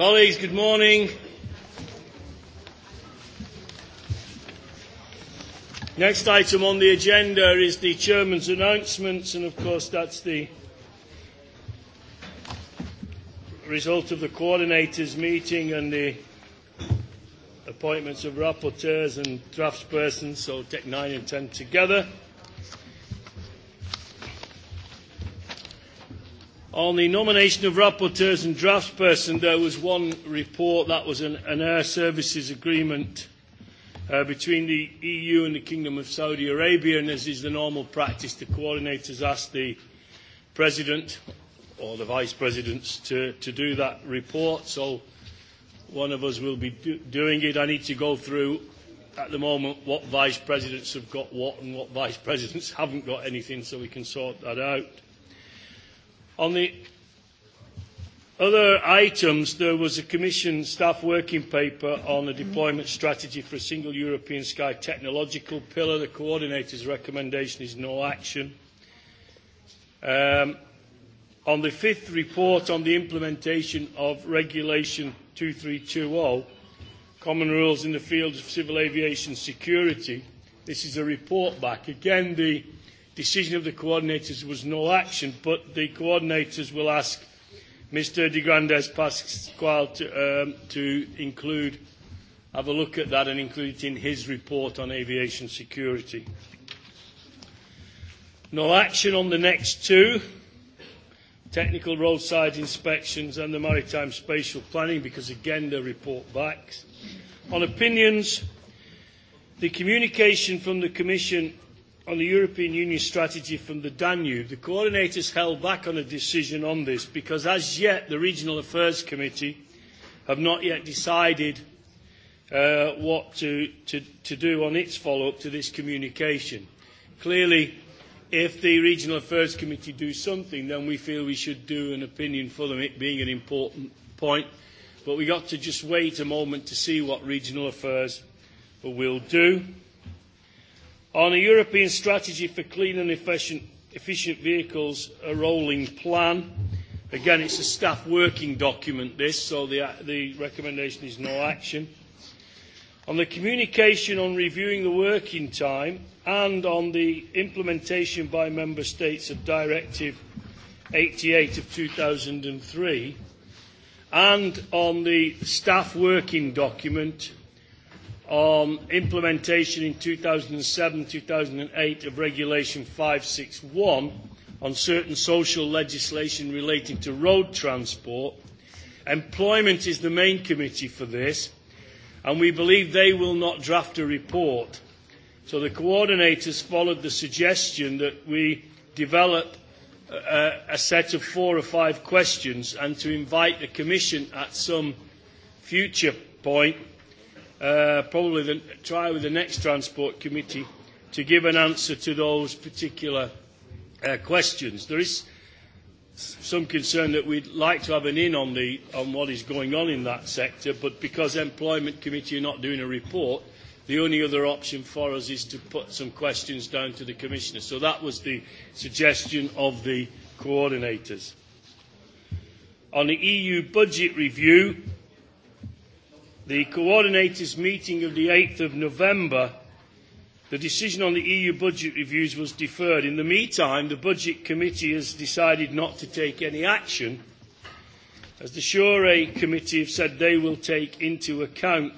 Colleagues, good morning. Next item on the agenda is the chairman's announcements, and of course, that's the result of the coordinators' meeting and the appointments of rapporteurs and draftspersons, so take nine and ten together. On the nomination of rapporteurs and draftsperson, there was one report that was an, an air services agreement uh, between the EU and the Kingdom of Saudi Arabia, and as is the normal practice, the coordinators asked the President or the Vice Presidents to, to do that report. So one of us will be do doing it. I need to go through at the moment what Vice Presidents have got what and what Vice Presidents haven't got anything so we can sort that out. On the other items, there was a Commission staff working paper on a deployment strategy for a single European sky technological pillar. The coordinator's recommendation is no action. Um, on the fifth report on the implementation of Regulation 2320, Common Rules in the Field of Civil Aviation Security, this is a report back. Again, the decision of the coordinators was no action, but the coordinators will ask Mr. De Grandes Pascual to, um, to include, have a look at that and include it in his report on aviation security. No action on the next two technical roadside inspections and the maritime spatial planning because again the report backs. On opinions, the communication from the Commission on the European Union strategy from the Danube, the coordinators held back on a decision on this because as yet the Regional Affairs Committee have not yet decided uh, what to, to, to do on its follow-up to this communication. Clearly, if the Regional Affairs Committee do something, then we feel we should do an opinion for them, it being an important point. But we got to just wait a moment to see what Regional Affairs will do on a European strategy for clean and efficient, efficient vehicles, a rolling plan. Again, it's a staff working document, this, so the, the recommendation is no action. On the communication on reviewing the working time and on the implementation by Member States of Directive 88 of 2003, and on the staff working document on implementation in 2007-2008 of Regulation 561 on certain social legislation relating to road transport. Employment is the main committee for this, and we believe they will not draft a report. So the coordinators followed the suggestion that we develop a, uh, a set of four or five questions and to invite the Commission at some future point Uh, probably the, try with the next Transport Committee to give an answer to those particular uh, questions. There is some concern that we'd like to have an in on, the, on what is going on in that sector, but because Employment Committee are not doing a report, the only other option for us is to put some questions down to the Commissioner. So that was the suggestion of the coordinators. On the EU budget review, the coordinators' meeting of the 8th of November, the decision on the EU budget reviews was deferred. In the meantime, the Budget Committee has decided not to take any action, as the Sure Committee have said they will take into account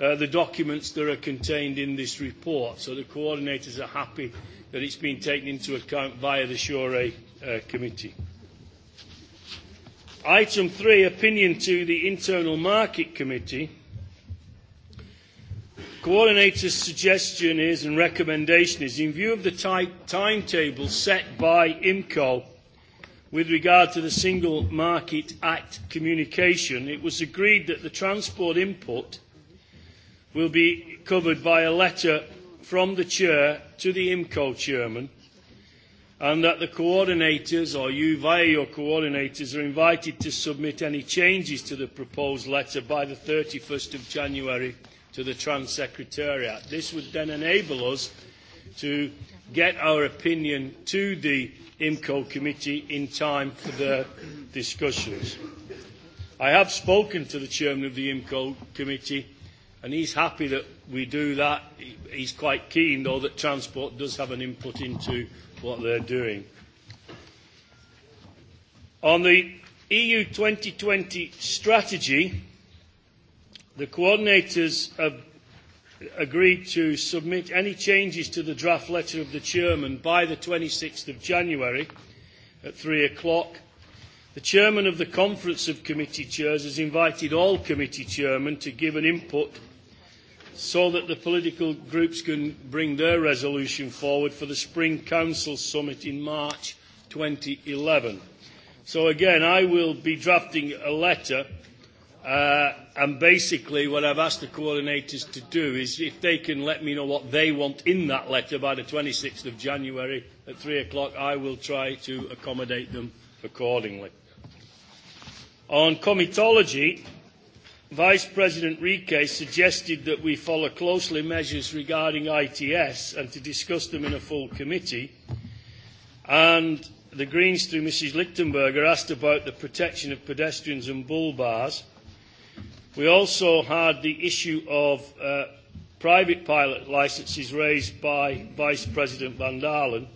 uh, the documents that are contained in this report. So the coordinators are happy that it's been taken into account via the Sure uh, Committee. Item three, opinion to the Internal Market Committee. Coordinator's suggestion is and recommendation is in view of the tight timetable set by IMCO with regard to the Single Market Act communication, it was agreed that the transport input will be covered by a letter from the Chair to the IMCO Chairman – and that the coordinators or you via your coordinators are invited to submit any changes to the proposed letter by the 31st of January to the Trans Secretariat. This would then enable us to get our opinion to the IMCO committee in time for their discussions. I have spoken to the chairman of the IMCO committee and he's happy that we do that. He's quite keen though that transport does have an input into what they're doing. On the EU 2020 strategy, the coordinators have agreed to submit any changes to the draft letter of the chairman by the 26th of January at 3 o'clock. The chairman of the Conference of Committee Chairs has invited all committee chairmen to give an input so that the political groups can bring their resolution forward for the Spring Council Summit in March 2011. So again, I will be drafting a letter uh, and basically what I've asked the coordinators to do is if they can let me know what they want in that letter by the 26th of January at 3 o'clock, I will try to accommodate them accordingly. On comitology, Vice President Rike suggested that we follow closely measures regarding ITS and to discuss them in a full committee. And the Greens, through Mrs. Lichtenberger, asked about the protection of pedestrians and bull bars. We also had the issue of uh, private pilot licences raised by Vice President Van Dalen.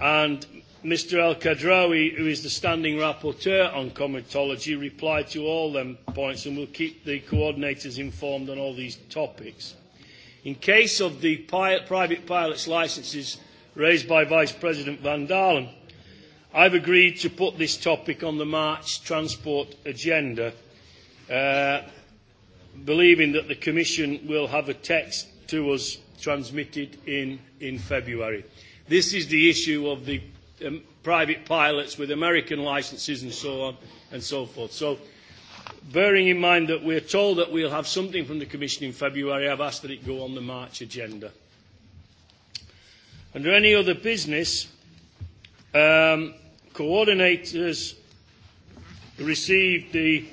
And Mr El Kadrawi, who is the standing rapporteur on comitology, replied to all them points and will keep the coordinators informed on all these topics. In case of the pilot, private pilot's licences raised by Vice President Van Dalen, I've agreed to put this topic on the March transport agenda, uh, believing that the Commission will have a text to us transmitted in, in February. This is the issue of the Um, private pilots with American licenses and so on and so forth. So bearing in mind that we're told that we'll have something from the Commission in February, I've asked that it go on the March agenda. Under any other business, um, coordinators received the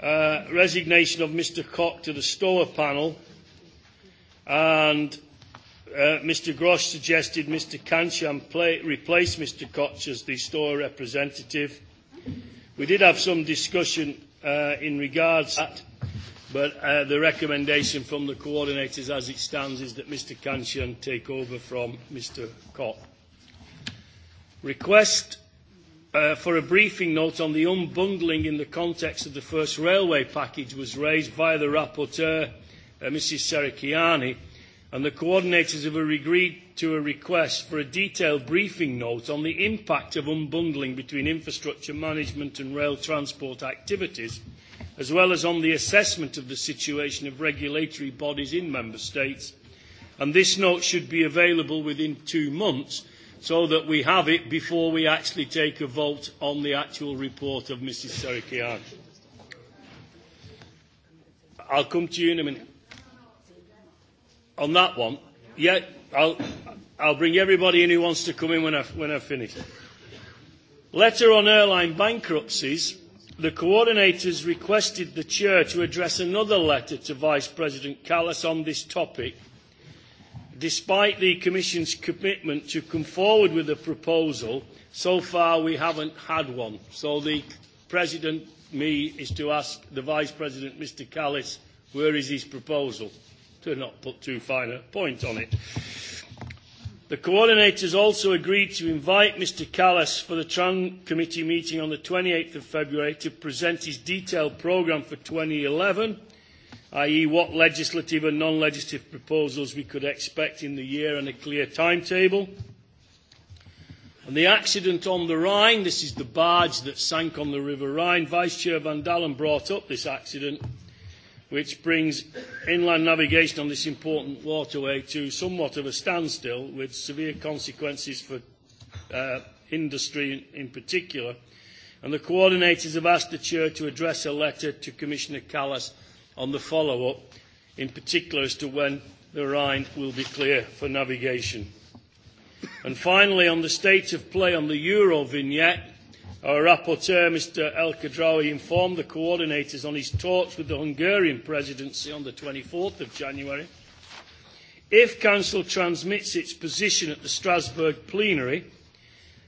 uh, resignation of Mr Cock to the Stoa panel and Uh, Mr Grosch suggested Mr Cancian play, replace Mr Koch as the store representative. We did have some discussion uh, in regards to that, but uh, the recommendation from the coordinators as it stands is that Mr Cancian take over from Mr Koch. Request uh, for a briefing note on the unbundling in the context of the first railway package was raised by the rapporteur, uh, Mrs Serikiani, and the coordinators have agreed to a request for a detailed briefing note on the impact of unbundling between infrastructure management and rail transport activities, as well as on the assessment of the situation of regulatory bodies in Member States. And this note should be available within two months so that we have it before we actually take a vote on the actual report of Mrs. Serikian. I'll come to you in a minute on that one, yeah, I'll, I'll bring everybody in who wants to come in when I, when I finish. Letter on airline bankruptcies. The coordinators requested the chair to address another letter to Vice President Callas on this topic, despite the Commission's commitment to come forward with a proposal. So far, we haven't had one. So the President, me, is to ask the Vice President, Mr. Callas, where is his proposal? to not put too fine a point on it. The coordinators also agreed to invite Mr Callas for the TRAN committee meeting on the 28th of February to present his detailed programme for 2011, i.e. what legislative and non-legislative proposals we could expect in the year and a clear timetable. And the accident on the Rhine, this is the barge that sank on the River Rhine, Vice Chair Van Dalen brought up this accident which brings inland navigation on this important waterway to somewhat of a standstill with severe consequences for uh, industry in particular. And the coordinators have asked the Chair to address a letter to Commissioner Callas on the follow-up, in particular as to when the Rhine will be clear for navigation. And finally, on the state of play on the Euro vignette, Our rapporteur, Mr El Khadraoui, informed the coordinators on his talks with the Hungarian presidency on the 24th of January. If Council transmits its position at the Strasbourg plenary,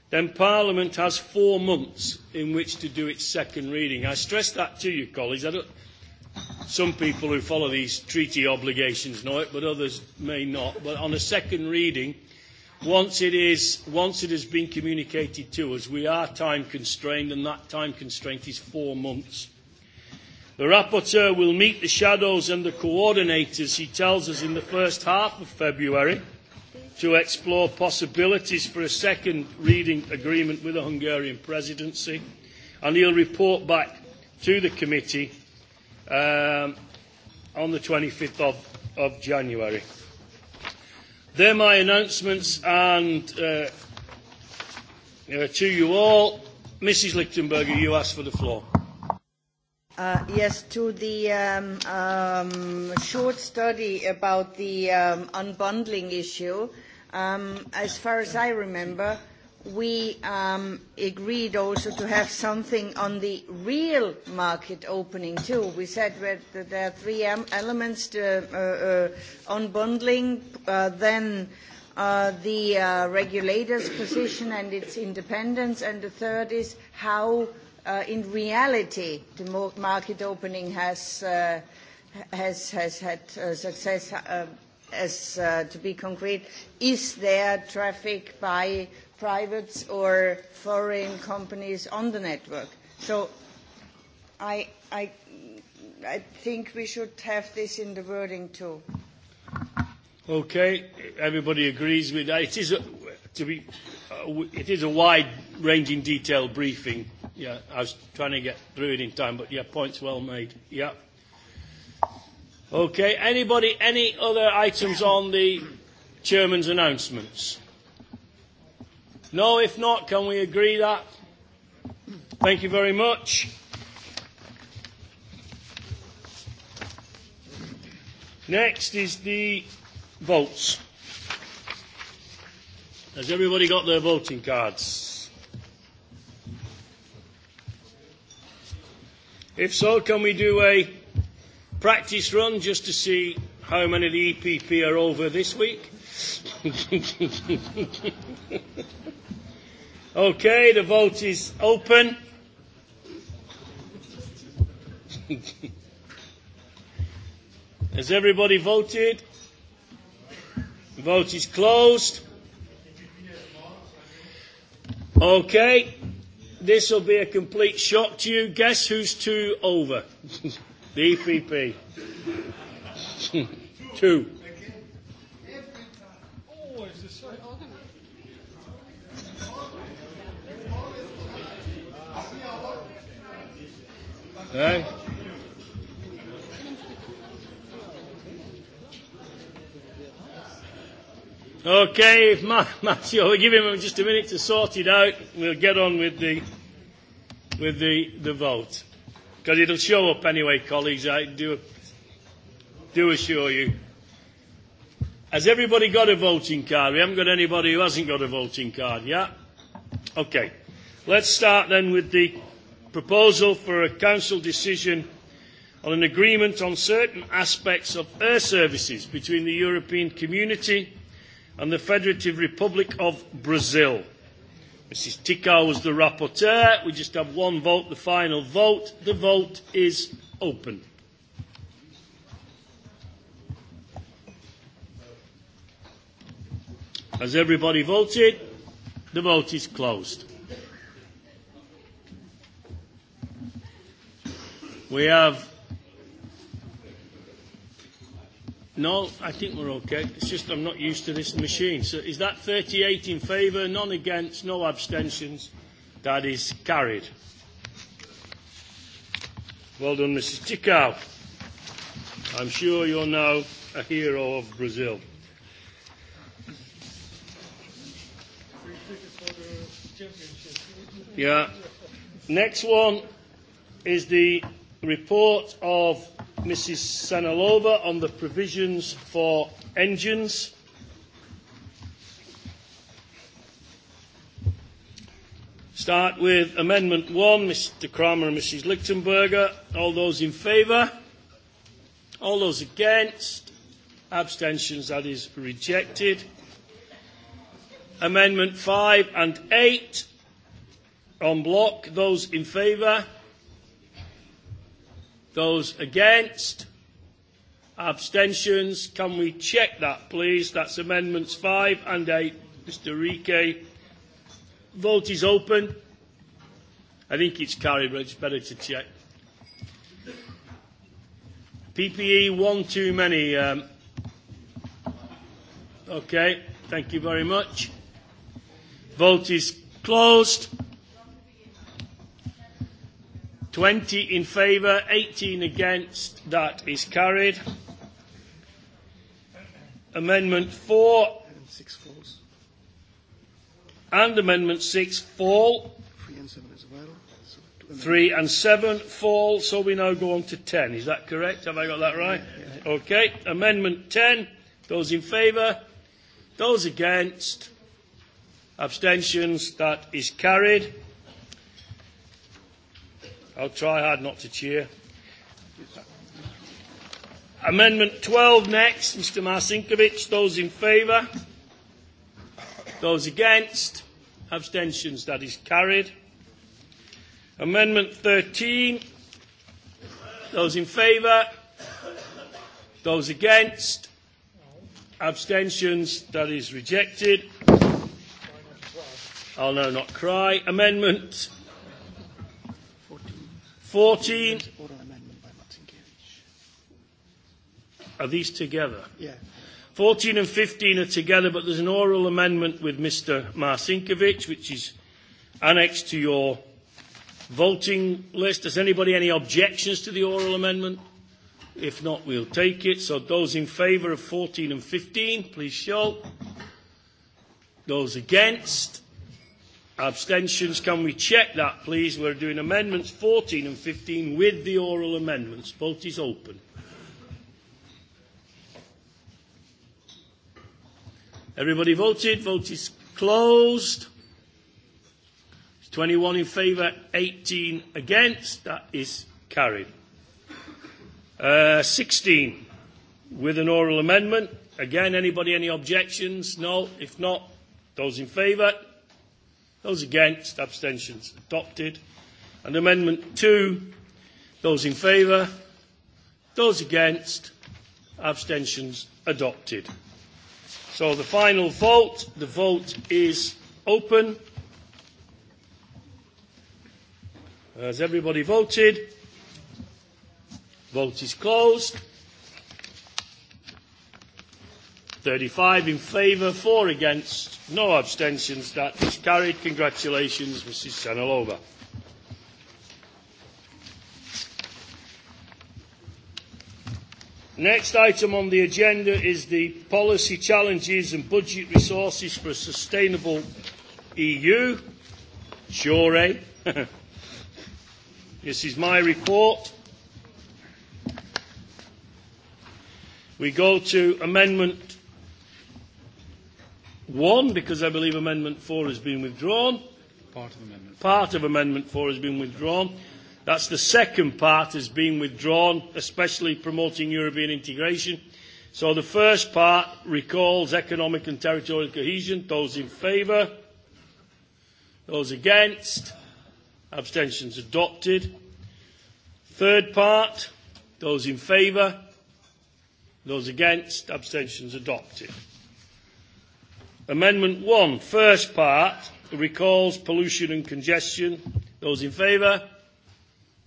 then Parliament has four months in which to do its second reading. I stress that to you, colleagues. I don't, some people who follow these treaty obligations know it, but others may not. But on a second reading, once it is once it has been communicated to us, we are time constrained, and that time constraint is four months. The rapporteur will meet the shadows and the coordinators, he tells us, in the first half of February to explore possibilities for a second reading agreement with the Hungarian presidency, and he'll report back to the committee um, on the 25th of, of January. They're my announcements, and uh, uh, to you all, Mrs. Lichtenberger, you ask for the floor. Uh, yes, to the um, um, short study about the um, unbundling issue. Um, as far as I remember, we um, agreed also to have something on the real market opening too. We said that there are three elements to, uh, uh, unbundling, uh, uh, then uh, the uh, regulator's position and its independence, and the third is how uh, in reality the market opening has, uh, has, has had uh, success uh, as uh, to be concrete. Is there traffic by private or foreign companies on the network. So I, I, I think we should have this in the wording too. Okay, everybody agrees with that. It is a, to be, uh, it is a wide-ranging, detailed briefing. Yeah, I was trying to get through it in time, but yeah, points well made. Yeah. Okay, anybody, any other items on the chairman's announcements? No, if not, can we agree that? Thank you very much. Next is the votes. Has everybody got their voting cards? If so, can we do a practice run just to see how many of the EPP are over this week? Okay, the vote is open. Has everybody voted? The vote is closed. Okay, this will be a complete shock to you. Guess who's two over? the EPP. two. Hey? Okay, if Matthew, we'll give him just a minute to sort it out. We'll get on with the, with the, the vote. Because it'll show up anyway, colleagues, I do, do assure you. Has everybody got a voting card? We haven't got anybody who hasn't got a voting card, yeah? Okay. Let's start then with the proposal for a council decision on an agreement on certain aspects of air services between the European Community and the Federative Republic of Brazil. Mrs Tikau was the rapporteur. We just have one vote, the final vote. The vote is open. Has everybody voted? The vote is closed. We have. No, I think we're okay. It's just I'm not used to this machine. So is that 38 in favour, none against, no abstentions? That is carried. Well done, Mrs. Tikau. I'm sure you're now a hero of Brazil. Yeah. Next one is the the report of Mrs. Sanalova on the provisions for engines. Start with Amendment 1, Mr. Kramer and Mrs. Lichtenberger. All those in favour? All those against? Abstentions, that is rejected. Amendment 5 and 8 on block. Those in favour? Those against? Abstentions? Can we check that, please? That's amendments 5 and 8. Mr. Rike. Vote is open. I think it's carried, but it's better to check. PPE, one too many. Um, okay, thank you very much. Vote is closed. 20 in favour, 18 against. That is carried. Amendment 4. And falls. And Amendment 6 fall. 3 and 7 as well. So and 7 fall, so we now go on to 10. Is that correct? Have I got that right? Yeah, yeah. Okay. Amendment 10. Those in favour? Those against? Abstentions? That is carried. I'll try hard not to cheer. Amendment 12 next, Mr. Marcinkovic. Those in favour? Those against? Abstentions, that is carried. Amendment 13. Those in favour? Those against? Abstentions, that is rejected. I'll oh, no, not cry. Amendment 14. Oral amendment by Martin Are these together? Yeah. 14 and 15 are together, but there's an oral amendment with Mr. Marcinkovic, which is annexed to your voting list. Does anybody any objections to the oral amendment? If not, we'll take it. So those in favour of 14 and 15, please show. Those against, Abstentions, can we check that, please? We're doing amendments 14 and 15 with the oral amendments. Vote is open. Everybody voted. Vote is closed. 21 in favour, 18 against. That is carried. Uh, 16 with an oral amendment. Again, anybody, any objections? No. If not, those in favour? Those against, abstentions adopted. And Amendment 2, those in favour, those against, abstentions adopted. So the final vote, the vote is open. Has everybody voted? Vote is closed. 35 in favour, 4 against, no abstentions. That is carried. Congratulations, Mrs. Sanalova. Next item on the agenda is the policy challenges and budget resources for a sustainable EU. Sure, eh? this is my report. We go to Amendment One, because I believe Amendment 4 has been withdrawn. Part of Amendment 4. Part of Amendment 4 has been withdrawn. That's the second part has been withdrawn, especially promoting European integration. So the first part recalls economic and territorial cohesion. Those in favour? Those against? Abstentions adopted. Third part? Those in favour? Those against? Abstentions adopted. Amendment 1, first part, recalls pollution and congestion. Those in favour?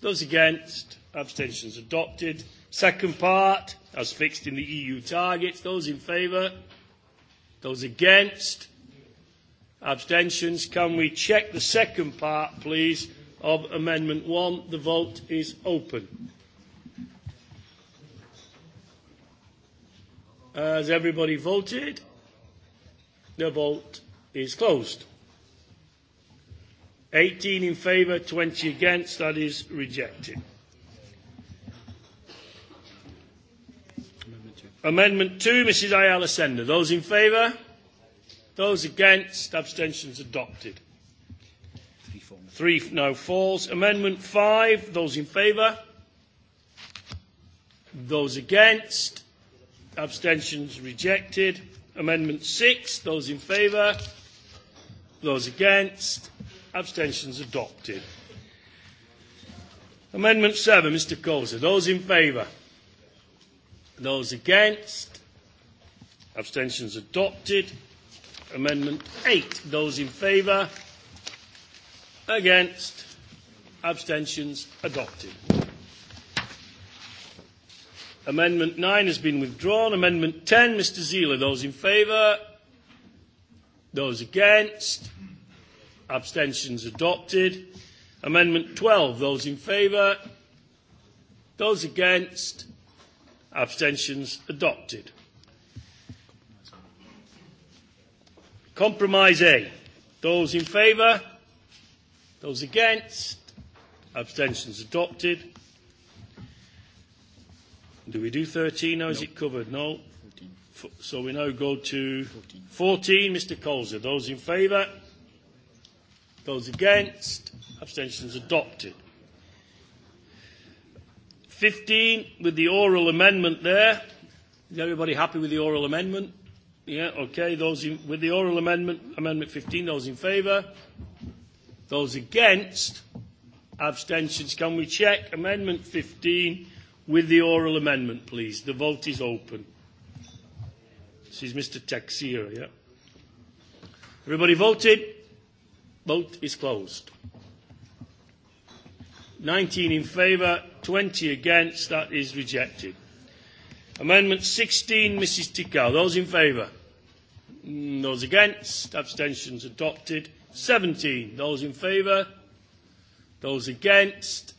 Those against? Abstentions adopted. Second part, as fixed in the EU targets. Those in favour? Those against? Abstentions. Can we check the second part, please, of Amendment 1? The vote is open. Has everybody voted? The vote is closed. 18 in favour, 20 against. That is rejected. Amendment two, Mrs Ayala Sender. Those in favour? Those against? Abstentions adopted. Three, four. Three no falls. Amendment five. those in favour? Those against? Abstentions rejected. Amendment 6, those in favour, those against, abstentions adopted. Amendment 7, Mr Coulter, those in favour, those against, abstentions adopted. Amendment 8, those in favour, against, abstentions adopted. Amendment 9 has been withdrawn. Amendment 10, Mr. Zeeler. Those in favour? Those against? Abstentions adopted. Amendment 12, those in favour? Those against? Abstentions adopted. Compromise A. Those in favour? Those against? Abstentions adopted. Do we do 13 or no. is it covered? No. 14. so we now go to 14. 14 Mr. Colza. Those in favour? Those against? Abstentions adopted. 15 with the oral amendment there. Is everybody happy with the oral amendment? Yeah, okay. Those in, with the oral amendment, Amendment 15, those in favour? Those against? Abstentions. Can we check Amendment 15? with the oral amendment, please. The vote is open. This is Mr. Texier, yeah? Everybody voted? Vote is closed. 19 in favour, 20 against. That is rejected. Amendment 16, Mrs Tikal. Mm, those in favour? Those against? Abstentions adopted. 17. Those in favour? Those against?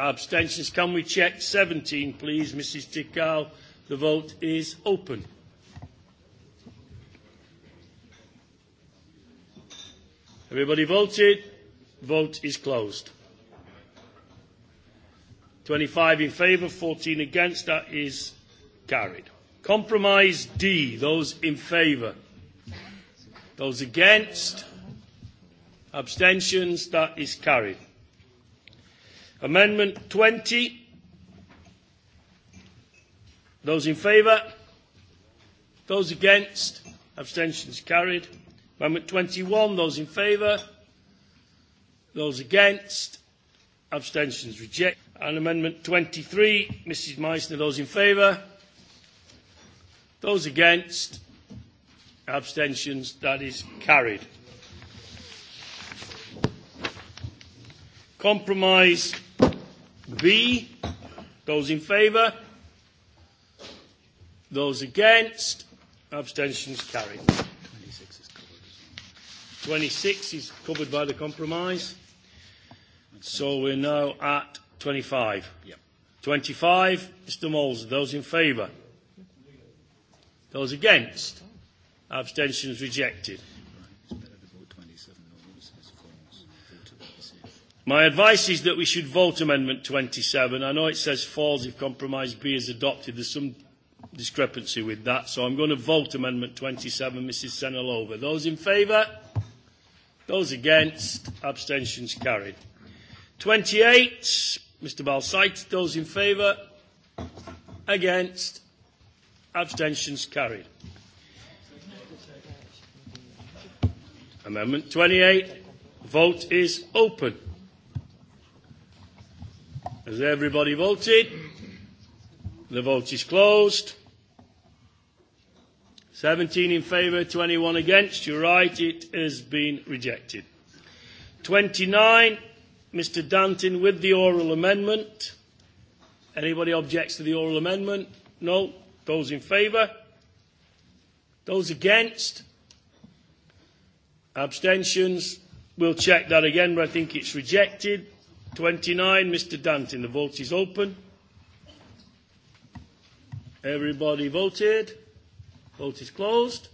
Abstentions. Can we check 17, please, Mrs. Tikal? The vote is open. Everybody voted. Vote is closed. 25 in favour, 14 against. That is carried. Compromise D. Those in favour. Those against. Abstentions. That is carried. Amendment 20. Those in favour? Those against? Abstentions carried. Amendment 21. Those in favour? Those against? Abstentions rejected. And Amendment 23, Mrs Meissner, those in favour? Those against? Abstentions, that is carried. Compromise B. Those in favour? Those against? Abstentions carried. 26 is covered. 26 is covered by the compromise. So we're now at 25. Yep. 25, Mr Moles, those in favour? Those against? Abstentions rejected. My advice is that we should vote Amendment 27. I know it says falls if Compromise B is adopted. There's some discrepancy with that, so I'm going to vote Amendment 27, Mrs Senelova. Those in favour? Those against? Abstentions carried. 28, Mr Balsite. Those in favour? Against? Abstentions carried. Amendment 28. Vote is open. Has everybody voted? The vote is closed. 17 in favour, 21 against. You're right, it has been rejected. 29, Mr Danton with the oral amendment. Anybody objects to the oral amendment? No. Those in favour? Those against? Abstentions? We'll check that again, but I think it's rejected. 29, Mr. Danton. The vote is open. Everybody voted. Vote is closed.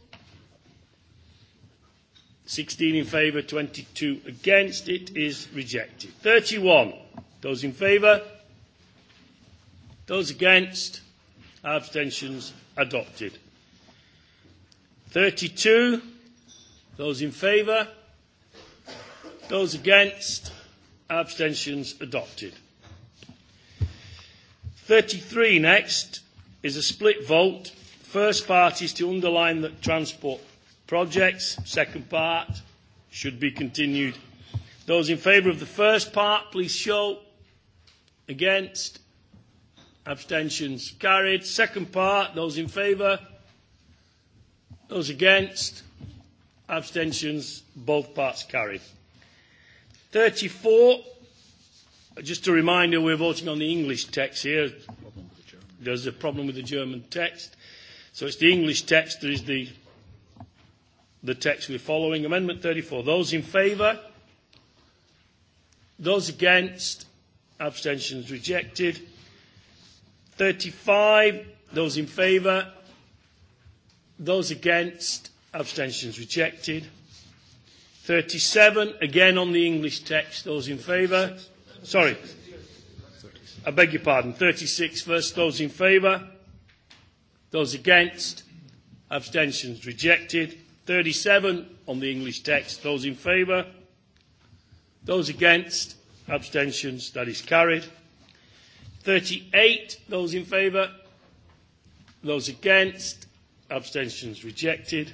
16 in favour, 22 against. It is rejected. 31. Those in favour? Those against? Abstentions adopted. 32. Those in favour? Those against? Abstentions adopted. 33 next is a split vote. First part is to underline that transport projects, second part, should be continued. Those in favour of the first part, please show. Against? Abstentions carried. Second part, those in favour? Those against? Abstentions, both parts carried. 34, just a reminder, we're voting on the English text here. There's a problem with the German text. So it's the English text that is the, the text we're following. Amendment 34. Those in favour? Those against? Abstentions rejected. 35. Those in favour? Those against? Abstentions rejected. 37, again on the English text. Those in favour? Sorry. I beg your pardon. 36 first. Those in favour? Those against? Abstentions rejected. 37 on the English text. Those in favour? Those against? Abstentions. That is carried. 38. Those in favour? Those against? Abstentions rejected.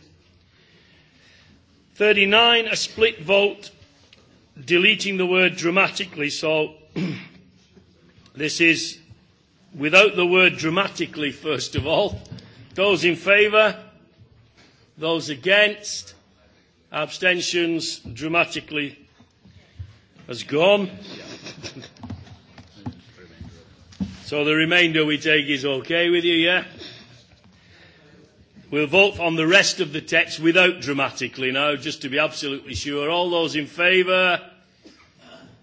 39, a split vote, deleting the word dramatically. So this is without the word dramatically, first of all. Those in favour? Those against? Abstentions dramatically has gone. so the remainder we take is okay with you, yeah? We'll vote on the rest of the text without dramatically now, just to be absolutely sure. All those in favour?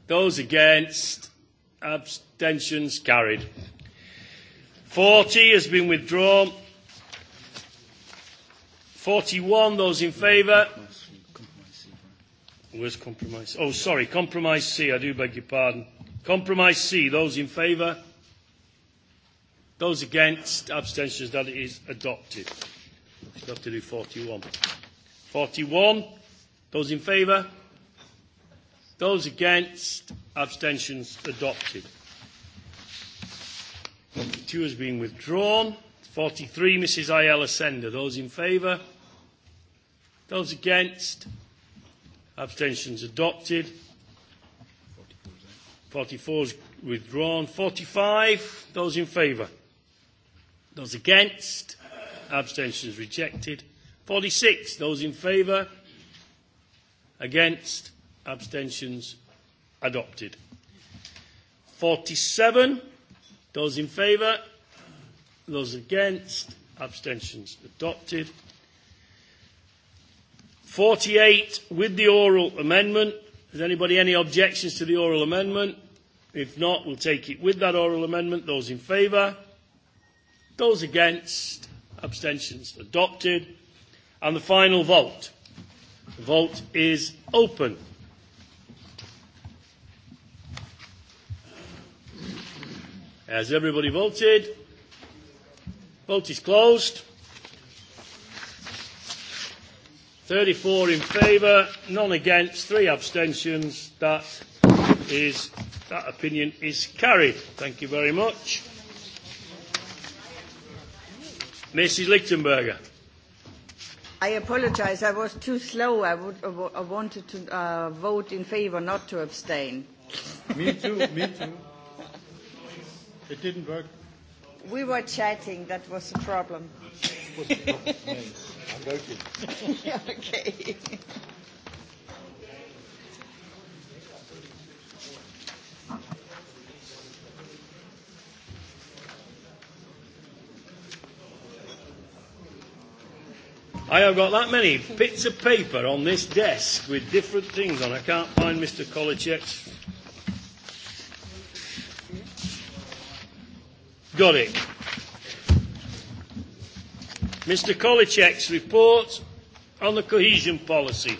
Those against? Abstentions carried. 40 has been withdrawn. 41, those in favour? Where's compromise? Oh, sorry, compromise C, I do beg your pardon. Compromise C, those in favour? Those against? Abstentions, that is adopted. You have to do 41. 41. Those in favour? Those against? Abstentions adopted. 42 has been withdrawn. 43, Mrs. Ayala Sender. Those in favour? Those against? Abstentions adopted. 44 is withdrawn. 45, those in favour? Those against? abstentions rejected. 46, those in favour, against, abstentions adopted. 47, those in favour, those against, abstentions adopted. 48, with the oral amendment. Has anybody any objections to the oral amendment? If not, we'll take it with that oral amendment. Those in favour? Those against? abstentions adopted. And the final vote. The vote is open. Has everybody voted? Vote is closed. 34 in favour, none against, three abstentions. That is that opinion is carried. Thank you very much. Mrs. Lichtenberger. I apologize. I was too slow. I, would, I wanted to uh, vote in favor, not to abstain. me too. Me too. It didn't work. We were chatting. That was the problem. was the I voted. okay. I have got that many bits of paper on this desk with different things on. I can't find Mr. Kolicek's. Got it. Mr. Kolicek's report on the cohesion policy.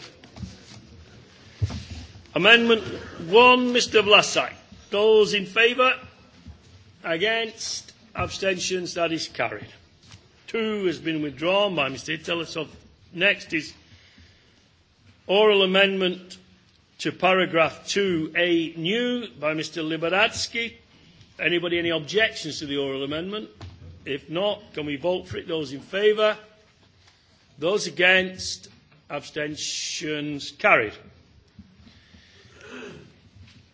Amendment 1, Mr. Vlasak. Those in favour? Against? Abstentions? That is carried. Two has been withdrawn by Mr. Itella. So next is oral amendment to paragraph 2A new by Mr. Liberadsky. Anybody any objections to the oral amendment? If not, can we vote for it? Those in favour? Those against? Abstentions carried.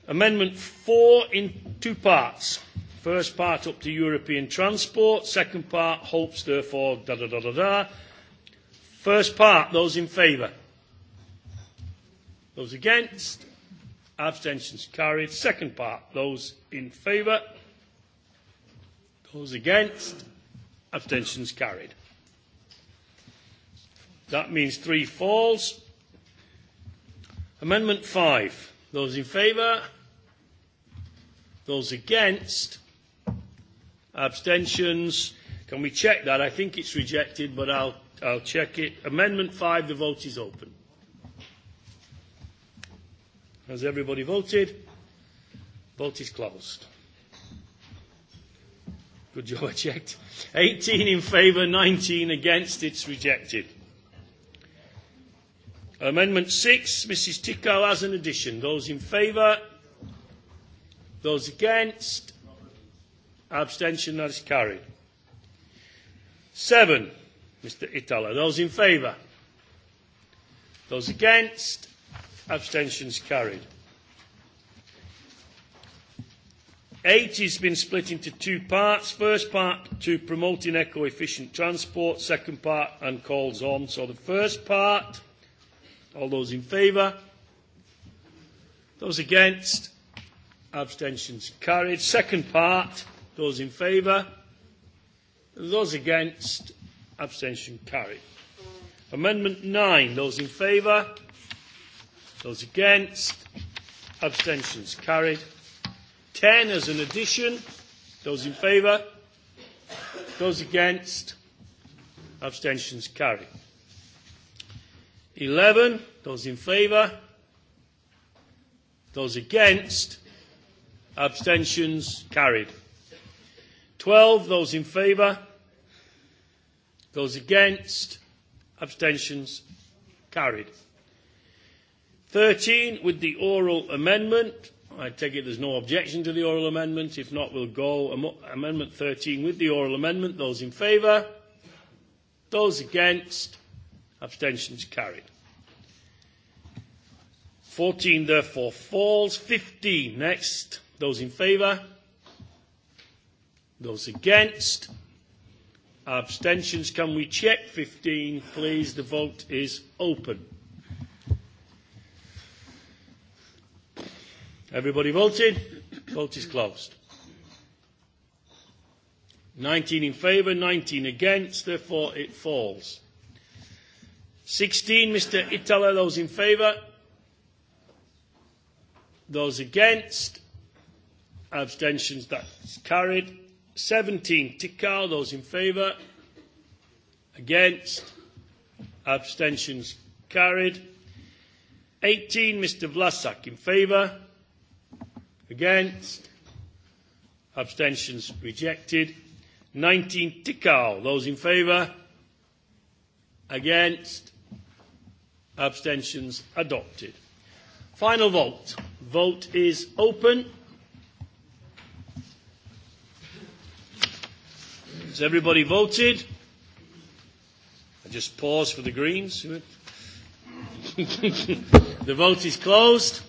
Amendment 4 in two parts. First part up to European transport. Second part hopes therefore da da da da da. First part, those in favour. Those against. Abstentions carried. Second part, those in favour. Those against. Abstentions carried. That means three falls. Amendment five. Those in favour? Those against? Abstentions? Can we check that? I think it's rejected, but I'll, I'll check it. Amendment 5, the vote is open. Has everybody voted? Vote is closed. Good job, I checked. 18 in favour, 19 against. It's rejected. Amendment 6, Mrs Tickow has an addition. Those in favour? Those against? Abstention, that is carried. Seven, Mr Itala. Those in favour? Those against? Abstentions carried. Eight has been split into two parts. First part to promoting eco-efficient transport. Second part and calls on. So the first part, all those in favour? Those against? Abstentions carried. Second part, Those in favour? Those against? Abstention carried. Amendment 9. Those in favour? Those against? Abstentions carried. 10 as an addition. Those in favour? Those against? Abstentions carried. 11. Those in favour? Those against? Abstentions carried. 12, those in favour? Those against? Abstentions carried. 13, with the oral amendment. I take it there's no objection to the oral amendment. If not, we'll go am Amendment 13 with the oral amendment. Those in favour? Those against? Abstentions carried. 14, therefore, falls. 15, next. Those in favour? Those against? Abstentions. Can we check 15, please? The vote is open. Everybody voted? Vote is closed. 19 in favour, 19 against, therefore it falls. 16, Mr Itala, those in favour? Those against? Abstentions, that's carried. 17, Tikal, those in favour. Against. Abstentions carried. 18, Mr Vlasak, in favour. Against. Abstentions rejected. 19, Tikal, those in favour. Against. Abstentions adopted. Final vote. Vote is open. Has everybody voted? I just pause for the Greens. the vote is closed.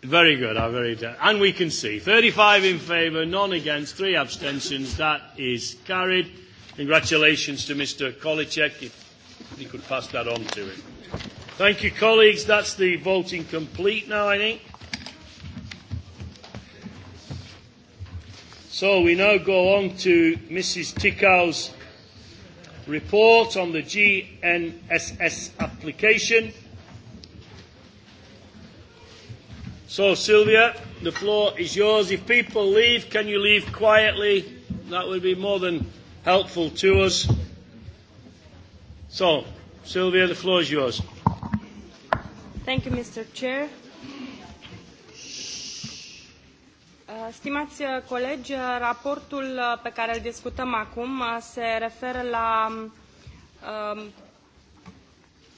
Very good. I'm very and we can see 35 in favour, none against, three abstentions. That is carried. Congratulations to Mr. Kolicek. If he could pass that on to him. Thank you, colleagues. That's the voting complete now, I think. So we now go on to Mrs. Tickow's report on the GNSS application. So Sylvia, the floor is yours. If people leave, can you leave quietly? That would be more than helpful to us. So, Sylvia, the floor is yours. Thank you, Mr. Chair. Uh, stimați uh, colegi, uh, raportul pe care îl discutăm acum se referă la um,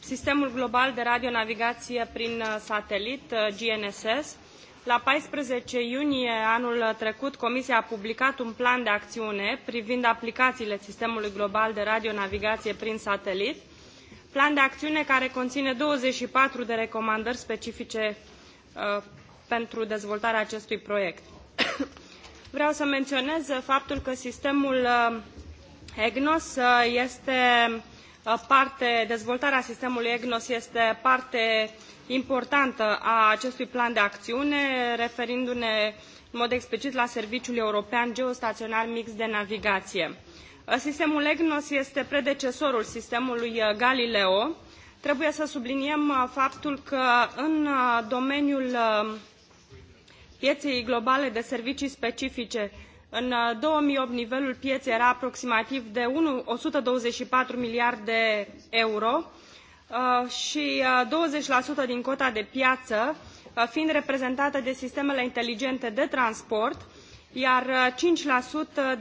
Sistemul Global de Radionavigație prin Satelit, GNSS. La 14 iunie anul trecut, Comisia a publicat un plan de acțiune privind aplicațiile Sistemului Global de Radionavigație prin Satelit, plan de acțiune care conține 24 de recomandări specifice uh, pentru dezvoltarea acestui proiect. Vreau să menționez faptul că sistemul uh, EGNOS uh, este uh, parte, dezvoltarea sistemului EGNOS este parte importantă a acestui plan de acțiune, referindu-ne în mod explicit la Serviciul European geostaionar Mix de Navigație. Sistemul EGNOS este predecesorul sistemului Galileo. Trebuie să subliniem faptul că în domeniul pieei globale de servicii specifice în uh, două mii opt nivelul pieței era aproximativ de o sută douăzeci și patru miliarde de euro uh, și uh, douăzeci din cota de piață fiind reprezentată de sistemele inteligente de transport iar cinci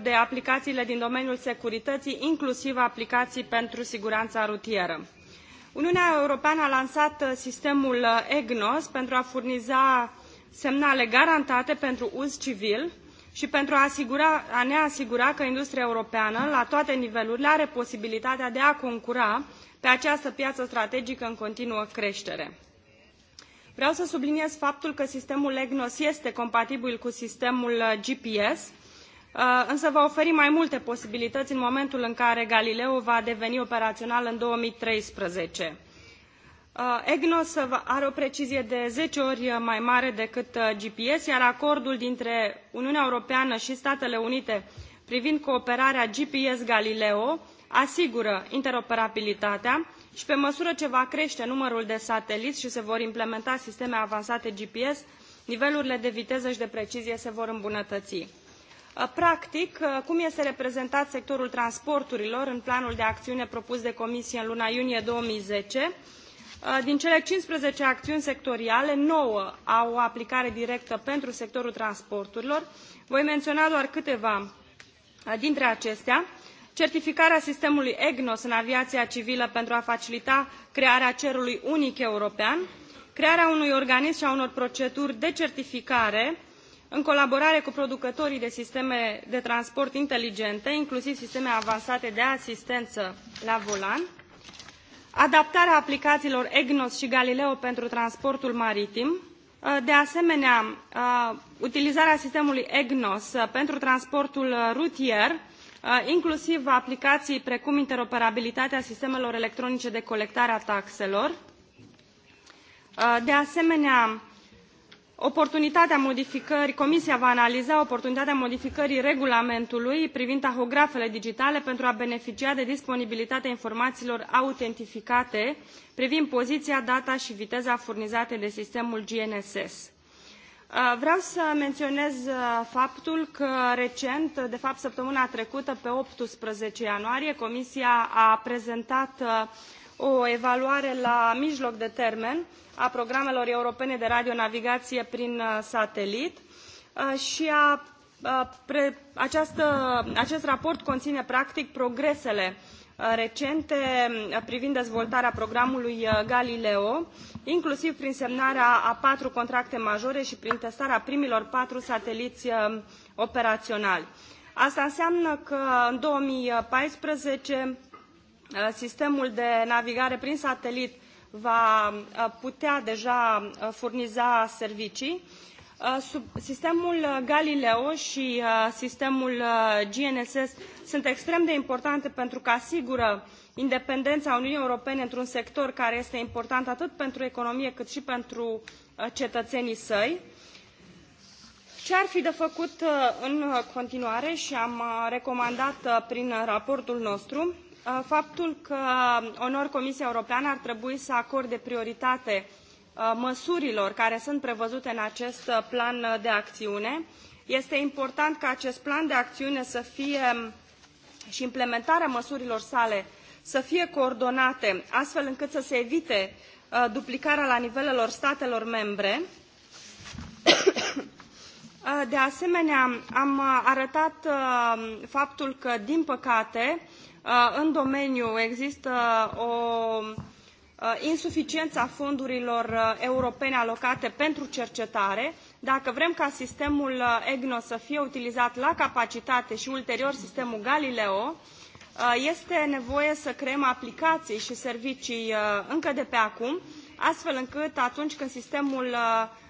de aplicațiile din domeniul securității inclusiv aplicații pentru siguranța rutieră. Uniunea Europeană a lansat sistemul EGNOS pentru a furniza semnale garantate pentru uz civil și pentru a, asigura, a ne asigura că industria europeană, la toate nivelurile, are posibilitatea de a concura pe această piață strategică în continuă creștere. Vreau să subliniez faptul că sistemul EGNOS este compatibil cu sistemul uh, GPS, uh, însă va oferi mai multe posibilități în momentul în care Galileo va deveni operațional în 2013. Uh, EGNOS are o precizie de zece ori mai mare decât uh, GPS, iar acordul dintre Uniunea Europeană și Statele Unite privind cooperarea GPS Galileo asigură interoperabilitatea și pe măsură ce va crește numărul de sateliți și se vor implementa sisteme avansate GPS, nivelurile de viteză și de precizie se vor îmbunătăți. Uh, practic, cum este reprezentat sectorul transporturilor în planul de acțiune propus de Comisie în luna iunie 2010, Uh, din cele 15 acțiuni sectoriale, 9 au o aplicare directă pentru sectorul transporturilor. Voi menționa doar câteva uh, dintre acestea. Certificarea sistemului EGNOS în aviația civilă pentru a facilita crearea cerului unic european, crearea unui organism și a unor proceduri de certificare în colaborare cu producătorii de sisteme de transport inteligente, inclusiv sisteme avansate de asistență la volan, adaptarea aplicațiilor EGNOS și Galileo pentru transportul maritim, uh, de asemenea, uh, utilizarea sistemului EGNOS uh, pentru transportul rutier, inclusiv aplicații precum interoperabilitatea sistemelor electronice de colectare a taxelor, de asemenea, oportunitatea modificării comisia va analiza oportunitatea modificării regulamentului privind tahografele digitale pentru a beneficia de disponibilitatea informațiilor autentificate privind poziția data și viteza furnizate de sistemul gnss. Uh, vreau să menționez uh, faptul că recent, de fapt săptămâna trecută, pe 18 ianuarie, Comisia a prezentat uh, o evaluare la mijloc de termen a programelor europene de radionavigație prin uh, satelit uh, și a, a, uh, pre, această, acest raport conține practic progresele recente privind dezvoltarea programului Galileo, inclusiv prin semnarea a patru contracte majore și prin testarea primilor patru sateliți operaționali. Asta înseamnă că în 2014 Uh, sistemul de navigare prin satelit va uh, putea deja uh, furniza servicii. sistemul Galileo și sistemul GNSS sunt extrem de importante pentru că asigură independența Uniunii Europene într-un sector care este important atât pentru economie cât și pentru cetățenii săi. Ce ar fi de făcut în continuare și am recomandat prin raportul nostru Uh, faptul că onor Comisia Europeană ar trebui să acorde prioritate uh, măsurilor care sunt prevăzute în acest uh, plan de acțiune. Este important ca acest plan de acțiune să fie um, și implementarea măsurilor sale să fie coordonate astfel încât să se evite duplicarea la nivelelor statelor membre. De asemenea, am arătat faptul că, din păcate, Uh, în domeniu există o uh, insuficiență a fondurilor uh, europene alocate pentru cercetare. Dacă vrem ca sistemul EGNOS să fie utilizat la capacitate și ulterior sistemul Galileo, este nevoie să creăm aplicații și servicii încă de pe acum, astfel încât atunci când sistemul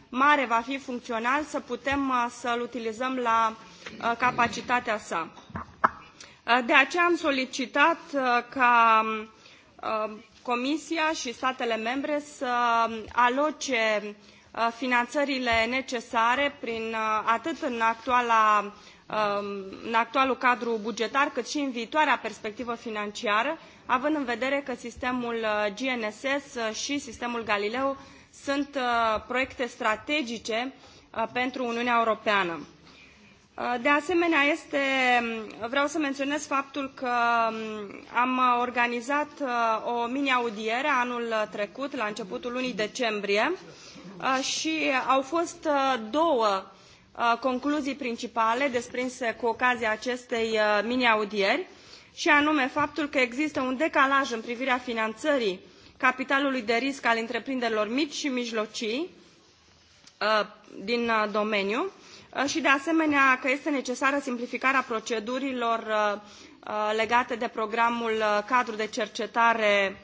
mare va fi funcțional să putem să-l utilizăm la capacitatea sa. Uh, de aceea am solicitat uh, ca uh, Comisia și statele membre să um, aloce finanțările necesare prin, atât în, actuala, um, în actualul cadru bugetar, cât și în viitoarea perspectivă financiară, având în vedere că sistemul GNSS și sistemul Galileo sunt proiecte strategice pentru Uniunea Europeană. De asemenea, este, vreau să menționez faptul că um, am organizat uh, o mini-audiere anul trecut, la începutul lunii decembrie, uh, și au fost uh, două concluzii principale desprinse cu ocazia acestei mini-audieri, și anume faptul că există un decalaj în privirea finanțării capitalului de risc al întreprinderilor mici și mijlocii din domeniu, Uh, și de asemenea că este necesară simplificarea procedurilor uh, uh, legate de programul cadru de cercetare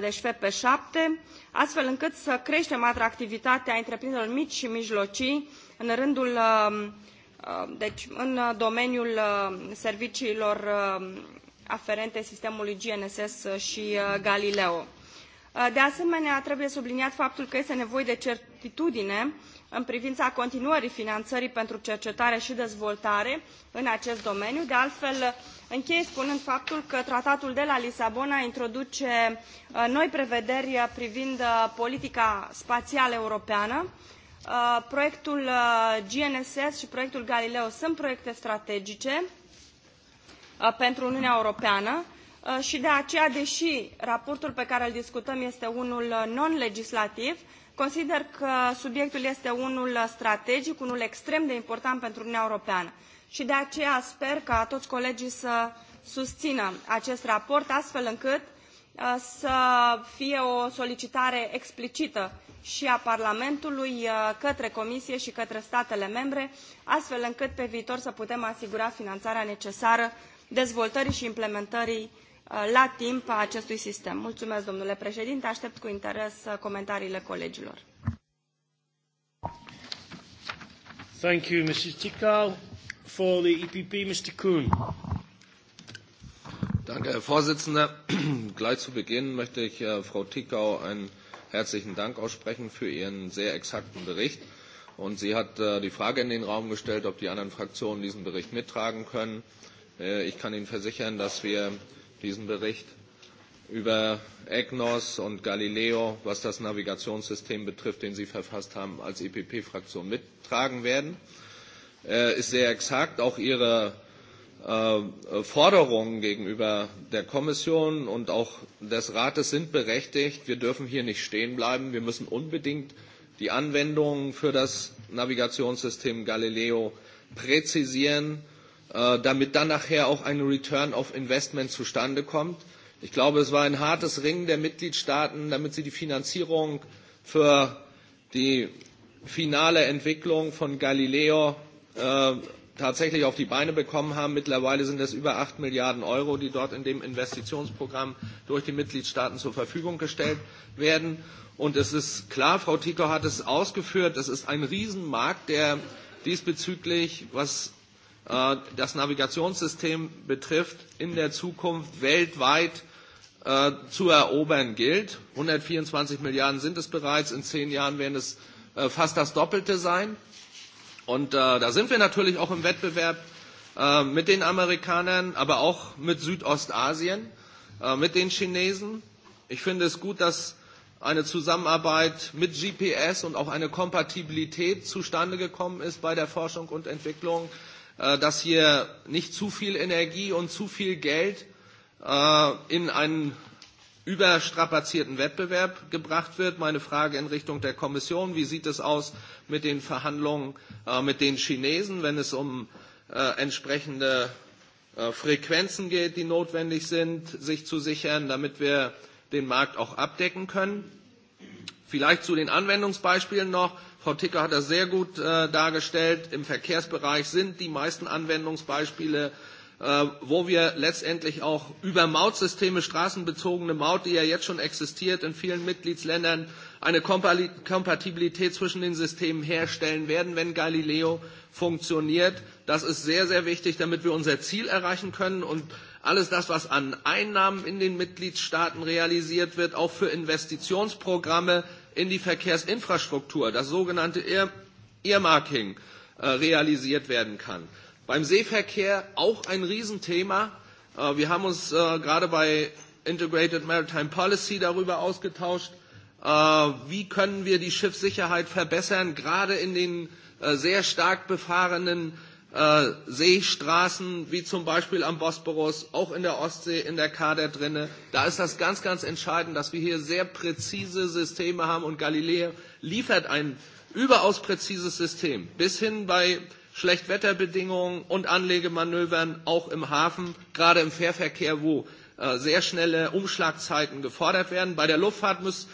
deci fp șapte astfel încât să creștem atractivitatea întreprinderilor mici și mijlocii în rândul deci în domeniul serviciilor aferente sistemului GNSS și Galileo. De asemenea, trebuie subliniat faptul că este nevoie de certitudine în privina continuării finanării pentru cercetare i dezvoltare în acest domeniu. de altfel închei spunând faptul că tratatul de la lisabona introduce uh, noi prevederi privind uh, politica spaială europeană uh, proiectul gnss i proiectul galileo sunt proiecte strategice pentru uniunea europeană i de aceea dei raportul pe care îl discutăm este unul non legislativ Consider că subiectul este unul strategic, unul extrem de important pentru Uniunea Europeană și de aceea sper ca toți colegii să susțină acest raport astfel încât uh, să fie o solicitare explicită și a Parlamentului uh, către Comisie și către statele membre, astfel încât pe viitor să putem asigura finanțarea necesară dezvoltării și implementării Uh, la timp a acestui sistem. Mulțumesc, domnule președinte. Aștept cu interes uh, comentariile colegilor. Thank you, Mrs. Tickau, For the EPP, Mr. Kuhn. Danke, Herr Vorsitzender. Gleich zu Beginn möchte ich äh, Frau Tickau einen herzlichen Dank aussprechen für Ihren sehr exakten Bericht. Und sie hat äh, die Frage in den Raum gestellt, ob die anderen Fraktionen diesen Bericht mittragen können. Äh, ich kann Ihnen versichern, dass wir diesen Bericht über EGNOS und Galileo, was das Navigationssystem betrifft, den Sie verfasst haben, als EPP-Fraktion mittragen werden. Äh, ist sehr exakt. Auch Ihre äh, Forderungen gegenüber der Kommission und auch des Rates sind berechtigt. Wir dürfen hier nicht stehen bleiben. Wir müssen unbedingt die Anwendungen für das Navigationssystem Galileo präzisieren Äh, damit dann nachher auch ein Return of Investment zustande kommt. Ich glaube, es war ein hartes Ringen der Mitgliedstaaten, damit sie die Finanzierung für die finale Entwicklung von Galileo äh, tatsächlich auf die Beine bekommen haben. Mittlerweile sind es über 8 Milliarden Euro, die dort in dem Investitionsprogramm durch die Mitgliedstaaten zur Verfügung gestellt werden. Und es ist klar, Frau Tico hat es ausgeführt, es ist ein Riesenmarkt, der diesbezüglich, was Äh, das Navigationssystem betrifft, in der Zukunft weltweit äh, zu erobern gilt. 124 Milliarden sind es bereits, in zehn Jahren werden es äh, fast das Doppelte sein. Und da sind wir natürlich auch im Wettbewerb mit den Amerikanern, aber auch mit Südostasien, mit den Chinesen. Ich finde es gut, dass eine Zusammenarbeit mit GPS und auch eine Kompatibilität zustande gekommen ist bei der Forschung und Entwicklung Äh, dass hier nicht zu viel Energie und zu viel Geld äh, in einen überstrapazierten Wettbewerb gebracht wird. Meine Frage in Richtung der Kommission, wie sieht es aus mit den Verhandlungen äh, mit den Chinesen, wenn es um entsprechende Frequenzen geht, die notwendig sind, sich zu sichern, damit wir den Markt auch abdecken können? Vielleicht zu den Anwendungsbeispielen noch. Frau Ticker hat das sehr gut äh, dargestellt. Im Verkehrsbereich sind die meisten Anwendungsbeispiele, äh, wo wir letztendlich auch über Mautsysteme, straßenbezogene Maut, die ja jetzt schon existiert in vielen Mitgliedsländern, eine Kompatibilität zwischen den Systemen herstellen werden, wenn Galileo funktioniert. Das ist sehr, sehr wichtig, damit wir unser Ziel erreichen können. Und alles das, was an Einnahmen in den Mitgliedstaaten realisiert wird, auch für Investitionsprogramme in die Verkehrsinfrastruktur, das sogenannte Earmarking, äh, realisiert werden kann. Beim Seeverkehr auch ein Riesenthema. Äh, wir haben uns äh, gerade bei Integrated Maritime Policy darüber ausgetauscht, wie können wir die Schiffssicherheit verbessern, gerade in den sehr stark befahrenen äh, Seestraßen wie zum Beispiel am Bosporus, auch in der Ostsee, in der Kader drinne. Da ist das ganz, ganz entscheidend, dass wir hier sehr präzise Systeme haben und Galileo liefert ein überaus präzises System bis hin bei Schlechtwetterbedingungen und Anlegemanövern auch im Hafen, gerade im Fährverkehr, wo äh, sehr schnelle Umschlagzeiten gefordert werden. Bei der Luftfahrt muss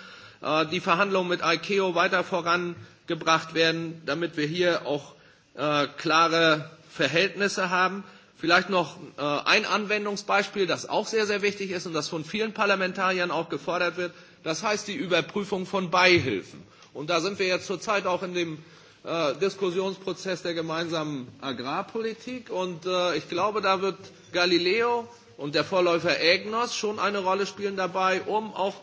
äh, die Verhandlung mit ICAO weiter vorangebracht werden, damit wir hier auch Äh, klare Verhältnisse haben. Vielleicht noch äh, ein Anwendungsbeispiel, das auch sehr, sehr wichtig ist und das von vielen Parlamentariern auch gefordert wird. Das heißt die Überprüfung von Beihilfen. Und da sind wir jetzt zurzeit auch in dem äh, Diskussionsprozess der gemeinsamen Agrarpolitik. Und äh, ich glaube, da wird Galileo und der Vorläufer EGNOS schon eine Rolle spielen dabei, um auch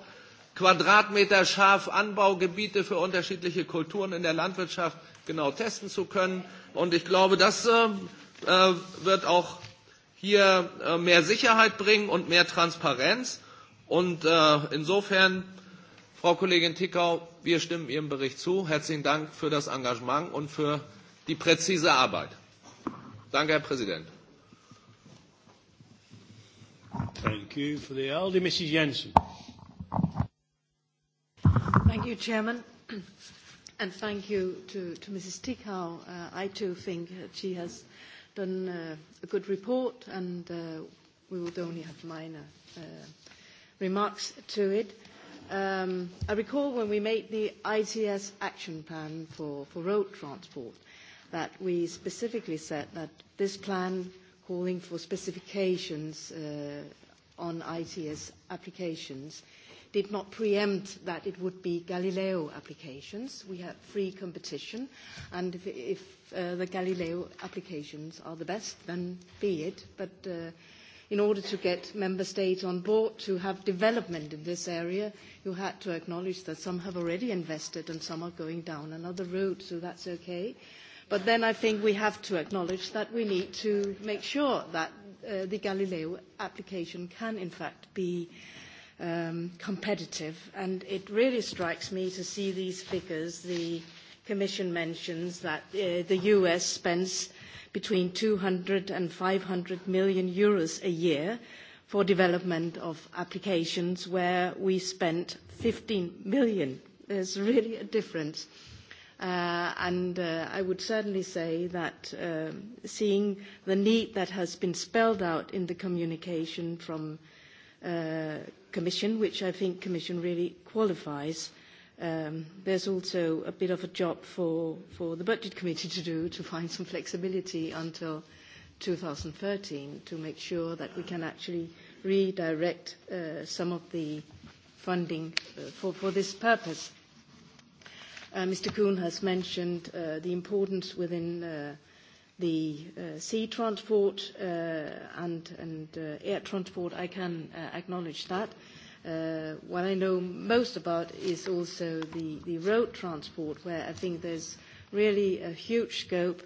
Quadratmeter scharf Anbaugebiete für unterschiedliche Kulturen in der Landwirtschaft genau testen zu können. Und ich glaube, das äh, äh, wird auch hier äh, mehr Sicherheit bringen und mehr Transparenz. Und äh, insofern, Frau Kollegin Tickau, wir stimmen Ihrem Bericht zu. Herzlichen Dank für das Engagement und für die präzise Arbeit. Danke, Herr Präsident. Thank you for the elder, Mrs. Jensen. Thank you, Chairman. And thank you to, to Mrs. Tickau. Uh, I too think that she has done uh, a good report and uh, we would only have minor uh, remarks to it. Um, I recall when we made the ITS action plan for, for road transport that we specifically said that this plan calling for specifications uh, on ITS applications uh, did not preempt that it would be Galileo applications. We have free competition, and if, if uh, the Galileo applications are the best, then be it. But uh, in order to get member states on board to have development in this area, you had to acknowledge that some have already invested and some are going down another road, so that's okay. But then I think we have to acknowledge that we need to make sure that uh, the Galileo application can in fact be uh, um, competitive. And it really strikes me to see these figures. The Commission mentions that uh, the US spends between 200 and 500 million euros a year for development of applications where we spent 15 million. There's really a difference. Uh, and uh, I would certainly say that uh, seeing the need that has been spelled out in the communication from uh, uh, commission, which I think commission really qualifies. Um, there's also a bit of a job for, for the budget committee to do to find some flexibility until 2013 to make sure that we can actually redirect uh, some of the funding uh, for, for this purpose. Uh, Mr. Kuhn has mentioned uh, the importance within uh, the uh, sea transport uh, and, and uh, air transport, I can uh, acknowledge that. Uh, what I know most about is also the, the road transport, where I think there's really a huge scope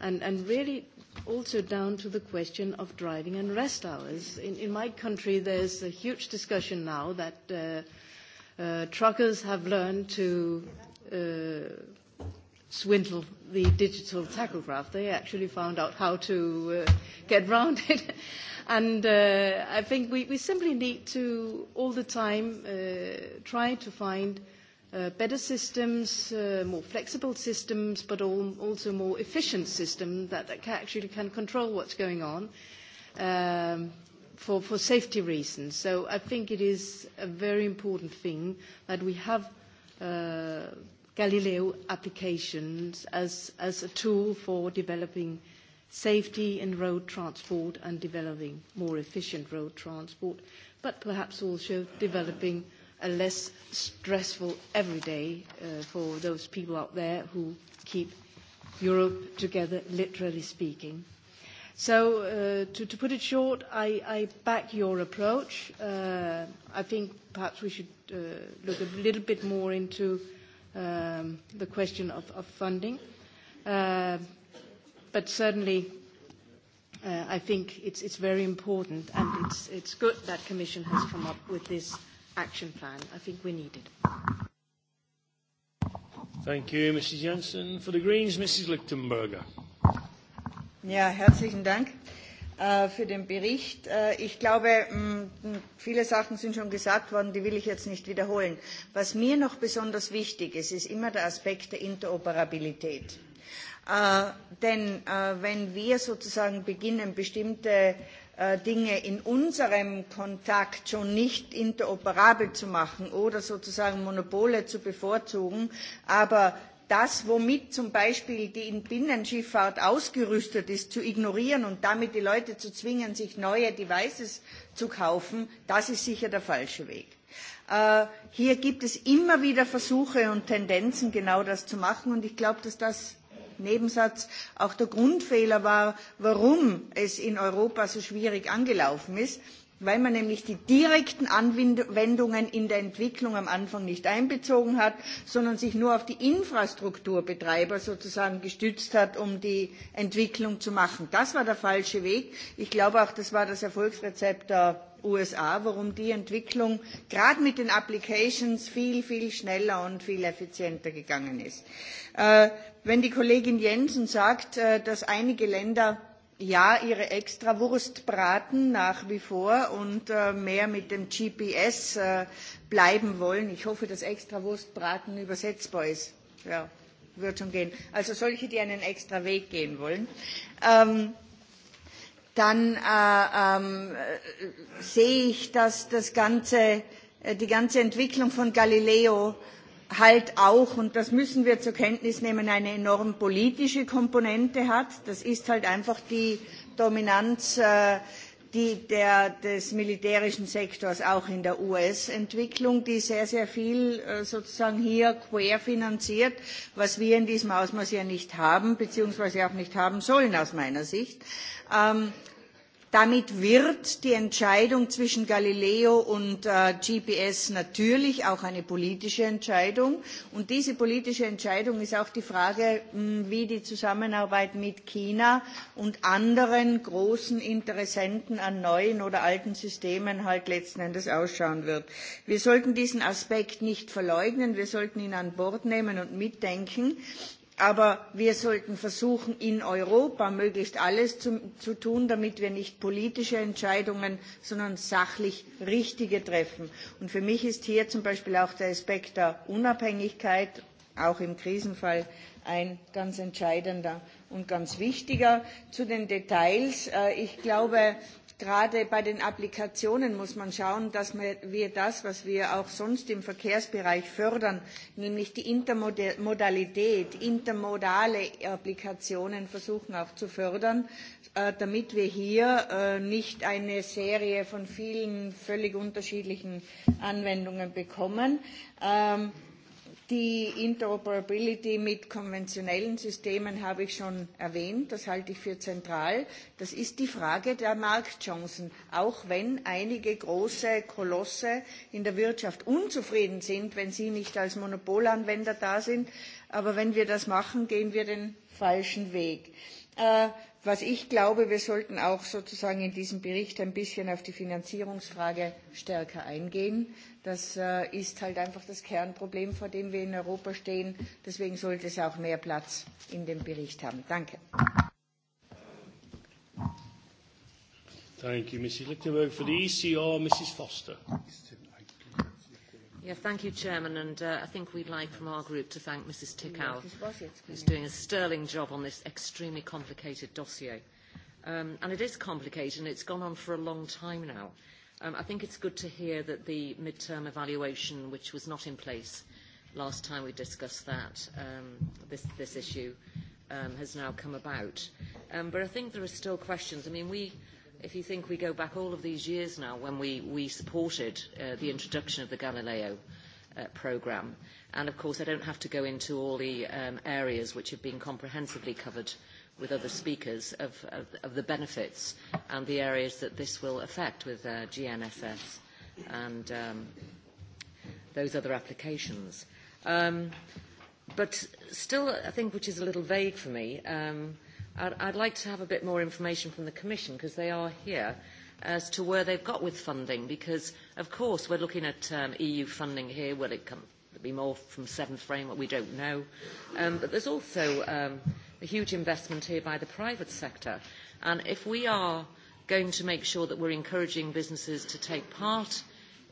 and, and really also down to the question of driving and rest hours. In, in my country, there's a huge discussion now that uh, uh, truckers have learned to uh, swindle the digital tachograph. They actually found out how to uh, get round it. and uh, I think we, we simply need to, all the time, uh, try to find uh, better systems, uh, more flexible systems, but all, also more efficient systems that, that can actually can control what's going on um, for, for safety reasons. So I think it is a very important thing that we have uh, Galileo applications as, as a tool for developing safety in road transport and developing more efficient road transport, but perhaps also developing a less stressful everyday uh, for those people out there who keep Europe together, literally speaking. So uh, to, to put it short, I, I back your approach. Uh, I think perhaps we should uh, look a little bit more into uh, um, the question of, of funding. Uh, but certainly, uh, I think it's, it's very important, and it's, it's good that Commission has come up with this action plan. I think we need it. Thank you, Mrs. Jensen. For the Greens, Mrs. Lichtenberger. Ja, herzlichen Dank. Äh, für den Bericht. Äh, ich glaube, mm, viele Sachen sind schon gesagt worden, die will ich jetzt nicht wiederholen. Was mir noch besonders wichtig ist, ist immer der Aspekt der Interoperabilität. Äh, denn wenn wir sozusagen beginnen, bestimmte Dinge in unserem Kontakt schon nicht interoperabel zu machen oder sozusagen Monopole zu bevorzugen, aber das, womit zum Beispiel die Binnenschifffahrt ausgerüstet ist, zu ignorieren und damit die Leute zu zwingen, sich neue Devices zu kaufen, das ist sicher der falsche Weg. Äh, hier gibt es immer wieder Versuche und Tendenzen, genau das zu machen. Und ich glaube, dass das Nebensatz auch der Grundfehler war, warum es in Europa so schwierig angelaufen ist weil man nämlich die direkten Anwendungen in der Entwicklung am Anfang nicht einbezogen hat, sondern sich nur auf die Infrastrukturbetreiber sozusagen gestützt hat, um die Entwicklung zu machen. Das war der falsche Weg. Ich glaube auch, das war das Erfolgsrezept der USA, warum die Entwicklung gerade mit den Applications viel, viel schneller und viel effizienter gegangen ist. Äh, wenn die Kollegin Jensen sagt, äh, dass einige Länder ja ihre Extrawurst braten nach wie vor und äh, mehr mit dem GPS äh, bleiben wollen. Ich hoffe, dass Extrawurstbraten übersetzbar ist. Ja, wird schon gehen. Also solche, die einen extra Weg gehen wollen. Ähm, dann äh, ähm, äh, sehe ich, dass das ganze, äh, die ganze Entwicklung von Galileo äh, halt auch, und das müssen wir zur Kenntnis nehmen, eine enorm politische Komponente hat. Das ist halt einfach die Dominanz äh, die der, des militärischen Sektors auch in der US-Entwicklung, die sehr, sehr viel äh, sozusagen hier querfinanziert, was wir in diesem Ausmaß ja nicht haben, beziehungsweise auch nicht haben sollen aus meiner Sicht. Ähm, Damit wird die Entscheidung zwischen Galileo und äh, GPS natürlich auch eine politische Entscheidung. Und diese politische Entscheidung ist auch die Frage, hm, wie die Zusammenarbeit mit China und anderen großen Interessenten an neuen oder alten Systemen halt letzten Endes ausschauen wird. Wir sollten diesen Aspekt nicht verleugnen. Wir sollten ihn an Bord nehmen und mitdenken aber wir sollten versuchen in europa möglichst alles zu, zu tun damit wir nicht politische entscheidungen sondern sachlich richtige treffen. und für mich ist hier zum beispiel auch der aspekt der unabhängigkeit auch im krisenfall ein ganz entscheidender und ganz wichtiger. zu den details äh, ich glaube gerade bei den Applikationen muss man schauen, dass wir das, was wir auch sonst im Verkehrsbereich fördern, nämlich die Intermodalität, intermodale Applikationen versuchen auch zu fördern, äh, damit wir hier äh, nicht eine Serie von vielen völlig unterschiedlichen Anwendungen bekommen. Ähm, Die Interoperability mit konventionellen Systemen habe ich schon erwähnt. Das halte ich für zentral. Das ist die Frage der Marktchancen. Auch wenn einige große Kolosse in der Wirtschaft unzufrieden sind, wenn sie nicht als Monopolanwender da sind. Aber wenn wir das machen, gehen wir den falschen Weg. Äh, was ich glaube, wir sollten auch sozusagen in diesem Bericht ein bisschen auf die Finanzierungsfrage stärker eingehen. Das äh, ist halt einfach das Kernproblem, vor dem wir in Europa stehen. Deswegen sollte es auch mehr Platz in dem Bericht haben. Danke. Thank you, Mrs. Lichtenberg. For the ECR, Mrs. Foster. Yeah, thank you, Chairman, and uh, I think we'd like from our group to thank Mrs Tickow, who's doing a sterling job on this extremely complicated dossier. Um, and it is complicated, and it's gone on for a long time now. Um, I think it's good to hear that the midterm evaluation, which was not in place last time we discussed that, um, this, this issue, um, has now come about. Um, but I think there are still questions. I mean, we, if you think we go back all of these years now when we, we supported uh, the introduction of the Galileo uh, programme, and of course I don't have to go into all the um, areas which have been comprehensively covered uh, with other speakers of, of, of the benefits and the areas that this will affect with uh, GNSS and um, those other applications. Um, but still, I think, which is a little vague for me, um, I'd, I'd like to have a bit more information from the Commission, because they are here, as to where they've got with funding, because, of course, we're looking at um, EU funding here. Will it come, be more from seventh framework? We don't know. Um, but there's also... Um, a huge investment here by the private sector. And if we are going to make sure that we're encouraging businesses to take part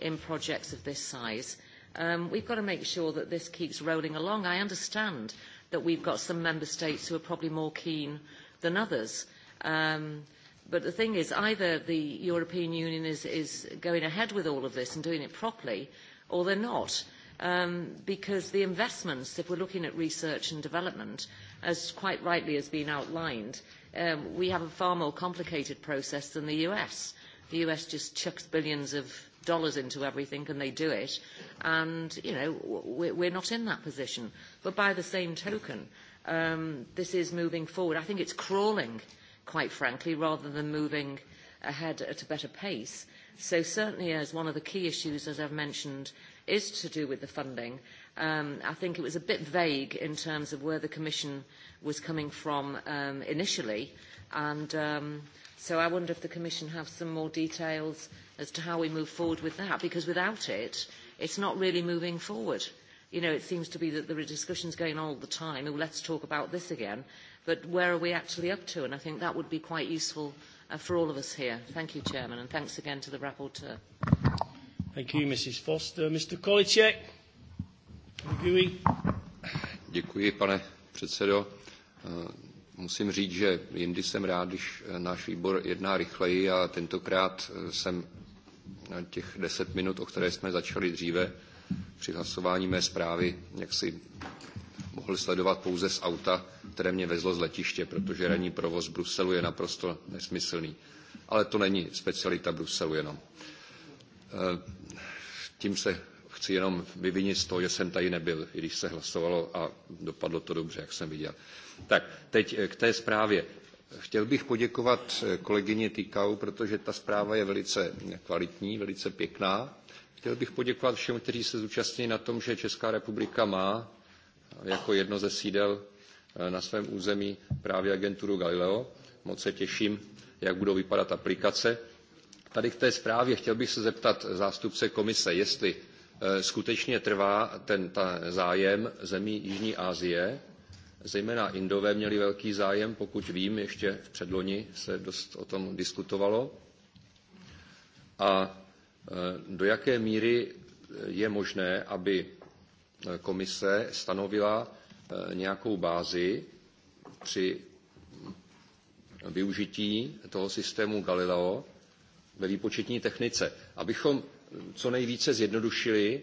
in projects of this size, um, we've got to make sure that this keeps rolling along. I understand that we've got some member states who are probably more keen than others. Um, but the thing is, either the European Union is, is going ahead with all of this and doing it properly, or they're not. Um, because the investments, if we're looking at research and development, as quite rightly has been outlined, um, we have a far more complicated process than the US. The US just chucks billions of dollars into everything and they do it. And, you know, we're not in that position. But by the same token, um, this is moving forward. I think it's crawling, quite frankly, rather than moving ahead at a better pace. So certainly as one of the key issues, as I've mentioned, is to do with the funding um, I think it was a bit vague in terms of where the Commission was coming from um, initially. And um, so I wonder if the Commission has some more details as to how we move forward with that, because without it, it's not really moving forward. You know, it seems to be that there are discussions going on all the time, and oh, let's talk about this again, but where are we actually up to? And I think that would be quite useful uh, for all of us here. Thank you, Chairman, and thanks again to the Rapporteur. Thank you, Mrs Foster. Mr Kolicek pane předsedo. Eh, musím říct, že jindy jsem rád, když eh, náš výbor jedná rychleji a tentokrát eh, jsem na těch deset minut, o které jsme začali dříve při hlasování mé zprávy, jak si mohl sledovat pouze z auta, které mě vezlo z letiště, protože ranní provoz Bruselu je naprosto nesmyslný. Ale to není specialita Bruselu jenom. Tím se chci jenom vyvinit z toho, že jsem tady nebyl, i když se hlasovalo a dopadlo to dobře, jak jsem viděl. Tak, teď eh, k té zprávě. Chtěl bych poděkovat eh, kolegyni Tykau, protože ta zpráva je velice eh, kvalitní, velice pěkná. Chtěl bych poděkovat všem, kteří se zúčastnili na tom, že Česká republika má jako jedno ze sídel na svém území právě agenturu Galileo. Moc se těším, jak budou vypadat aplikace. Tady k té zprávě chtěl bych se zeptat zástupce komise, jestli Eh, skutečně trvá ten ta zájem zemí Jižní Asie. Zejména Indové měli velký zájem, pokud vím, ještě v předloni se dost o tom diskutovalo. A eh, do jaké míry eh, je možné, aby komise stanovila nějakou bázi při využití toho systému Galileo ve výpočetní technice, abychom co nejvíce zjednodušili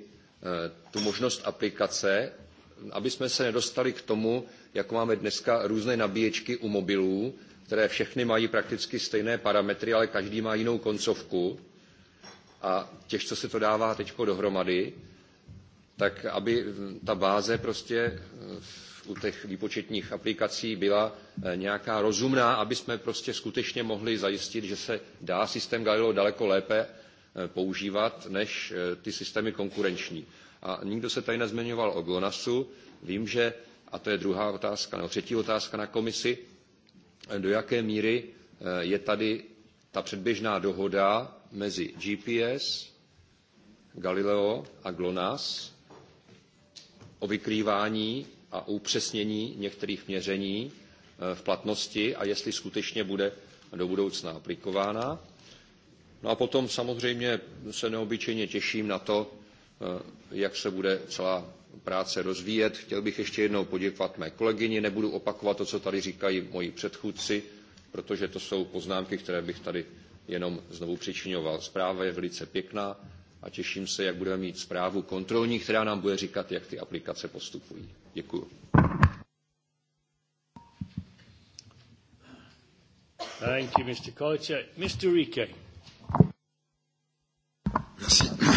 eh, tu možnost aplikace, aby jsme se nedostali k tomu, jako máme dneska různé nabíječky u mobilů, které všechny mají prakticky stejné parametry, ale každý má jinou koncovku a těžko se to dává teď dohromady, tak aby ta báze prostě eh, u těch výpočetních aplikací byla eh, nějaká rozumná, aby jsme prostě skutečně mohli zajistit, že se dá systém Galileo daleko lépe Eh, používat než eh, ty systémy konkurenční. A nikdo se tady nezmiňoval o GLONASSu. Vím, že, a to je druhá otázka, nebo třetí otázka na komisi, eh, do jaké míry je tady ta předběžná dohoda mezi GPS, Galileo a GLONASS o vykrývání a upřesnění některých měření v platnosti a jestli skutečně bude do budoucna aplikována. No a potom samozřejmě se neobyčejně těším na to, eh, jak se bude celá práce rozvíjet. Chtěl bych ještě jednou poděkovat mé kolegyni, nebudu opakovat to, co tady říkají moji předchůdci, protože to jsou poznámky, které bych tady jenom znovu přičiňoval. Zpráva je velice pěkná a těším se, jak budeme mít zprávu kontrolní, která nám bude říkat, jak ty aplikace postupují. Děkuju. Thank you, Mr. Kolicek. Mr. Rike.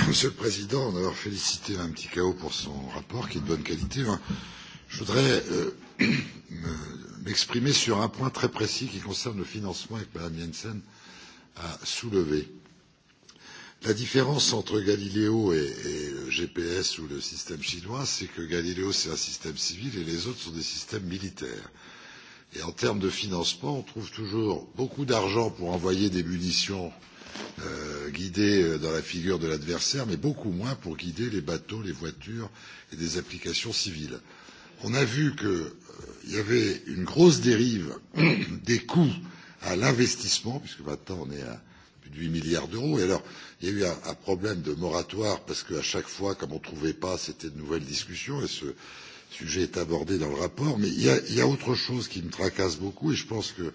Monsieur le Président, d'avoir félicité Mme Ticao pour son rapport qui est de bonne qualité. Je voudrais euh, m'exprimer sur un point très précis qui concerne le financement et que Mme Jensen a soulevé. La différence entre Galileo et, et le GPS ou le système chinois, c'est que Galileo, c'est un système civil et les autres sont des systèmes militaires. Et en termes de financement, on trouve toujours beaucoup d'argent pour envoyer des munitions euh, euh, guider euh, dans la figure de l'adversaire, mais beaucoup moins pour guider les bateaux, les voitures et des applications civiles. On a vu qu'il euh, y avait une grosse dérive des coûts à l'investissement, puisque maintenant on est à plus de 8 milliards d'euros. Et alors, il y a eu un, un problème de moratoire, parce qu'à chaque fois, comme on ne trouvait pas, c'était de nouvelles discussions, et ce sujet est abordé dans le rapport. Mais il y a, il y a autre chose qui me tracasse beaucoup, et je pense que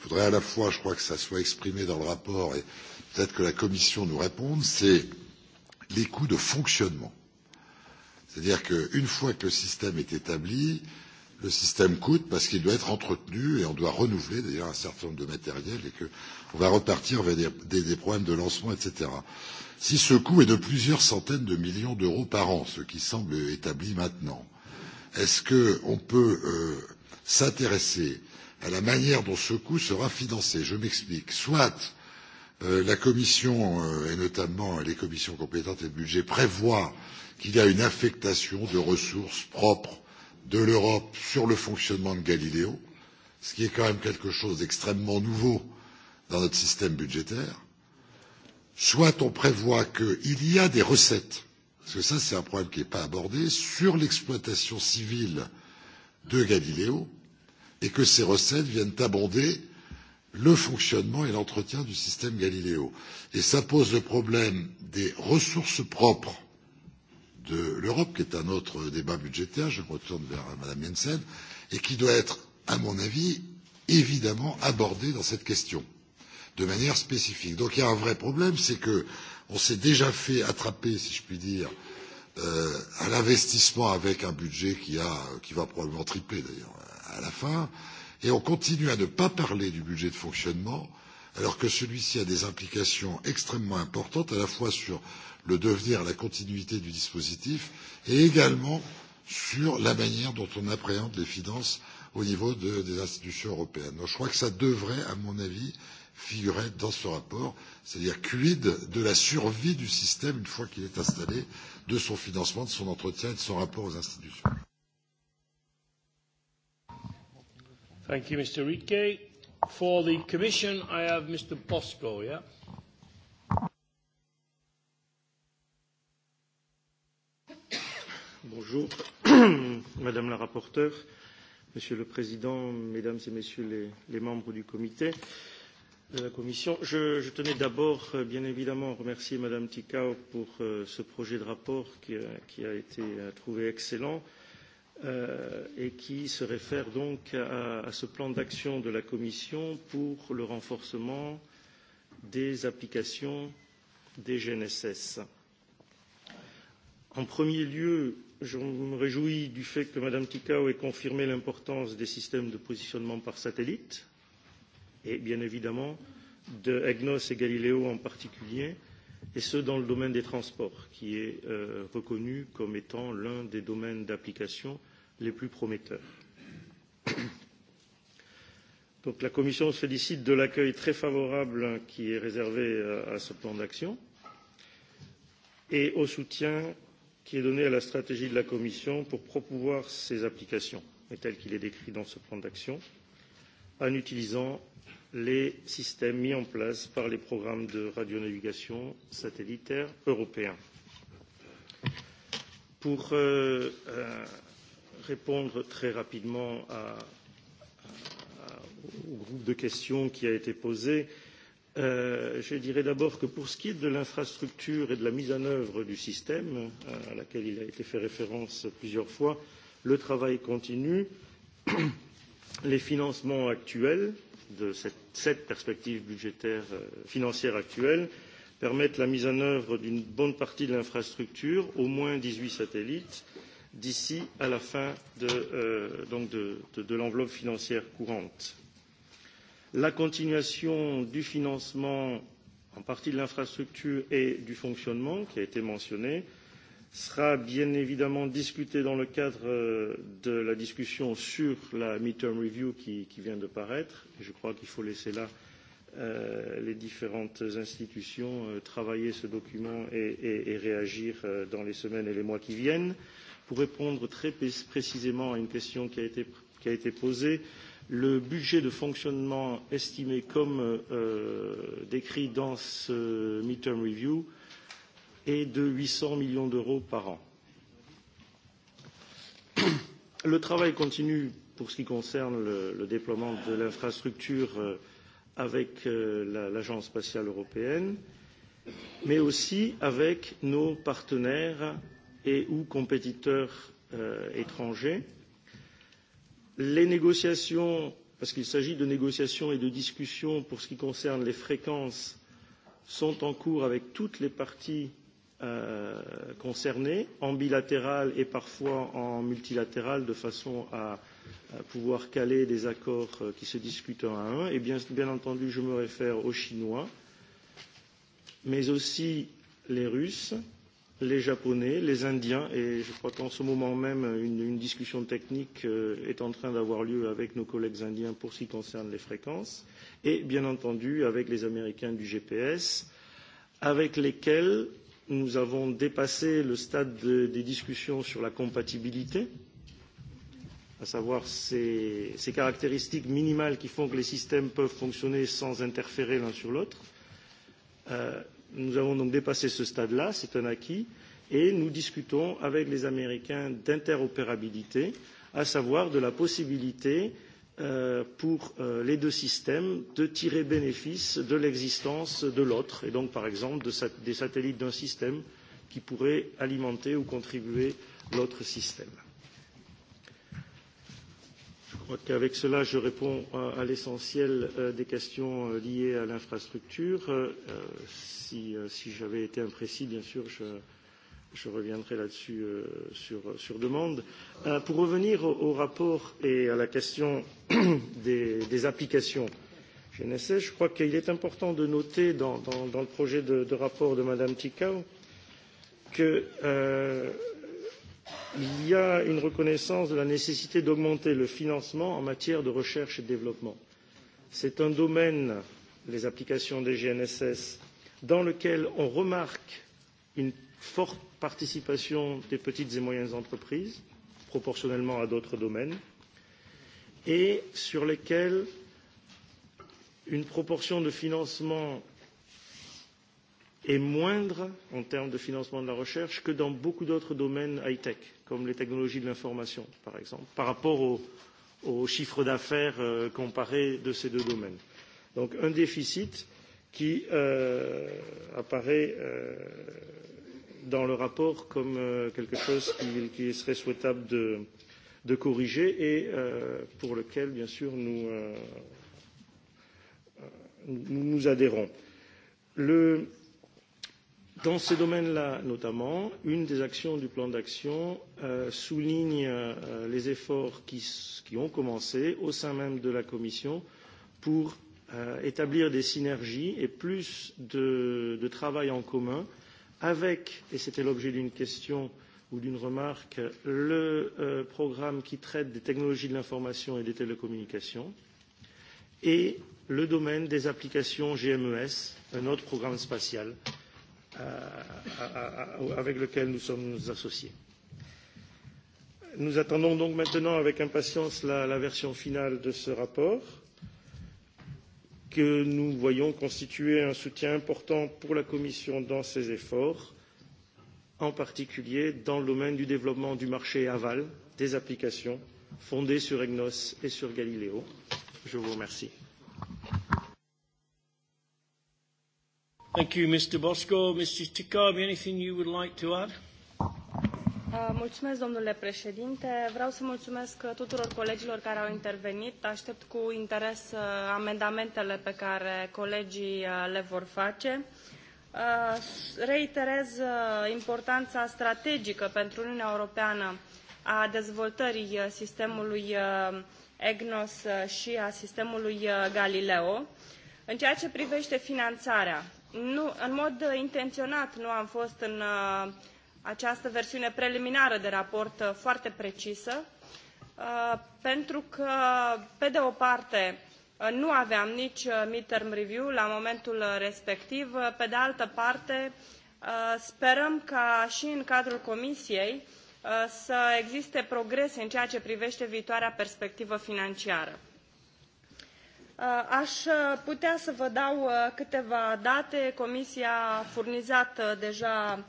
faudrait à la fois, je crois que ça soit exprimé dans le rapport, et, peut-être que la Commission nous réponde, c'est les coûts de fonctionnement. C'est-à-dire qu'une fois que le système est établi, le système coûte parce qu'il doit être entretenu et on doit renouveler d'ailleurs un certain nombre de matériels et qu'on va repartir vers des, des, des problèmes de lancement, etc. Si ce coût est de plusieurs centaines de millions d'euros par an, ce qui semble établi maintenant, est-ce qu'on peut euh, s'intéresser à la manière dont ce coût sera financé Je m'explique. Soit Euh, la Commission, euh, et notamment euh, les commissions compétentes et le budget, prévoient qu'il y a une affectation de ressources propres de l'Europe sur le fonctionnement de Galileo, ce qui est quand même quelque chose d'extrêmement nouveau dans notre système budgétaire, soit on prévoit qu'il y a des recettes, parce que ça c'est un problème qui n'est pas abordé, sur l'exploitation civile de Galileo, et que ces recettes viennent abonder le fonctionnement et l'entretien du système Galileo. Et ça pose le problème des ressources propres de l'Europe, qui est un autre débat budgétaire, je me retourne vers Mme Jensen, et qui doit être, à mon avis, évidemment abordé dans cette question, de manière spécifique. Donc il y a un vrai problème, c'est que on s'est déjà fait attraper, si je puis dire, euh, à l'investissement avec un budget qui, a, qui va probablement tripler d'ailleurs à la fin. Euh, et on continue à ne pas parler du budget de fonctionnement alors que celui-ci a des implications extrêmement importantes à la fois sur le devenir, la continuité du dispositif et également sur la manière dont on appréhende les finances au niveau de, des institutions européennes. Donc je crois que ça devrait, à mon avis, figurer dans ce rapport, c'est-à-dire quid de la survie du système une fois qu'il est installé, de son financement, de son entretien et de son rapport aux institutions. Thank you, Mr. Rike. For the Commission, I have Mr. Bosco, yeah? Bonjour, Madame la rapporteure, Monsieur le Président, Mesdames et Messieurs les, les membres du comité de la Commission. Je, je tenais d'abord, euh, bien évidemment, à remercier Madame Ticao pour euh, ce projet de rapport qui a, qui a été euh, trouvé excellent. Euh, Euh, et qui se réfère donc à, à ce plan d'action de la Commission pour le renforcement des applications des GNSS. En premier lieu, je me réjouis du fait que Mme Ticao ait confirmé l'importance des systèmes de positionnement par satellite et bien évidemment de EGNOS et Galileo en particulier, et ce dans le domaine des transports, qui est euh, reconnu comme étant l'un des domaines d'application euh, les plus prometteurs. Donc la Commission se félicite de l'accueil très favorable qui est réservé euh, à ce plan d'action et au soutien qui est donné à la stratégie de la Commission pour promouvoir ses applications, et tel qu'il est décrit dans ce plan d'action, en utilisant les systèmes mis en place par les programmes de radionavigation satellitaire européens. Pour euh, euh, répondre très rapidement à, à, au groupe de questions qui a été posé. Euh, je dirais d'abord que pour ce qui est de l'infrastructure et de la mise en œuvre du système, euh, à laquelle il a été fait référence plusieurs fois, le travail continue. Les financements actuels de cette, cette perspective budgétaire euh, financière actuelle permettent la mise en œuvre d'une bonne partie de l'infrastructure, au moins 18 satellites, d'ici à la fin de, euh, donc de, de, de l'enveloppe financière courante. La continuation du financement, en partie de l'infrastructure et du fonctionnement, qui a été mentionné, sera bien évidemment discutée dans le cadre euh, de la discussion sur la midterm review qui, qui vient de paraître. Et je crois qu'il faut laisser là euh, les différentes institutions euh, travailler ce document et, et, et réagir euh, dans les semaines et les mois qui viennent. Pour répondre très précisément à une question qui a été, qui a été posée, le budget de fonctionnement estimé comme euh, décrit dans ce midterm review est de 800 millions d'euros par an. Le travail continue pour ce qui concerne le, le déploiement de l'infrastructure euh, avec euh, l'Agence spatiale européenne, mais aussi avec nos partenaires et ou compétiteurs euh, étrangers. Les négociations, parce qu'il s'agit de négociations et de discussions pour ce qui concerne les fréquences, sont en cours avec toutes les parties euh, concernées, en bilatéral et parfois en multilatéral, de façon à, à pouvoir caler des accords euh, qui se discutent un à un. Et bien, bien entendu, je me réfère aux Chinois, mais aussi les Russes, les Japonais, les Indiens, et je crois qu'en ce moment même, une, une discussion technique euh, est en train d'avoir lieu avec nos collègues indiens pour ce qui concerne les fréquences, et bien entendu avec les Américains du GPS, avec lesquels nous avons dépassé le stade de, des discussions sur la compatibilité, à savoir ces, ces caractéristiques minimales qui font que les systèmes peuvent fonctionner sans interférer l'un sur l'autre. Euh, Nous avons donc dépassé ce stade-là, c'est un acquis, et nous discutons avec les Américains d'interopérabilité, à savoir de la possibilité euh, pour euh, les deux systèmes de tirer bénéfice de l'existence de l'autre, et donc par exemple de sat des satellites d'un système qui pourraient alimenter ou contribuer l'autre système crois qu'avec cela, je réponds à, à l'essentiel euh, des questions euh, liées à l'infrastructure. Euh, si euh, si j'avais été imprécis, bien sûr, je, je reviendrai là-dessus euh, sur, sur demande. Euh, pour revenir au, au rapport et à la question des, des applications GNSS, je crois qu'il est important de noter dans, dans, dans le projet de, de rapport de Mme Ticao que euh, il y a une reconnaissance de la nécessité d'augmenter le financement en matière de recherche et développement. C'est un domaine, les applications des GNSS, dans lequel on remarque une forte participation des petites et moyennes entreprises, proportionnellement à d'autres domaines, et sur lesquels une proportion de financement est moindre en termes de financement de la recherche que dans beaucoup d'autres domaines high-tech, comme les technologies de l'information, par exemple, par rapport aux au chiffres d'affaires euh, comparés de ces deux domaines. Donc un déficit qui euh, apparaît euh, dans le rapport comme euh, quelque chose qui, qui serait souhaitable de, de corriger et euh, pour lequel, bien sûr, nous, euh, euh nous, nous adhérons. Le, euh, Dans ce domaine là notamment, une des actions du plan d'action euh, souligne euh, les efforts qui, ont commencé au sein même de la Commission pour euh, établir des synergies et plus de, de travail en commun avec, et c'était l'objet d'une question ou d'une remarque, le programme qui traite des technologies de l'information et des télécommunications et le domaine des applications GMES, un autre programme spatial. Euh, à, avec lequel nous sommes associés. Nous attendons donc maintenant avec impatience la, la version finale de ce rapport que nous voyons constituer un soutien important pour la Commission dans ses efforts, en particulier dans le domaine du développement du marché aval des applications fondées sur EGNOS et sur Galileo. Je vous remercie. Thank you, Mr. Bosco. Mrs. Tikarmi, anything you would like to add? Uh, mulțumesc, domnule președinte. Vreau să mulțumesc tuturor colegilor care au intervenit. Aștept cu interes uh, amendamentele pe care colegii uh, le vor face. Reiterez importanța strategică pentru Uniunea Europeană a dezvoltării sistemului EGNOS și a sistemului Galileo. În ceea ce privește finanțarea, nu, în mod uh, intenționat nu am fost în uh, această versiune preliminară de raport uh, foarte precisă, pentru că, pe de o parte, nu aveam nici midterm review la momentul respectiv, pe de altă parte, sperăm ca și în cadrul Comisiei să existe progrese în ceea ce privește viitoarea perspectivă financiară. Uh, aș uh, putea să vă dau uh, câteva date. Comisia a furnizat deja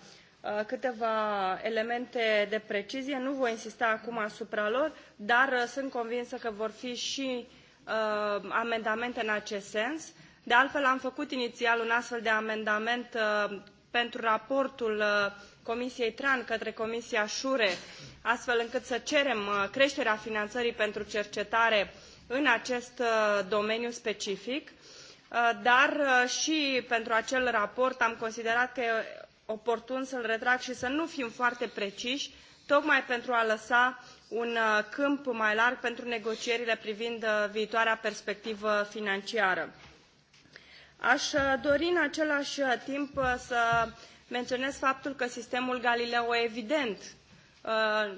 câteva elemente de precizie. Nu voi insista acum asupra lor, dar sunt convinsă că vor fi și amendamente în acest sens. De altfel, am făcut inițial un astfel de amendament pentru raportul Comisiei TRAN către Comisia SURE, astfel încât să cerem creșterea finanțării pentru cercetare în acest uh, domeniu specific, uh, dar uh, și pentru acel raport am considerat că e oportun să-l retrag și să nu fim foarte preciși, tocmai pentru a lăsa un câmp mai larg pentru negocierile privind viitoarea perspectivă financiară. Aș dori în același timp să menționez faptul că sistemul Galileo, evident, Uh,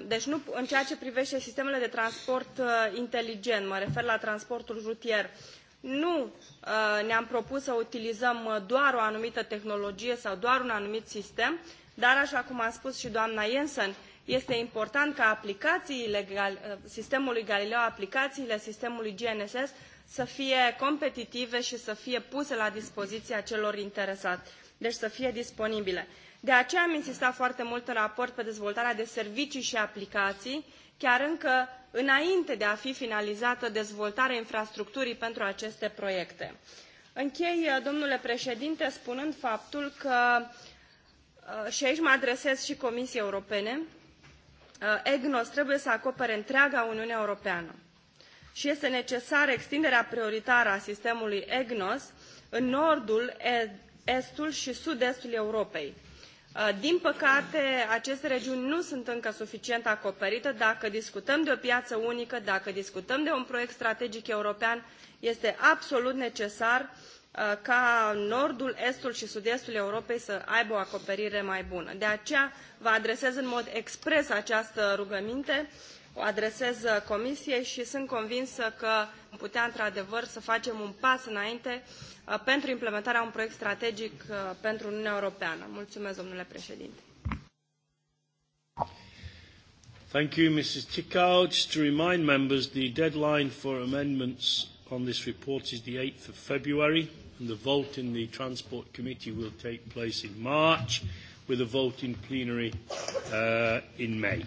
deci nu, în ceea ce privește sistemele de transport uh, inteligent, mă refer la transportul rutier, nu uh, ne-am propus să utilizăm doar o anumită tehnologie sau doar un anumit sistem, dar, așa cum a spus și doamna Jensen, este important ca aplicațiile sistemului Galileo, aplicațiile sistemului GNSS să fie competitive și să fie puse la dispoziția celor interesați, deci să fie disponibile. De aceea am insistat foarte mult în raport pe dezvoltarea de servicii și aplicații, chiar încă înainte de a fi finalizată dezvoltarea infrastructurii pentru aceste proiecte. Închei, uh, domnule președinte, spunând faptul că, uh, și aici mă adresez și Comisiei Europene, uh, EGNOS trebuie să acopere întreaga Uniune Europeană și este necesară extinderea prioritară a sistemului EGNOS în nordul, estul și sud-estul Europei Uh, din păcate, aceste regiuni nu sunt încă suficient acoperite. Dacă discutăm de o piață unică, dacă discutăm de un proiect strategic european, este absolut necesar uh, ca nordul, estul și sud-estul Europei să aibă o acoperire mai bună. De aceea vă adresez în mod expres această rugăminte uh, o adresez uh, Comisiei și sunt convinsă că am putea într-adevăr să facem un pas înainte uh, pentru implementarea unui proiect strategic uh, pentru Uniunea Europeană. Mulțumesc, domnule președinte. Thank you, Mrs. Tickau. Just to remind members, the deadline for amendments on this report is the 8th of February, and the vote in the Transport Committee will take place in March, with a vote in plenary uh, in May.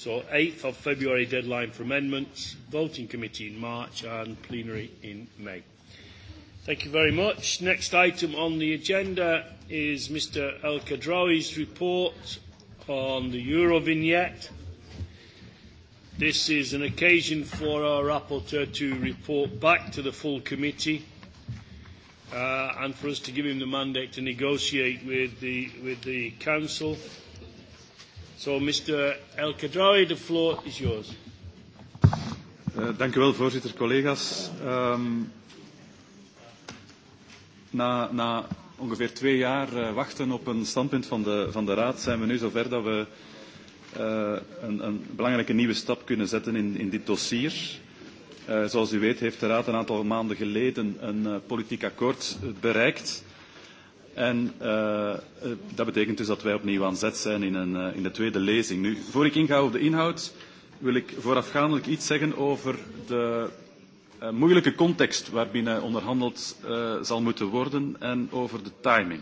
So 8th of February deadline for amendments, voting committee in March and plenary in May. Thank you very much. Next item on the agenda is Mr El Kadrawi's report on the vignette. This is an occasion for our rapporteur to report back to the full committee uh, and for us to give him the mandate to negotiate with the, with the Council. So, Mr. El Khadraoui, the floor is yours. Eh, dank u wel, voorzitter, collega's. Um, na, na ongeveer twee jaar uh, wachten op een standpunt van de, van de Raad zijn we nu zover dat we uh, een, een belangrijke nieuwe stap kunnen zetten in, in dit dossier. Uh, zoals u weet heeft de Raad een aantal maanden geleden een uh, politiek akkoord bereikt En uh, uh, dat betekent dus dat wij opnieuw aan zet zijn in, een, uh, in de tweede lezing. Nu, voor ik inga op de inhoud, wil ik voorafgaandelijk iets zeggen over de uh, moeilijke context waarbinnen onderhandeld uh, zal moeten worden en over de timing.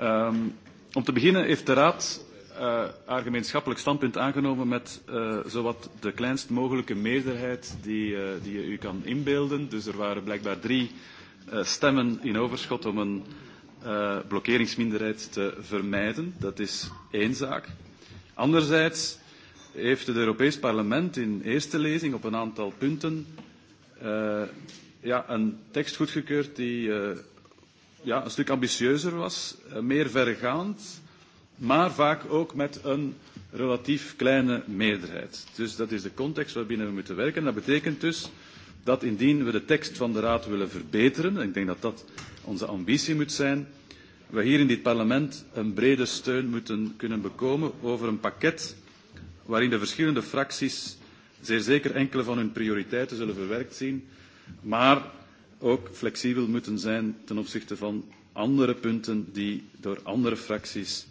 Um, om te beginnen heeft de Raad uh, haar gemeenschappelijk standpunt aangenomen met uh, zowat de kleinst mogelijke meerderheid die, uh, die je u kan inbeelden. Dus er waren blijkbaar drie uh, stemmen in overschot om een uh, uh, blokkeringsminderheid te vermijden. Dat is één zaak. Anderzijds heeft het Europees Parlement in eerste lezing op een aantal punten uh, ja, een tekst goedgekeurd die uh, ja, een stuk ambitieuzer was, uh, meer verregaand, maar vaak ook met een relatief kleine meerderheid. Dus dat is de context waarbinnen we moeten werken. Dat betekent dus dat indien we de tekst van de Raad willen verbeteren, en ik denk dat dat onze ambitie moet zijn, we hier in dit parlement een brede steun moeten kunnen bekomen over een pakket waarin de verschillende fracties zeer zeker enkele van hun prioriteiten zullen verwerkt zien, maar ook flexibel moeten zijn ten opzichte van andere punten die door andere fracties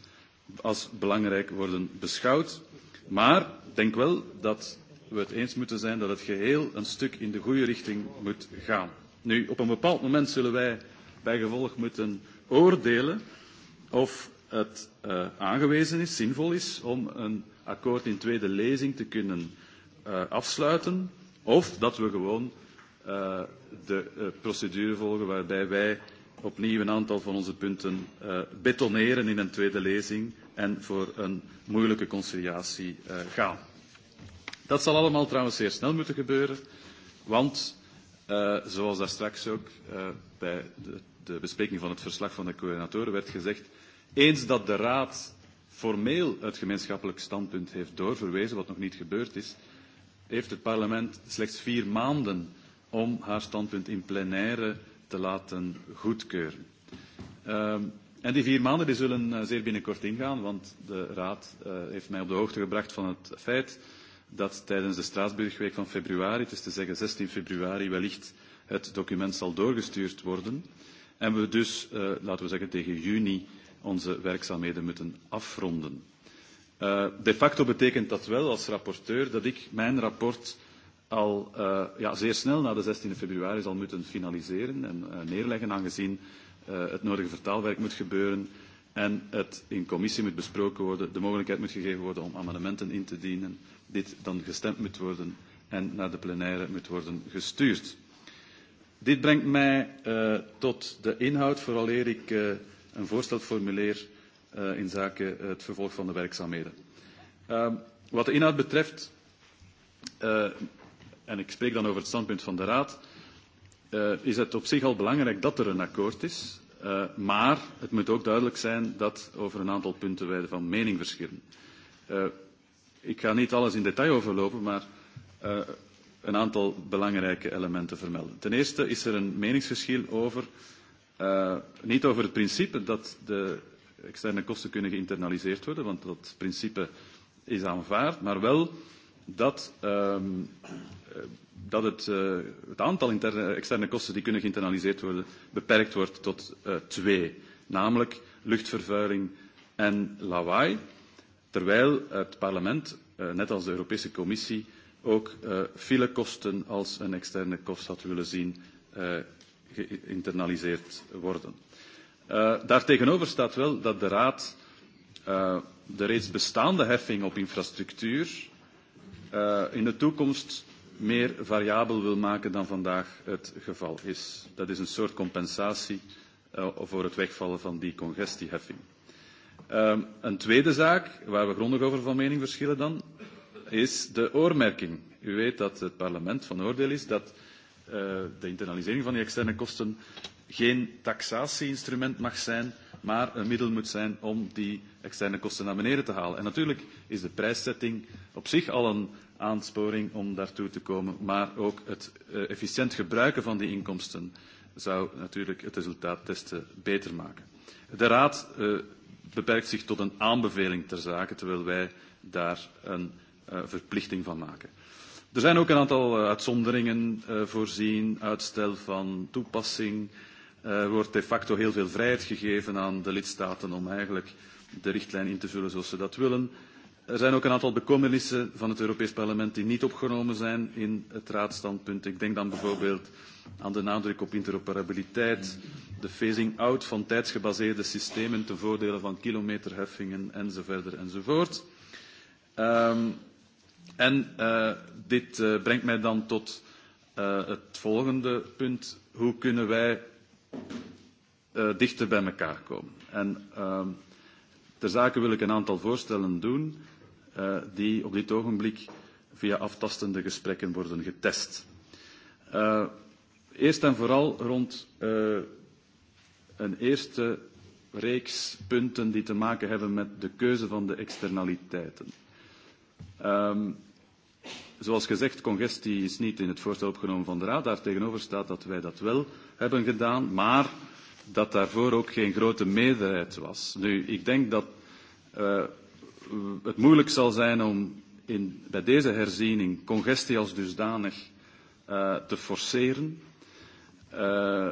als belangrijk worden beschouwd. Maar ik denk wel dat we het eens moeten zijn dat het geheel een stuk in de goede richting moet gaan. Nu, op een bepaald moment zullen wij bijgevolg moeten oordelen of het uh, aangewezen is, zinvol is, om een akkoord in tweede lezing te kunnen uh, afsluiten, of dat we gewoon uh, de uh, procedure volgen waarbij wij opnieuw een aantal van onze punten uh, betoneren in een tweede lezing en voor een moeilijke conciliatie uh, gaan. Dat zal allemaal trouwens zeer snel moeten gebeuren, want uh, zoals daar straks ook uh, bij het de bespreking van het verslag van de coördinatoren werd gezegd, eens dat de Raad formeel het gemeenschappelijk standpunt heeft doorverwezen, wat nog niet gebeurd is, heeft het parlement slechts vier maanden om haar standpunt in plenaire te laten goedkeuren. Um, en die vier maanden die zullen uh, zeer binnenkort ingaan, want de Raad uh, heeft mij op de hoogte gebracht van het feit dat tijdens de Straatsburgweek van februari, het is te zeggen 16 februari, wellicht het document zal doorgestuurd worden. En we dus, uh, laten we zeggen, tegen juni onze werkzaamheden moeten afronden. Uh, de facto betekent dat wel als rapporteur dat ik mijn rapport al uh, ja, zeer snel na de 16 februari zal moeten finaliseren en uh, neerleggen, aangezien uh, het nodige vertaalwerk moet gebeuren en het in commissie moet besproken worden, de mogelijkheid moet gegeven worden om amendementen in te dienen, dit dan gestemd moet worden en naar de plenaire moet worden gestuurd. Dit brengt mij uh, tot de inhoud, vooraleer ik uh, een voorstel formuleer uh, in zaken het vervolg van de werkzaamheden. Uh, wat de inhoud betreft, uh, en ik spreek dan over het standpunt van de Raad, uh, is het op zich al belangrijk dat er een akkoord is. Uh, maar het moet ook duidelijk zijn dat over een aantal punten wij van mening verschillen. Uh, ik ga niet alles in detail overlopen, maar uh, een aantal belangrijke elementen vermelden. Ten eerste is er een meningsverschil over, uh, niet over het principe dat de externe kosten kunnen geïnternaliseerd worden, want dat principe is aanvaard, maar wel dat, um, dat het, uh, het aantal interne, externe kosten die kunnen geïnternaliseerd worden beperkt wordt tot uh, twee, namelijk luchtvervuiling en lawaai, terwijl het parlement, uh, net als de Europese Commissie, ook uh, eh, filekosten als een externe kost had willen zien uh, geïnternaliseerd worden. Uh, daartegenover staat wel dat de Raad uh, de reeds bestaande heffing op infrastructuur uh, in de toekomst meer variabel wil maken dan vandaag het geval is. Dat is een soort compensatie uh, voor het wegvallen van die congestieheffing. Um, een tweede zaak, waar we grondig over van mening verschillen dan, is de oormerking. U weet dat het parlement van oordeel is dat uh, de internalisering van die externe kosten geen taxatie-instrument mag zijn, maar een middel moet zijn om die externe kosten naar beneden te halen. En natuurlijk is de prijszetting op zich al een aansporing om daartoe te komen, maar ook het uh, efficiënt gebruiken van die inkomsten zou natuurlijk het resultaat testen beter maken. De Raad uh, beperkt zich tot een aanbeveling ter zake, terwijl wij daar een Eh, verplichting van maken. Er zijn ook een aantal eh, uitzonderingen eh, voorzien. Uitstel van toepassing Er wordt de facto heel veel vrijheid gegeven aan de lidstaten om eigenlijk de richtlijn in te vullen zoals ze dat willen. Er zijn ook een aantal bekommernissen van het Europees Parlement die niet opgenomen zijn in het raadstandpunt. Ik denk dan bijvoorbeeld aan de nadruk op interoperabiliteit, de phasing out van tijdsgebaseerde systemen ten voordele van kilometerheffingen enzovoort enzovoort. Um, En uh, dit uh, brengt mij dan tot uh, het volgende punt. Hoe kunnen wij uh, dichter bij elkaar komen? En uh, ter zake wil ik een aantal voorstellen doen uh, die op dit ogenblik via aftastende gesprekken worden getest. Uh, eerst en vooral rond uh, een eerste reeks punten die te maken hebben met de keuze van de externaliteiten. Um, Zoals gezegd, congestie is niet in het voorstel opgenomen van de Raad. Daartegenover staat dat wij dat wel hebben gedaan, maar dat daarvoor ook geen grote meerderheid was. Nu, ik denk dat uh, het moeilijk zal zijn om in, bij deze herziening congestie als dusdanig uh, te forceren. Uh,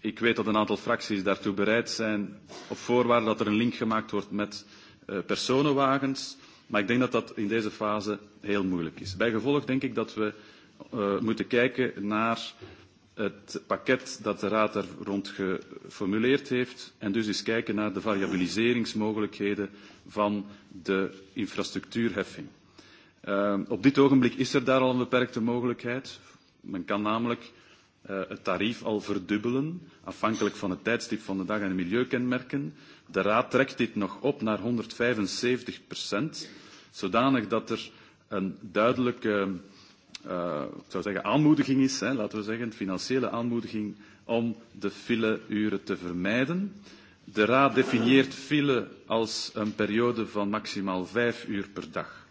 ik weet dat een aantal fracties daartoe bereid zijn op voorwaarde dat er een link gemaakt wordt met uh, personenwagens. Maar ik denk dat dat in deze fase heel moeilijk is. Bijgevolg denk ik dat we uh, moeten kijken naar het pakket dat de Raad daar rond geformuleerd heeft en dus eens kijken naar de variabiliseringsmogelijkheden van de infrastructuurheffing. Uh, op dit ogenblik is er daar al een beperkte mogelijkheid. Men kan namelijk uh, het tarief al verdubbelen, afhankelijk van het tijdstip van de dag en de milieukenmerken. De Raad trekt dit nog op naar 175 procent, zodanig dat er een duidelijke uh, ik zou zeggen, aanmoediging is, hè, laten we zeggen, financiële aanmoediging om de fileuren te vermijden. De Raad definieert file als een periode van maximaal vijf uur per dag.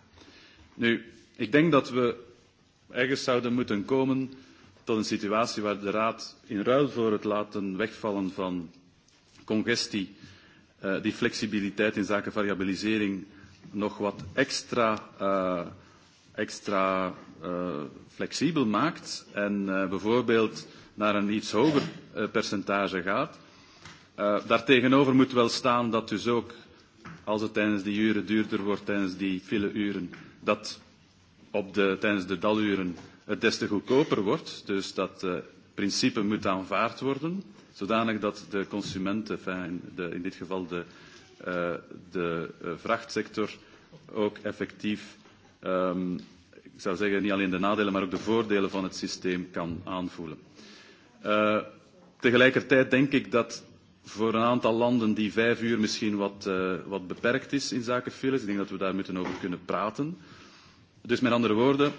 Nu, ik denk dat we ergens zouden moeten komen tot een situatie waar de Raad in ruil voor het laten wegvallen van congestie uh, die flexibiliteit in zaken variabilisering nog wat extra, uh, extra uh, flexibel maakt en uh, bijvoorbeeld naar een iets hoger uh, percentage gaat. Uh, daartegenover moet wel staan dat dus ook als het tijdens die uren duurder wordt, tijdens die file uren, dat op de, tijdens de daluren het des te goedkoper wordt. Dus dat uh, principe moet aanvaard worden zodanig dat de consument, enfin de, in dit geval de, uh, de eh, vrachtsector, ook effectief, um, ik zou zeggen, niet alleen de nadelen, maar ook de voordelen van het systeem kan aanvoelen. Uh, tegelijkertijd denk ik dat voor een aantal landen die vijf uur misschien wat, uh, wat beperkt is in zaken files. Ik denk dat we daar moeten over kunnen praten. Dus met andere woorden,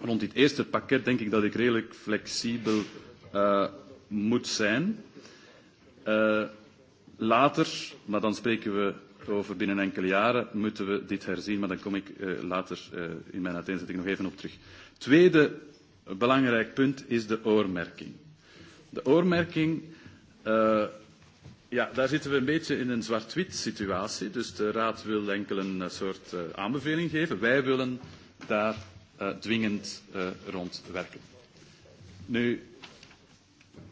rond dit eerste pakket denk ik dat ik redelijk flexibel uh, moet zijn. Uh, later, maar dan spreken we over binnen enkele jaren, moeten we dit herzien. Maar dan kom ik uh, later uh, in mijn uiteenzetting nog even op terug. Tweede belangrijk punt is de oormerking. De oormerking, uh, ja, daar zitten we een beetje in een zwart-wit situatie. Dus de Raad wil enkel een soort uh, aanbeveling geven. Wij willen daar uh, dwingend uh, rond werken. Nu,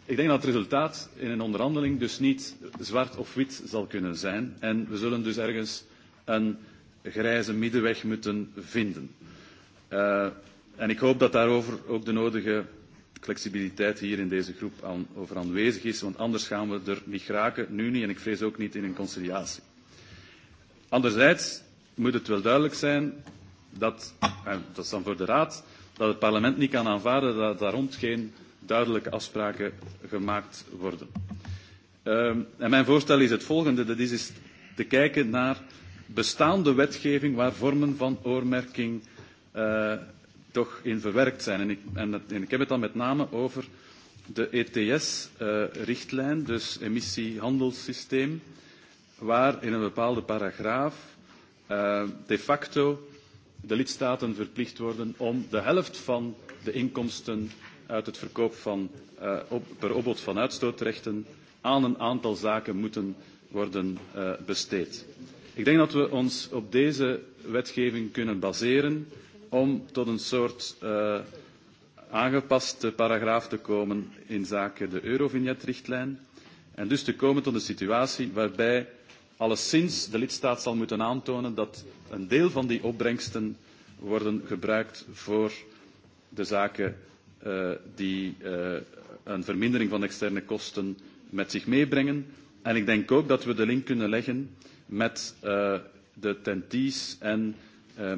Ik denk dat het resultaat in een onderhandeling dus niet zwart of wit zal kunnen zijn. En we zullen dus ergens een grijze middenweg moeten vinden. Uh, en ik hoop dat daarover ook de nodige flexibiliteit hier in deze groep aan, over aanwezig is, want anders gaan we er niet geraken, nu niet en ik vrees ook niet in een conciliatie. Anderzijds moet het wel duidelijk zijn dat, en dat is dan voor de Raad, dat het parlement niet kan aanvaarden dat daar rond geen duidelijke afspraken gemaakt worden. Um, en mijn voorstel is het volgende. Dat is, is te kijken naar bestaande wetgeving waar vormen van oormerking uh, toch in verwerkt zijn. En ik, en, dat, en ik heb het dan met name over de ETS-richtlijn, eh, uh, dus emissiehandelssysteem, waar in een bepaalde paragraaf uh, de facto de lidstaten verplicht worden om de helft van de inkomsten uit het verkoop van, uh, op, per opbod van uitstootrechten aan een aantal zaken moeten worden uh, besteed. Ik denk dat we ons op deze wetgeving kunnen baseren om tot een soort uh, aangepaste paragraaf te komen in zaken de Eurovignetrichtlijn. En dus te komen tot een situatie waarbij alleszins de lidstaat zal moeten aantonen dat een deel van die opbrengsten worden gebruikt voor de zaken Eh, die eh, een vermindering van externe kosten met zich meebrengen. En ik denk ook dat we de link kunnen leggen met eh, de TEN-T's en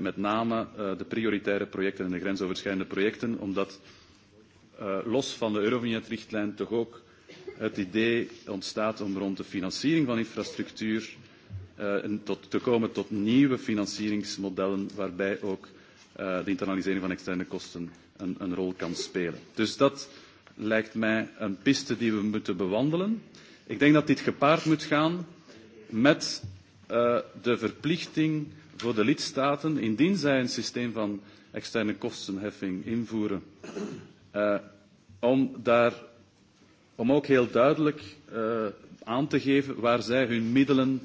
met name de prioritaire projecten en de grensoverschrijdende projecten, omdat los van de Eurovignet-richtlijn toch ook het idee ontstaat om rond de financiering van infrastructuur te komen tot nieuwe financieringsmodellen waarbij ook de internalisering van externe kosten een, een rol kan spelen. Dus dat lijkt mij een piste die we moeten bewandelen. Ik denk dat dit gepaard moet gaan met uh, de verplichting voor de lidstaten, indien zij een systeem van externe kostenheffing invoeren, uh, om, daar, om ook heel duidelijk uh, aan te geven waar zij hun middelen,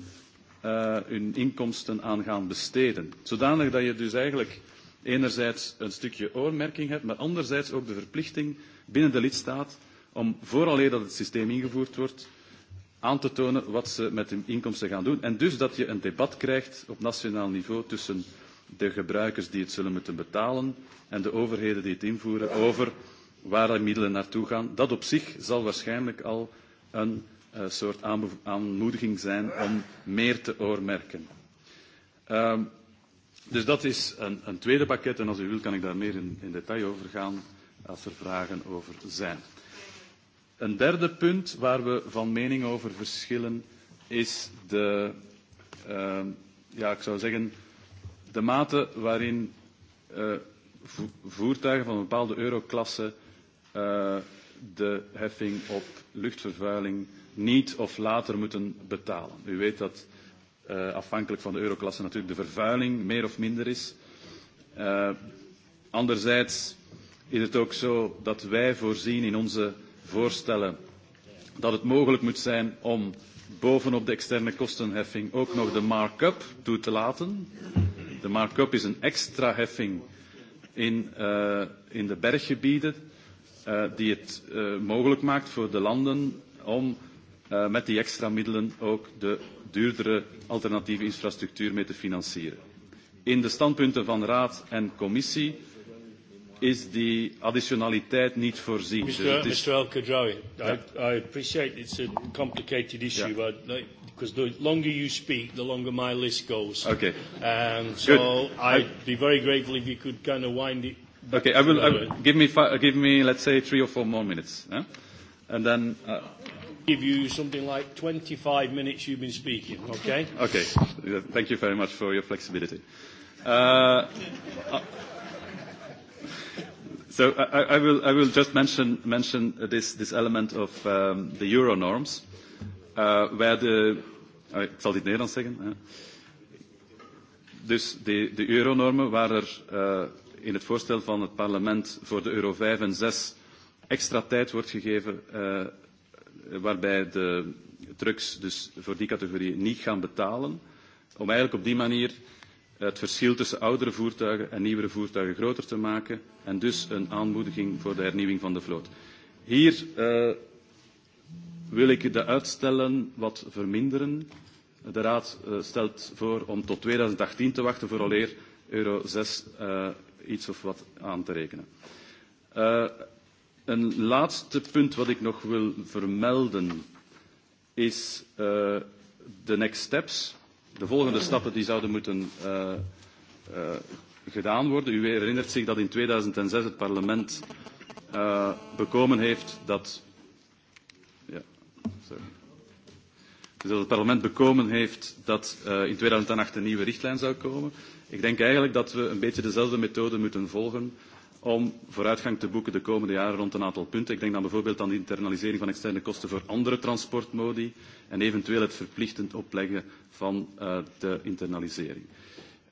uh, hun inkomsten aan gaan besteden. Zodanig dat je dus eigenlijk enerzijds een stukje oormerking hebt, maar anderzijds ook de verplichting binnen de lidstaat om vooraleer dat het systeem ingevoerd wordt, aan te tonen wat ze met hun inkomsten gaan doen. En dus dat je een debat krijgt op nationaal niveau tussen de gebruikers die het zullen moeten betalen en de overheden die het invoeren over waar de middelen naartoe gaan. Dat op zich zal waarschijnlijk al een uh, soort aanmoediging zijn om meer te oormerken. Ehm, Dus dat is een, een tweede pakket en als u wilt kan ik daar meer in, in detail over gaan als er vragen over zijn. Een derde punt waar we van mening over verschillen is de, uh, ja, ik zou zeggen, de mate waarin uh, vo voertuigen van een bepaalde euroklasse uh, de heffing op luchtvervuiling niet of later moeten betalen. U weet dat uh, uh, afhankelijk van de euroklasse natuurlijk de vervuiling meer of minder is. Uh, anderzijds is het ook zo dat wij voorzien in onze voorstellen dat het mogelijk moet zijn om bovenop de externe kostenheffing ook nog de markup toe te laten. De markup is een extra heffing in, uh, in de berggebieden uh, die het uh, mogelijk maakt voor de landen om uh, met die extra middelen ook de duurdere alternatieve infrastructuur mee te financieren. In de standpunten van Raad en Commissie is die additionaliteit niet voorzien. Mr. el ja. I, I appreciate it's a complicated issue, ja. but because the longer you speak, the longer my list goes. Okay. Um, so Good. I'd be very grateful if you could kind of wind it. Okay, I will, I give me five, give me let's say three or four more minutes, and then. Uh, give you something like 25 minutes you've been speaking, okay? Okay. Thank you very much for your flexibility. Uh, uh so I, I, will, I will just mention, mention this, this element of um, the euro norms, uh, where the... ik zal dit Nederlands zeggen. Dus de, de euronormen waar er uh, in het voorstel van het parlement voor de euro 5 en 6 extra tijd wordt gegeven uh, waarbij de trucks dus voor die categorie niet gaan betalen, om eigenlijk op die manier het verschil tussen oudere voertuigen en nieuwere voertuigen groter te maken en dus een aanmoediging voor de hernieuwing van de vloot. Hier uh, wil ik de uitstellen wat verminderen. De Raad uh, stelt voor om tot 2018 te wachten vooraleer euro 6 uh, eh, iets of wat aan te rekenen. Uh, Een laatste punt wat ik nog wil vermelden is eh, de uh, next steps, de volgende stappen die zouden moeten uh, uh, gedaan worden. U herinnert zich dat in 2006 het parlement uh, bekomen heeft dat... Ja, sorry. Dus dat het parlement bekomen heeft dat uh, in 2008 een nieuwe richtlijn zou komen. Ik denk eigenlijk dat we een beetje dezelfde methode moeten volgen om vooruitgang te boeken de komende jaren rond een aantal punten. Ik denk dan bijvoorbeeld aan de internalisering van externe kosten voor andere transportmodi en eventueel het verplichtend opleggen van uh, de internalisering.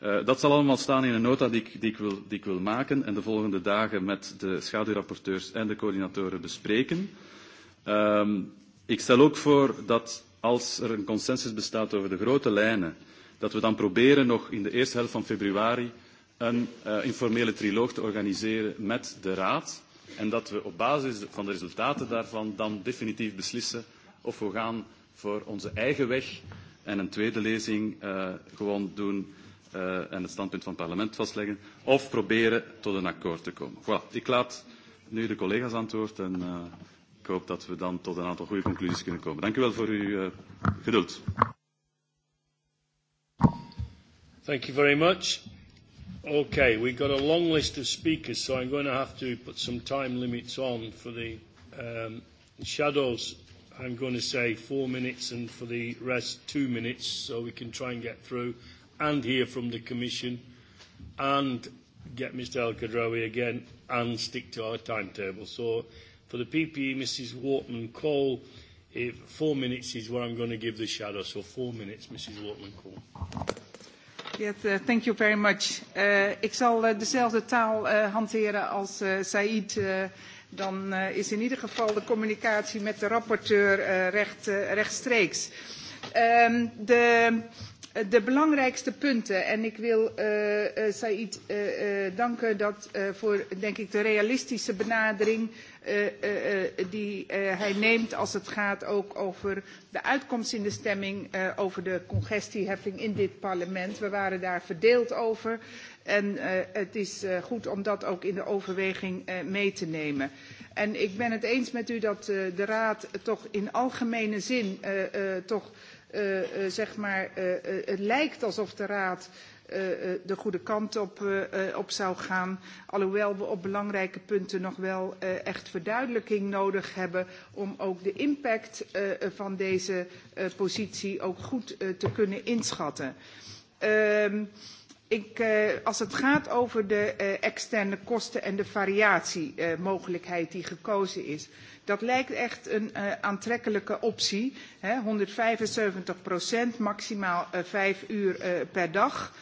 Uh, dat zal allemaal staan in een nota die ik, die, ik wil, die ik wil maken en de volgende dagen met de schaduwrapporteurs en de coördinatoren bespreken. Uh, ik stel ook voor dat als er een consensus bestaat over de grote lijnen, dat we dan proberen nog in de eerste helft van februari een uh, informele triloog te organiseren met de Raad. En dat we op basis van de resultaten daarvan dan definitief beslissen of we gaan voor onze eigen weg en een tweede lezing uh, gewoon doen uh, en het standpunt van het parlement vastleggen, of proberen tot een akkoord te komen. Voilà, ik laat nu de collega's antwoord en uh, ik hoop dat we dan tot een aantal goede conclusies kunnen komen. Dank u wel voor uw uh, geduld. Thank you very much. Okay, we've got a long list of speakers, so I'm going to have to put some time limits on for the um, shadows. I'm going to say four minutes, and for the rest, two minutes, so we can try and get through and hear from the Commission and get Mr. El Kadrawi again and stick to our timetable. So for the PPE, Mrs. Wharton Cole, if four minutes is what I'm going to give the shadow, so four minutes, Mrs. Wharton Cole. Yes, eh, thank you very much. Eh, ik zal eh, dezelfde taal hanteren als uh, Said. dan is in ieder geval de communicatie met de rapporteur recht, rechtstreeks. Ehm, de, belangrijkste punten. En ik wil uh, Said danken dat, voor denk ik, de realistische benadering Eh, eh, eh, die hij neemt als het gaat ook over de uitkomst in de stemming over de congestieheffing in dit parlement. We waren daar verdeeld over en het is goed om dat ook in de overweging mee te nemen. En ik ben het eens met u dat de Raad toch in algemene zin toch, zeg maar, het lijkt alsof de Raad Eh, eh, de goede kant op, eh, op zou gaan. Alhoewel we op belangrijke punten nog wel echt verduidelijking nodig hebben om ook de impact van deze positie ook goed te kunnen inschatten. Um, Ik, eh, als het gaat over de eh, externe kosten en de variatiemogelijkheid die gekozen is, dat lijkt echt een eh, aantrekkelijke optie. Hè, 175 procent, maximaal vijf uur per dag.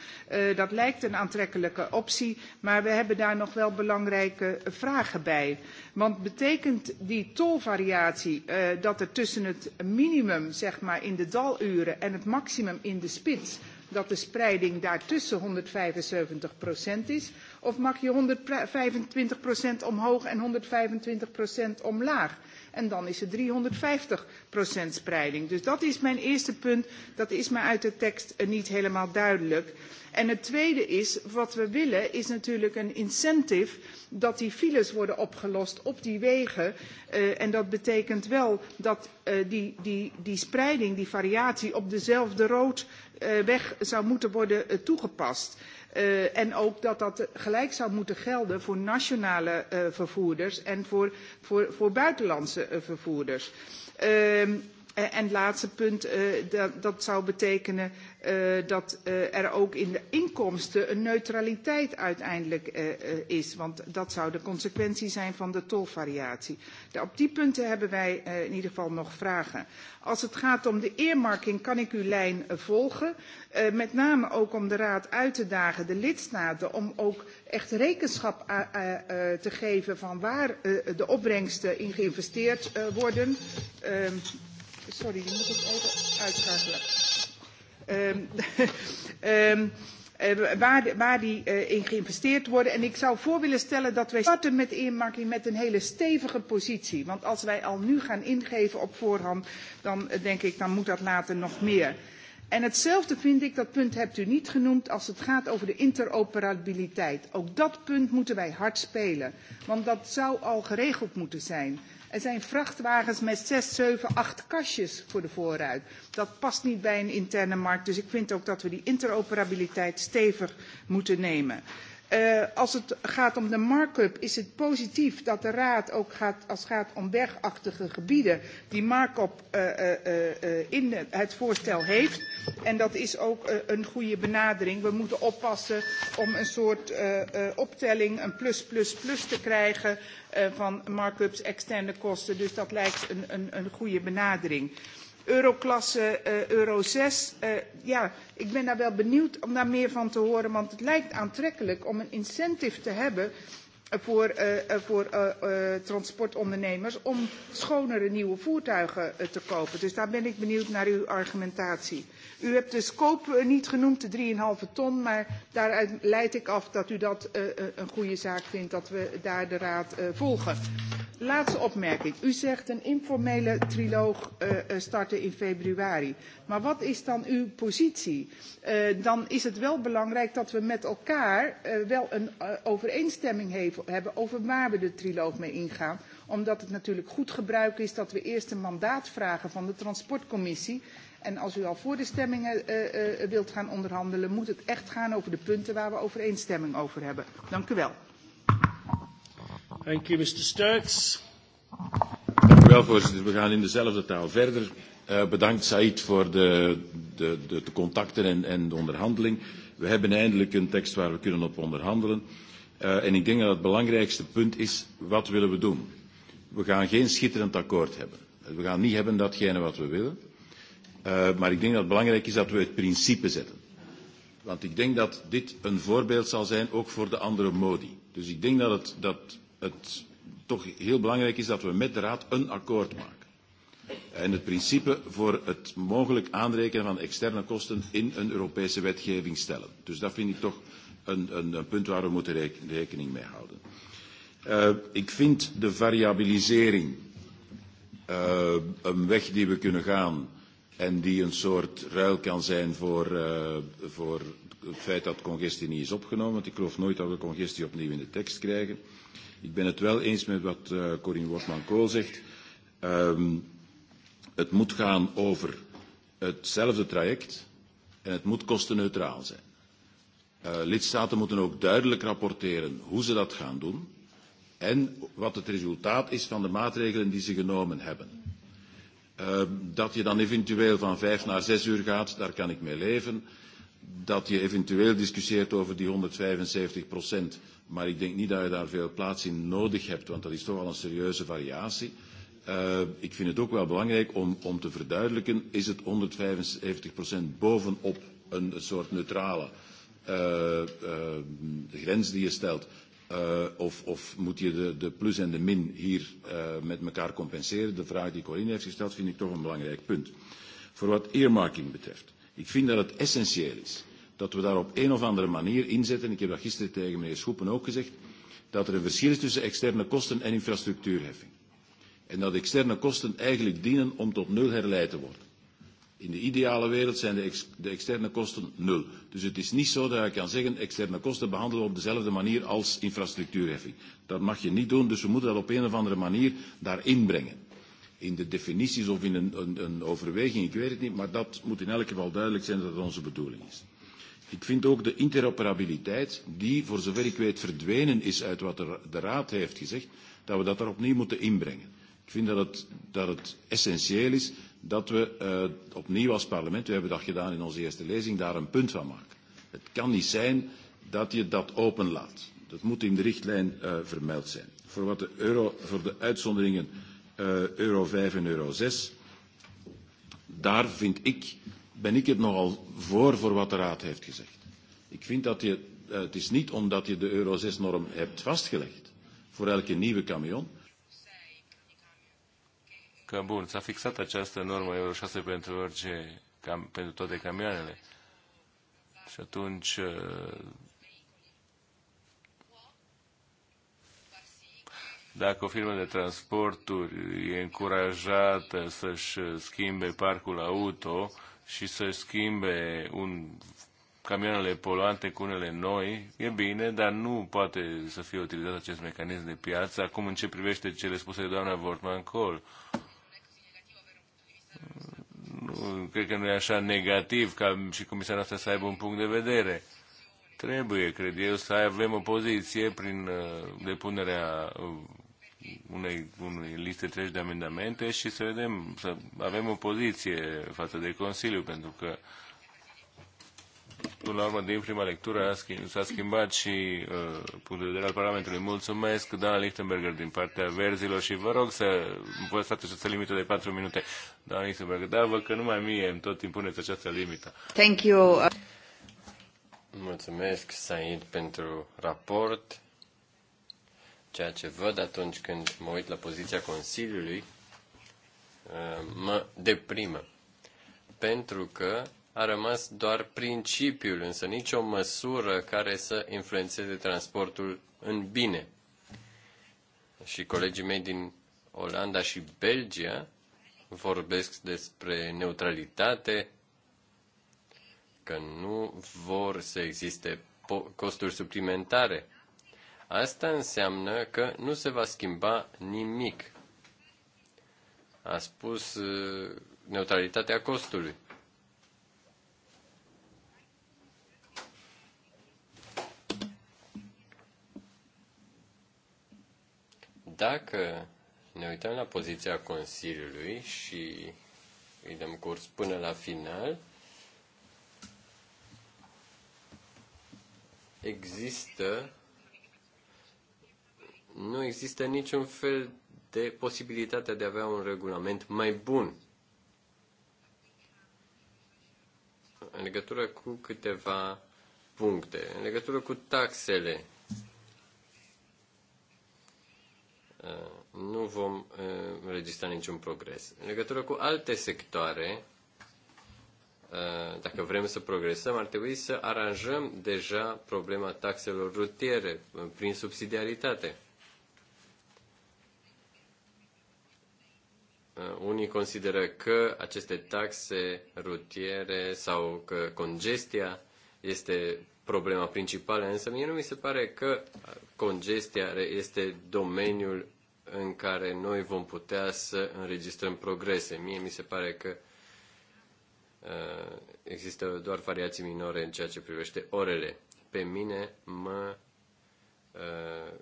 dat lijkt een aantrekkelijke optie, maar we hebben daar nog wel belangrijke vragen bij. Want betekent die tolvariatie dat er tussen het minimum zeg maar, in de daluren en het maximum in de spits dat de spreiding daartussen 175 procent is? Of mag je 125 procent omhoog en 125 procent omlaag? En dan is er het 350 procent spreiding. Dus dat is mijn eerste punt. Dat is me uit de tekst eh, niet helemaal duidelijk. En het tweede is, wat we willen, is natuurlijk een incentive dat die files worden opgelost op die wegen. Uh, en dat betekent wel dat uh, die, die, die spreiding, die variatie op dezelfde rood Eh, weg zou moeten worden eh, toegepast. Eh, en ook dat dat gelijk zou moeten gelden voor nationale vervoerders en voor, voor, voor buitenlandse vervoerders. Uh, Eh, en laatste punt, eh, dat, zou betekenen eh, dat er ook in de inkomsten een neutraliteit uiteindelijk is. Want dat zou de consequentie zijn van de tolvariatie. op die punten hebben wij in ieder geval nog vragen. Als het gaat om de earmarking kan ik uw lijn volgen. Met name ook om de Raad uit te dagen, de lidstaten, om ook echt rekenschap te geven van waar de opbrengsten in geïnvesteerd worden. Ehm, sorry, die moet ik even uitschakelen. Um, um, uh, waar, de, waar die uh, in geïnvesteerd worden. En ik zou voor willen stellen dat wij starten met inmarking met een hele stevige positie. Want als wij al nu gaan ingeven op voorhand, dan uh, denk ik, dan moet dat later nog meer. En hetzelfde vind ik, dat punt hebt u niet genoemd, als het gaat over de interoperabiliteit. Ook dat punt moeten wij hard spelen, want dat zou al geregeld moeten zijn. Er zijn vrachtwagens met zes, zeven, acht kastjes voor de voorruit. Dat past niet bij een interne markt. Dus ik vind ook dat we die interoperabiliteit stevig moeten nemen. Uh, als het gaat om de markup is het positief dat de Raad ook gaat, als het gaat om bergachtige gebieden die markup uh, uh, in het voorstel heeft. En dat is ook een goede benadering. We moeten oppassen om een soort optelling, een plus plus plus te krijgen van markups, externe kosten. Dus dat lijkt een, een, een goede benadering. Uh, euroklasse, eh, euro zes eh, ik ben daar wel benieuwd om daar meer van te horen, want het lijkt aantrekkelijk om een incentive te hebben voor, eh, transportondernemers om schonere nieuwe voertuigen te kopen. Dus daar ben ik benieuwd naar uw argumentatie. U hebt de scope eh, niet genoemd, de 3,5 ton, maar daaruit leid ik af dat u dat uh, een goede zaak vindt dat we daar de Raad uh, volgen. Laatste opmerking. U zegt een informele triloog uh, starten in februari. Maar wat is dan uw positie? Uh, dan is het wel belangrijk dat we met elkaar uh, wel een uh, overeenstemming hef, hebben over waar we de triloog mee ingaan. Omdat het natuurlijk goed gebruik is dat we eerst een mandaat vragen van de transportcommissie En als u al voor de stemmingen uh, uh, wilt gaan onderhandelen, moet het echt gaan over de punten waar we overeenstemming over hebben. Dank u wel. Dank u, Mr. Sturks. Dank u wel, voorzitter. We gaan in dezelfde taal verder. Uh, bedankt, Said, voor de, de, de, de contacten en, en de onderhandeling. We hebben eindelijk een tekst waar we kunnen op onderhandelen. Uh, en ik denk dat het belangrijkste punt is, wat willen we doen? We gaan geen schitterend akkoord hebben. We gaan niet hebben datgene wat we willen. Eh, maar ik denk dat het belangrijk is dat we het principe zetten. Want ik denk dat dit een voorbeeld zal zijn ook voor de andere modi. Dus ik denk dat het, dat het toch heel belangrijk is dat we met de Raad een akkoord maken. En het principe voor het mogelijk aanrekenen van externe kosten in een Europese wetgeving stellen. Dus dat vind ik toch een, een, een punt waar we moeten rekening mee houden. Uh, ik vind de variabilisering uh, een weg die we kunnen gaan en die een soort ruil kan zijn voor, uh, voor het feit dat congestie niet is opgenomen. Want ik geloof nooit dat we congestie opnieuw in de tekst krijgen. Ik ben het wel eens met wat uh, eh, Corinne Wortman-Kool zegt. Um, het moet gaan over hetzelfde traject en het moet kostenneutraal zijn. Uh, lidstaten moeten ook duidelijk rapporteren hoe ze dat gaan doen en wat het resultaat is van de maatregelen die ze genomen hebben. Ehm, dat je dan eventueel van vijf naar zes uur gaat, daar kan ik mee leven. Dat je eventueel discussieert over die 175 procent. Maar ik denk niet dat je daar veel plaats in nodig hebt, want dat is toch al een serieuze variatie. Uh, ik vind het ook wel belangrijk om, om te verduidelijken, is het 175 procent bovenop een soort neutrale uh, uh, grens die je stelt. Uh, of, of moet je de, de plus en de min hier uh, met elkaar compenseren? De vraag die Corinne heeft gesteld vind ik toch een belangrijk punt. Voor wat earmarking betreft. Ik vind dat het essentieel is dat we daar op een of andere manier inzetten. Ik heb dat gisteren tegen meneer Schoepen ook gezegd. Dat er een verschil is tussen externe kosten en infrastructuurheffing. En dat externe kosten eigenlijk dienen om tot nul herleid te worden. In de ideale wereld zijn de, ex de externe kosten nul. Dus het is niet zo dat je kan zeggen externe kosten behandelen we op dezelfde manier als infrastructuurheffing. Dat mag je niet doen, dus we moeten dat op een of andere manier daarin brengen. In de definities of in een, een, een overweging, ik weet het niet, maar dat moet in elk geval duidelijk zijn dat dat onze bedoeling is. Ik vind ook de interoperabiliteit, die voor zover ik weet verdwenen is uit wat de, Raad heeft gezegd, dat we dat er opnieuw moeten inbrengen. Ik vind dat het, dat het essentieel is dat we uh, opnieuw als parlement, we hebben dat gedaan in onze eerste lezing, daar een punt van maken. Het kan niet zijn dat je dat openlaat. Dat moet in de richtlijn uh, vermeld zijn. Voor, wat de euro, voor de uitzonderingen uh, euro 5 en euro 6, daar vind ik, ben ik het nogal voor voor wat de Raad heeft gezegd. Ik vind dat je, uh, het is niet omdat je de euro 6-norm hebt vastgelegd voor elke nieuwe camion, că, bun, s-a fixat această normă Euro 6 pentru orice, cam, pentru toate camioanele. Și atunci uh, dacă o firmă de transporturi e încurajată să-și schimbe parcul auto și să-și schimbe un camioanele poluante cu unele noi, e bine, dar nu poate să fie utilizat acest mecanism de piață. Acum, în ce privește cele spuse de doamna Vortman Col, nu, cred că nu e așa negativ ca și comisia noastră să aibă un punct de vedere. Trebuie, cred eu, să avem o poziție prin uh, depunerea uh, unei, unei liste întregi de amendamente și să vedem, să avem o poziție față de Consiliu, pentru că uh, până la urmă, din prima lectură s-a schimbat și uh, punctul de vedere al Parlamentului. Mulțumesc, doamna Lichtenberger, din partea verzilor și vă rog să vă stați limită de patru minute. Doamna Lichtenberger, da, vă că numai mie îmi tot impuneți această limită. Thank you. Mulțumesc, Said, pentru raport. Ceea ce văd atunci când mă uit la poziția Consiliului uh, mă deprimă. Pentru că a rămas doar principiul, însă nicio măsură care să influențeze transportul în bine. Și colegii mei din Olanda și Belgia vorbesc despre neutralitate, că nu vor să existe costuri suplimentare. Asta înseamnă că nu se va schimba nimic. A spus uh, neutralitatea costului. Dacă ne uităm la poziția Consiliului și îi dăm curs până la final, există nu există niciun fel de posibilitate de a avea un regulament mai bun în legătură cu câteva puncte, în legătură cu taxele Uh, nu vom uh, registra niciun progres. În legătură cu alte sectoare, uh, dacă vrem să progresăm, ar trebui să aranjăm deja problema taxelor rutiere prin subsidiaritate. Unii consideră că aceste taxe rutiere sau că congestia este problema principală, însă mie nu mi se pare că congestia este domeniul în care noi vom putea să înregistrăm progrese. Mie mi se pare că uh, există doar variații minore în ceea ce privește orele. Pe mine mă uh,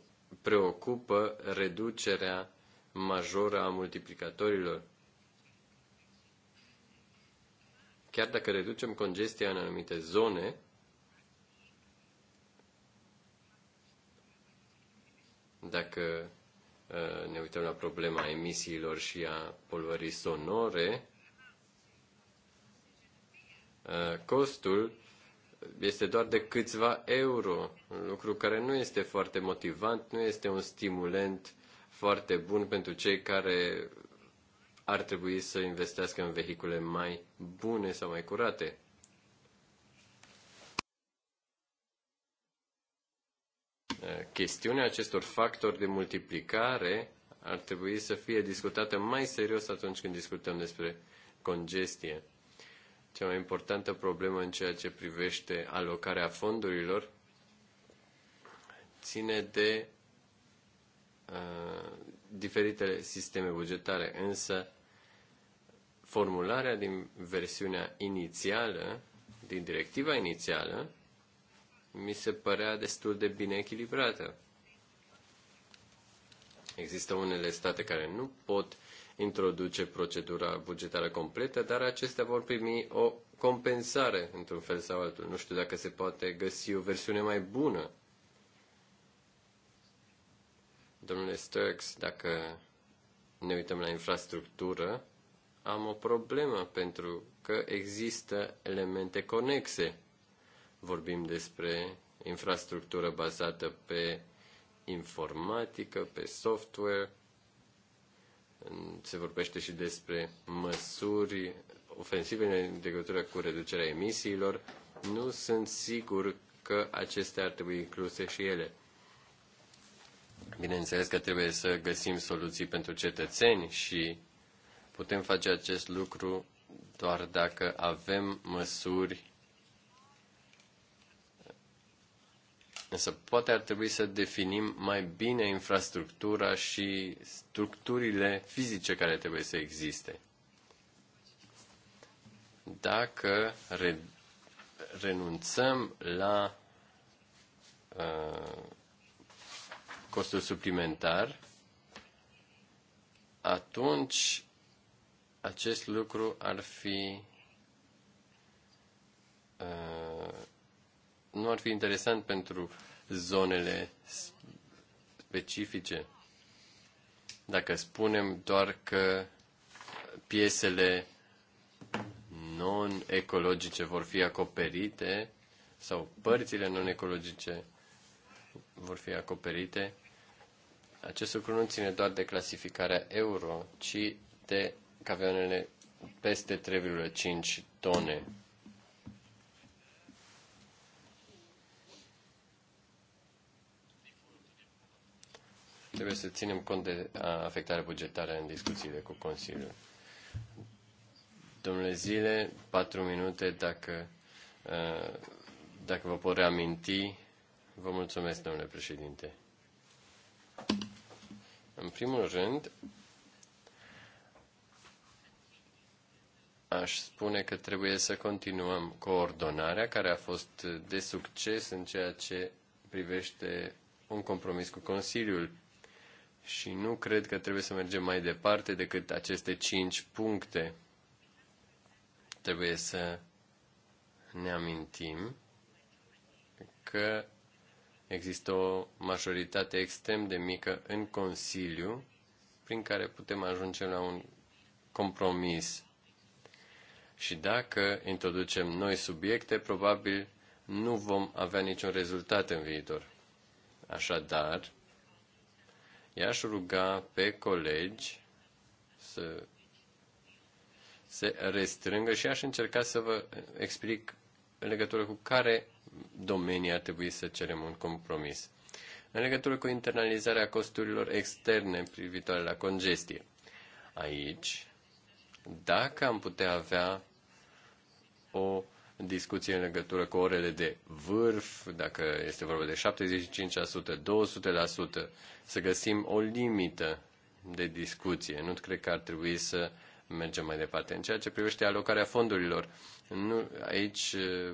preocupă reducerea majoră a multiplicatorilor. Chiar dacă reducem congestia în anumite zone, dacă Uh, ne uităm la problema emisiilor și a poluării sonore, uh, costul este doar de câțiva euro, un lucru care nu este foarte motivant, nu este un stimulent foarte bun pentru cei care ar trebui să investească în vehicule mai bune sau mai curate. Eh, chestiunea acestor factori de multiplicare ar trebui să fie discutată mai serios atunci când discutăm despre congestie. Cea mai importantă problemă în ceea ce privește alocarea fondurilor ține de uh, diferitele sisteme bugetare, însă formularea din versiunea inițială, din directiva inițială, mi se părea destul de bine echilibrată. Există unele state care nu pot introduce procedura bugetară completă, dar acestea vor primi o compensare într-un fel sau altul. Nu știu dacă se poate găsi o versiune mai bună. Domnule Sturks, dacă ne uităm la infrastructură, am o problemă pentru că există elemente conexe vorbim despre infrastructură bazată pe informatică, pe software. Se vorbește și despre măsuri ofensive în legătură cu reducerea emisiilor. Nu sunt sigur că acestea ar trebui incluse și ele. Bineînțeles că trebuie să găsim soluții pentru cetățeni și putem face acest lucru doar dacă avem măsuri Însă poate ar trebui să definim mai bine infrastructura și structurile fizice care trebuie să existe. Dacă re- renunțăm la uh, costul suplimentar, atunci acest lucru ar fi uh, nu ar fi interesant pentru zonele specifice. Dacă spunem doar că piesele non-ecologice vor fi acoperite sau părțile non-ecologice vor fi acoperite, acest lucru nu ține doar de clasificarea euro, ci de cavernele peste 3,5 tone Trebuie să ținem cont de afectarea bugetară în discuțiile cu Consiliul. Domnule Zile, patru minute dacă, dacă vă pot reaminti. Vă mulțumesc, domnule președinte. În primul rând, aș spune că trebuie să continuăm coordonarea care a fost de succes în ceea ce privește un compromis cu Consiliul și nu cred că trebuie să mergem mai departe decât aceste cinci puncte. Trebuie să ne amintim că există o majoritate extrem de mică în Consiliu prin care putem ajunge la un compromis. Și dacă introducem noi subiecte, probabil nu vom avea niciun rezultat în viitor. Așadar, I-aș ruga pe colegi să se restrângă și aș încerca să vă explic în legătură cu care domenii ar trebui să cerem un compromis. În legătură cu internalizarea costurilor externe privitoare la congestie. Aici, dacă am putea avea o discuții în legătură cu orele de vârf, dacă este vorba de 75%, 200%, să găsim o limită de discuție. Nu cred că ar trebui să mergem mai departe. În ceea ce privește alocarea fondurilor, nu, aici eh,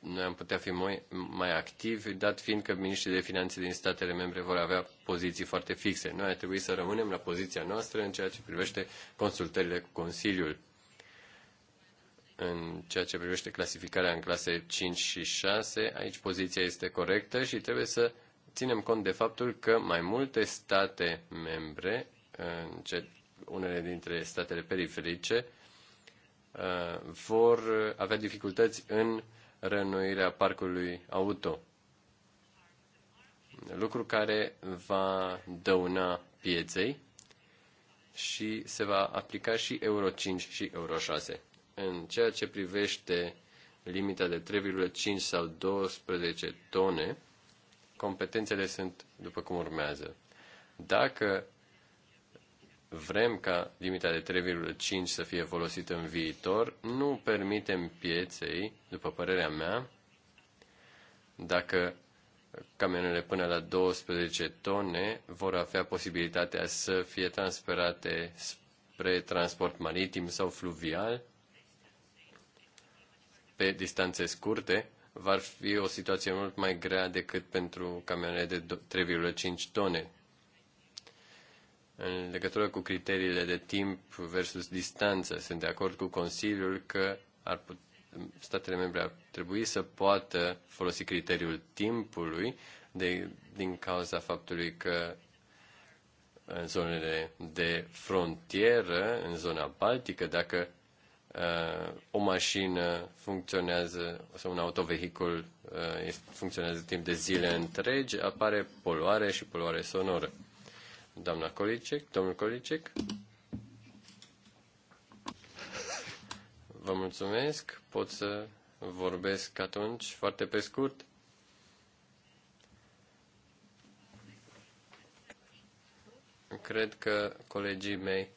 noi am putea fi mai, mai activi, dat fiind că miniștrii de finanțe din statele membre vor avea poziții foarte fixe. Noi ar trebui să rămânem la poziția noastră în ceea ce privește consultările cu Consiliul în ceea ce privește clasificarea în clase 5 și 6, aici poziția este corectă și trebuie să ținem cont de faptul că mai multe state membre, unele dintre statele periferice, uh, vor avea dificultăți în reînnoirea parcului auto. Lucru care va dăuna pieței și se va aplica și Euro 5 și Euro 6. În ceea ce privește limita de 3,5 sau 12 tone, competențele sunt după cum urmează. Dacă vrem ca limita de 3,5 să fie folosită în viitor, nu permitem pieței, după părerea mea, dacă camionele până la 12 tone vor avea posibilitatea să fie transferate spre transport maritim sau fluvial, pe distanțe scurte, va fi o situație mult mai grea decât pentru camioane de 3,5 tone. În legătură cu criteriile de timp versus distanță, sunt de acord cu Consiliul că ar put- statele membre ar trebui să poată folosi criteriul timpului de, din cauza faptului că în zonele de frontieră, în zona baltică, dacă Uh, o mașină funcționează sau un autovehicul uh, funcționează timp de zile întregi, apare poluare și poluare sonoră. Doamna Colicec, domnul Colicec. Vă mulțumesc. Pot să vorbesc atunci foarte pe scurt. Cred că colegii mei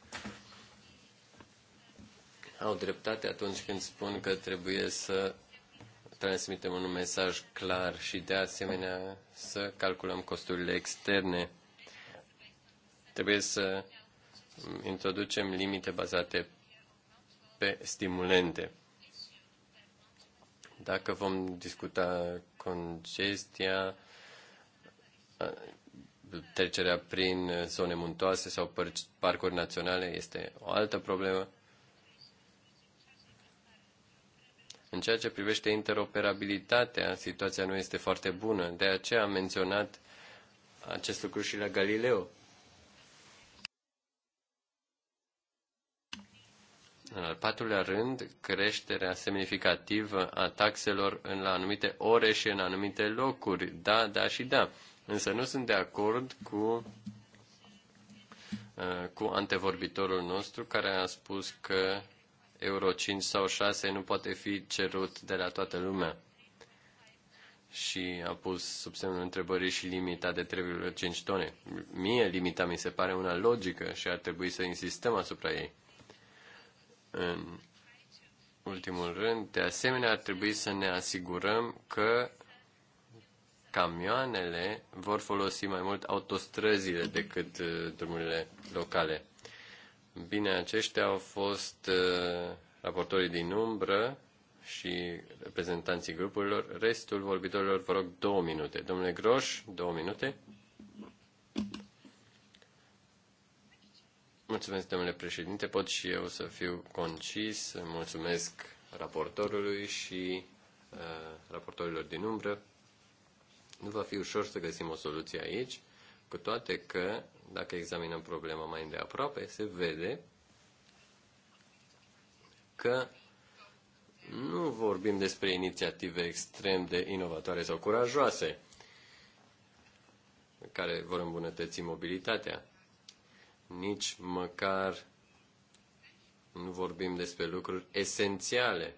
au dreptate atunci când spun că trebuie să transmitem un mesaj clar și de asemenea să calculăm costurile externe. Trebuie să introducem limite bazate pe stimulente. Dacă vom discuta congestia, trecerea prin zone muntoase sau parcuri naționale este o altă problemă. În ceea ce privește interoperabilitatea, situația nu este foarte bună. De aceea am menționat acest lucru și la Galileo. În al patrulea rând, creșterea semnificativă a taxelor în la anumite ore și în anumite locuri. Da, da și da. Însă nu sunt de acord cu uh, cu antevorbitorul nostru care a spus că Euro 5 sau 6 nu poate fi cerut de la toată lumea. Și a pus sub semnul întrebării și limita de 3,5 tone. Mie limita mi se pare una logică și ar trebui să insistăm asupra ei. În ultimul rând, de asemenea, ar trebui să ne asigurăm că camioanele vor folosi mai mult autostrăzile decât uh, drumurile locale. Bine, aceștia au fost uh, raportorii din umbră și reprezentanții grupurilor. Restul vorbitorilor, vă rog, două minute. Domnule Groș, două minute. Mulțumesc, domnule președinte. Pot și eu să fiu concis. Mulțumesc raportorului și uh, raportorilor din umbră. Nu va fi ușor să găsim o soluție aici, cu toate că dacă examinăm problema mai îndeaproape, se vede că nu vorbim despre inițiative extrem de inovatoare sau curajoase care vor îmbunătăți mobilitatea. Nici măcar nu vorbim despre lucruri esențiale.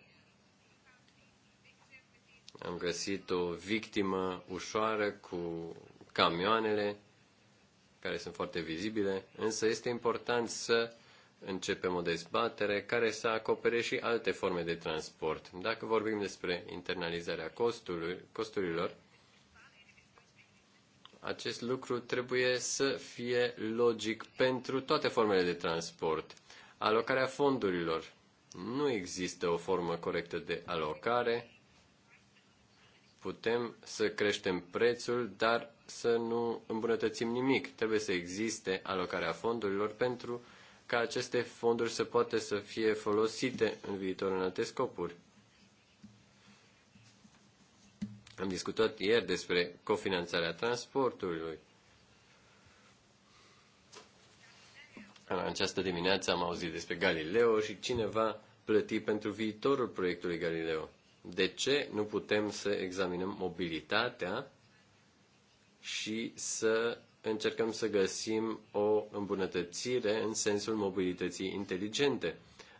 Am găsit o victimă ușoară cu camioanele care sunt foarte vizibile, însă este important să începem o dezbatere care să acopere și alte forme de transport. Dacă vorbim despre internalizarea costurilor, acest lucru trebuie să fie logic pentru toate formele de transport. Alocarea fondurilor. Nu există o formă corectă de alocare. Putem să creștem prețul, dar să nu îmbunătățim nimic. Trebuie să existe alocarea fondurilor pentru ca aceste fonduri să poată să fie folosite în viitor în alte scopuri. Am discutat ieri despre cofinanțarea transportului. În această dimineață am auzit despre Galileo și cine va plăti pentru viitorul proiectului Galileo. De ce nu putem să examinăm mobilitatea și să încercăm să găsim o îmbunătățire în sensul mobilității inteligente.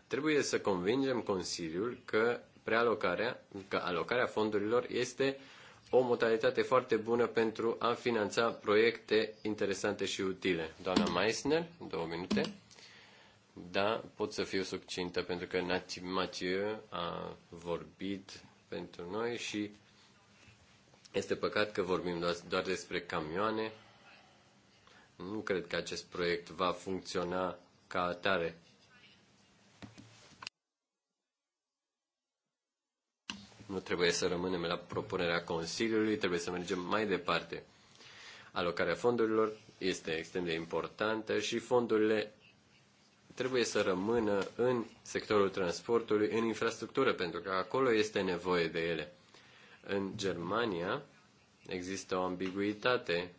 Trebuie să convingem Consiliul că prealocarea, că alocarea fondurilor este o modalitate foarte bună pentru a finanța proiecte interesante și utile. Doamna Meissner, două minute. Da, pot să fiu succintă pentru că Mathieu a vorbit pentru noi și este păcat că vorbim doar despre camioane. Nu cred că acest proiect va funcționa ca atare. Nu trebuie să rămânem la propunerea Consiliului, trebuie să mergem mai departe. Alocarea fondurilor este extrem de importantă și fondurile trebuie să rămână în sectorul transportului, în infrastructură, pentru că acolo este nevoie de ele. În Germania există o ambiguitate.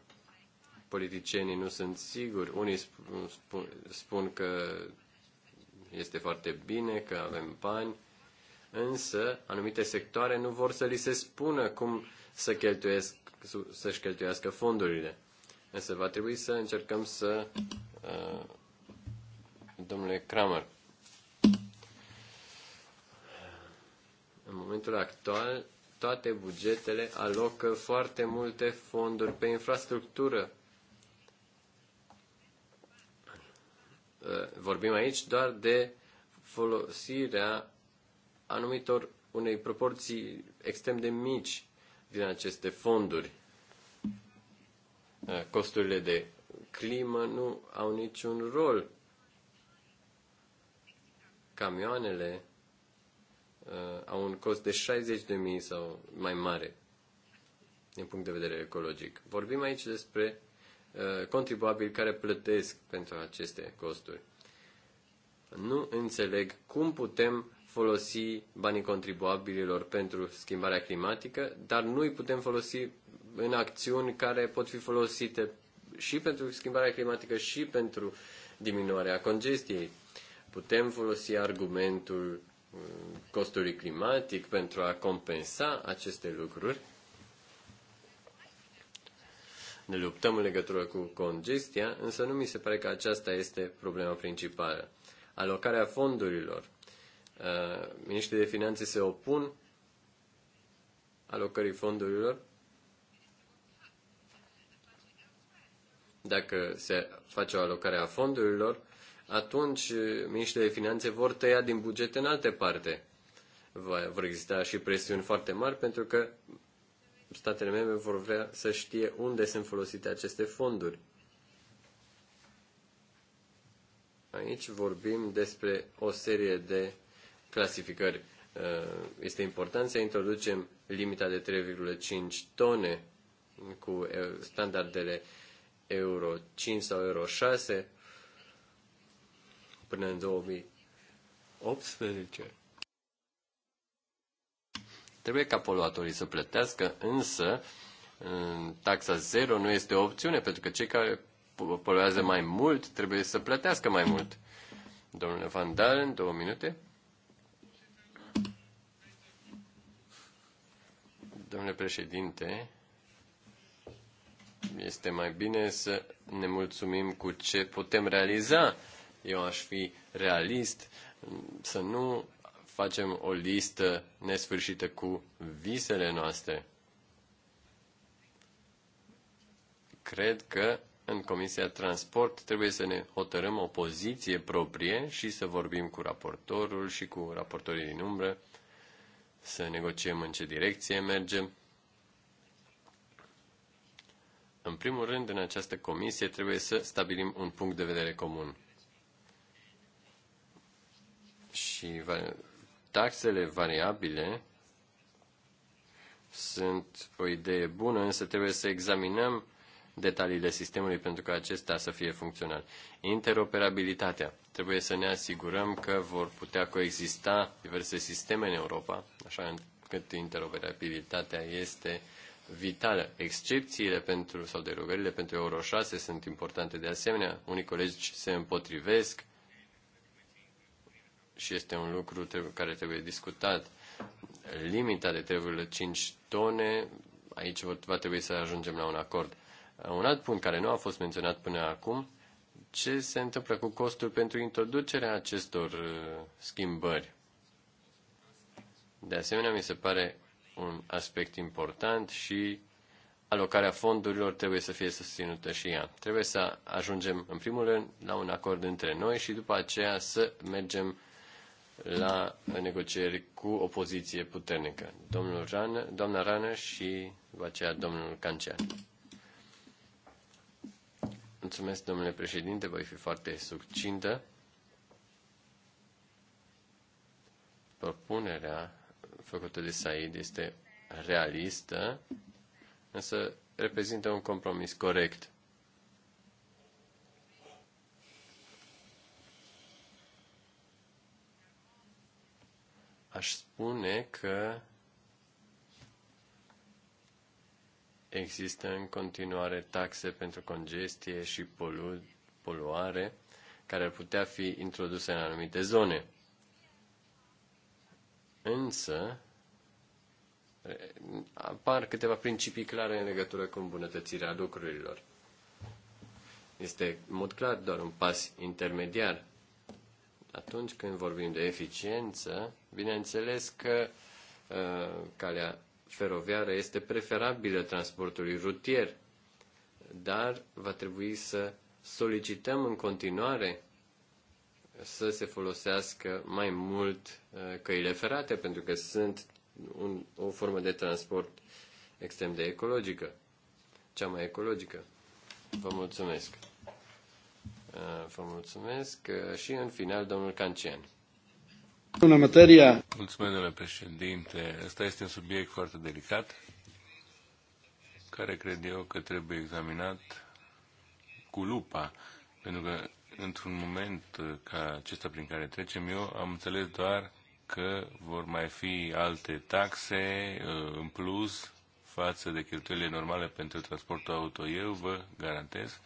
Politicienii nu sunt siguri. Unii spun, spun că este foarte bine, că avem bani, însă anumite sectoare nu vor să li se spună cum să cheltuiesc, să-și cheltuiască fondurile. Însă va trebui să încercăm să... Uh, domnule Kramer, în momentul actual toate bugetele alocă foarte multe fonduri pe infrastructură. Eh, vorbim aici doar de folosirea anumitor unei proporții extrem de mici din aceste fonduri. Eh, costurile de climă nu au niciun rol. Camioanele uh, au un cost de 60 de mii sau mai mare din punct de vedere ecologic. Vorbim aici despre uh, contribuabili care plătesc pentru aceste costuri. Nu înțeleg cum putem folosi banii contribuabililor pentru schimbarea climatică, dar nu îi putem folosi în acțiuni care pot fi folosite și pentru schimbarea climatică și pentru diminuarea congestiei. Putem folosi argumentul costului climatic pentru a compensa aceste lucruri. Ne luptăm în legătură cu congestia, însă nu mi se pare că aceasta este problema principală. Alocarea fondurilor. Uh, Miniștrii de finanțe se opun alocării fondurilor dacă se face o alocare a fondurilor, atunci eh, miniștrii de finanțe vor tăia din buget în alte parte. Vor exista și presiuni foarte mari pentru că statele membre vor vrea să știe unde sunt folosite aceste fonduri. Aici vorbim despre o serie de clasificări. Eh, este important să introducem limita de 3,5 tone cu standardele Euro 5 sau Euro 6 până în 2018. Trebuie ca poluatorii să plătească, însă taxa zero nu este o opțiune, pentru că cei care poluează mai mult trebuie să plătească mai mult. Domnule Van Dalen, două minute. Domnule președinte, este mai bine să ne mulțumim cu ce putem realiza eu aș fi realist să nu facem o listă nesfârșită cu visele noastre. Cred că în Comisia Transport trebuie să ne hotărâm o poziție proprie și să vorbim cu raportorul și cu raportorii din umbră, să negociem în ce direcție mergem. În primul rând, în această comisie trebuie să stabilim un punct de vedere comun și taxele variabile sunt o idee bună, însă trebuie să examinăm detaliile sistemului pentru ca acesta să fie funcțional. Interoperabilitatea. Trebuie să ne asigurăm că vor putea coexista diverse sisteme în Europa, așa încât interoperabilitatea este vitală. Excepțiile pentru, sau derogările pentru Euro 6 sunt importante de asemenea. Unii colegi se împotrivesc și este un lucru care trebuie discutat. Limita de 3,5 tone, aici va trebui să ajungem la un acord. Un alt punct care nu a fost menționat până acum, ce se întâmplă cu costul pentru introducerea acestor uh, schimbări. De asemenea, mi se pare un aspect important și alocarea fondurilor trebuie să fie susținută și ea. Trebuie să ajungem, în primul rând, la un acord între noi și după aceea să mergem la negocieri cu o poziție puternică. Domnul Rană, doamna Rană și după aceea domnul Cancean. Mulțumesc, domnule președinte, voi fi foarte succintă. Propunerea făcută de Said este realistă, însă reprezintă un compromis corect. aș spune că există în continuare taxe pentru congestie și polu- poluare care ar putea fi introduse în anumite zone. Însă, apar câteva principii clare în legătură cu îmbunătățirea lucrurilor. Este, în mod clar, doar un pas intermediar atunci când vorbim de eficiență, bineînțeles că uh, calea feroviară este preferabilă transportului rutier, dar va trebui să solicităm în continuare să se folosească mai mult uh, căile ferate, pentru că sunt un, o formă de transport extrem de ecologică, cea mai ecologică. Vă mulțumesc! Uh, vă mulțumesc. Uh, și în final, domnul Cancian. Bună materia! Mulțumesc, domnule președinte. Ăsta este un subiect foarte delicat, care cred eu că trebuie examinat cu lupa, pentru că într-un moment ca acesta prin care trecem eu, am înțeles doar că vor mai fi alte taxe uh, în plus față de cheltuielile normale pentru transportul auto. Eu vă garantez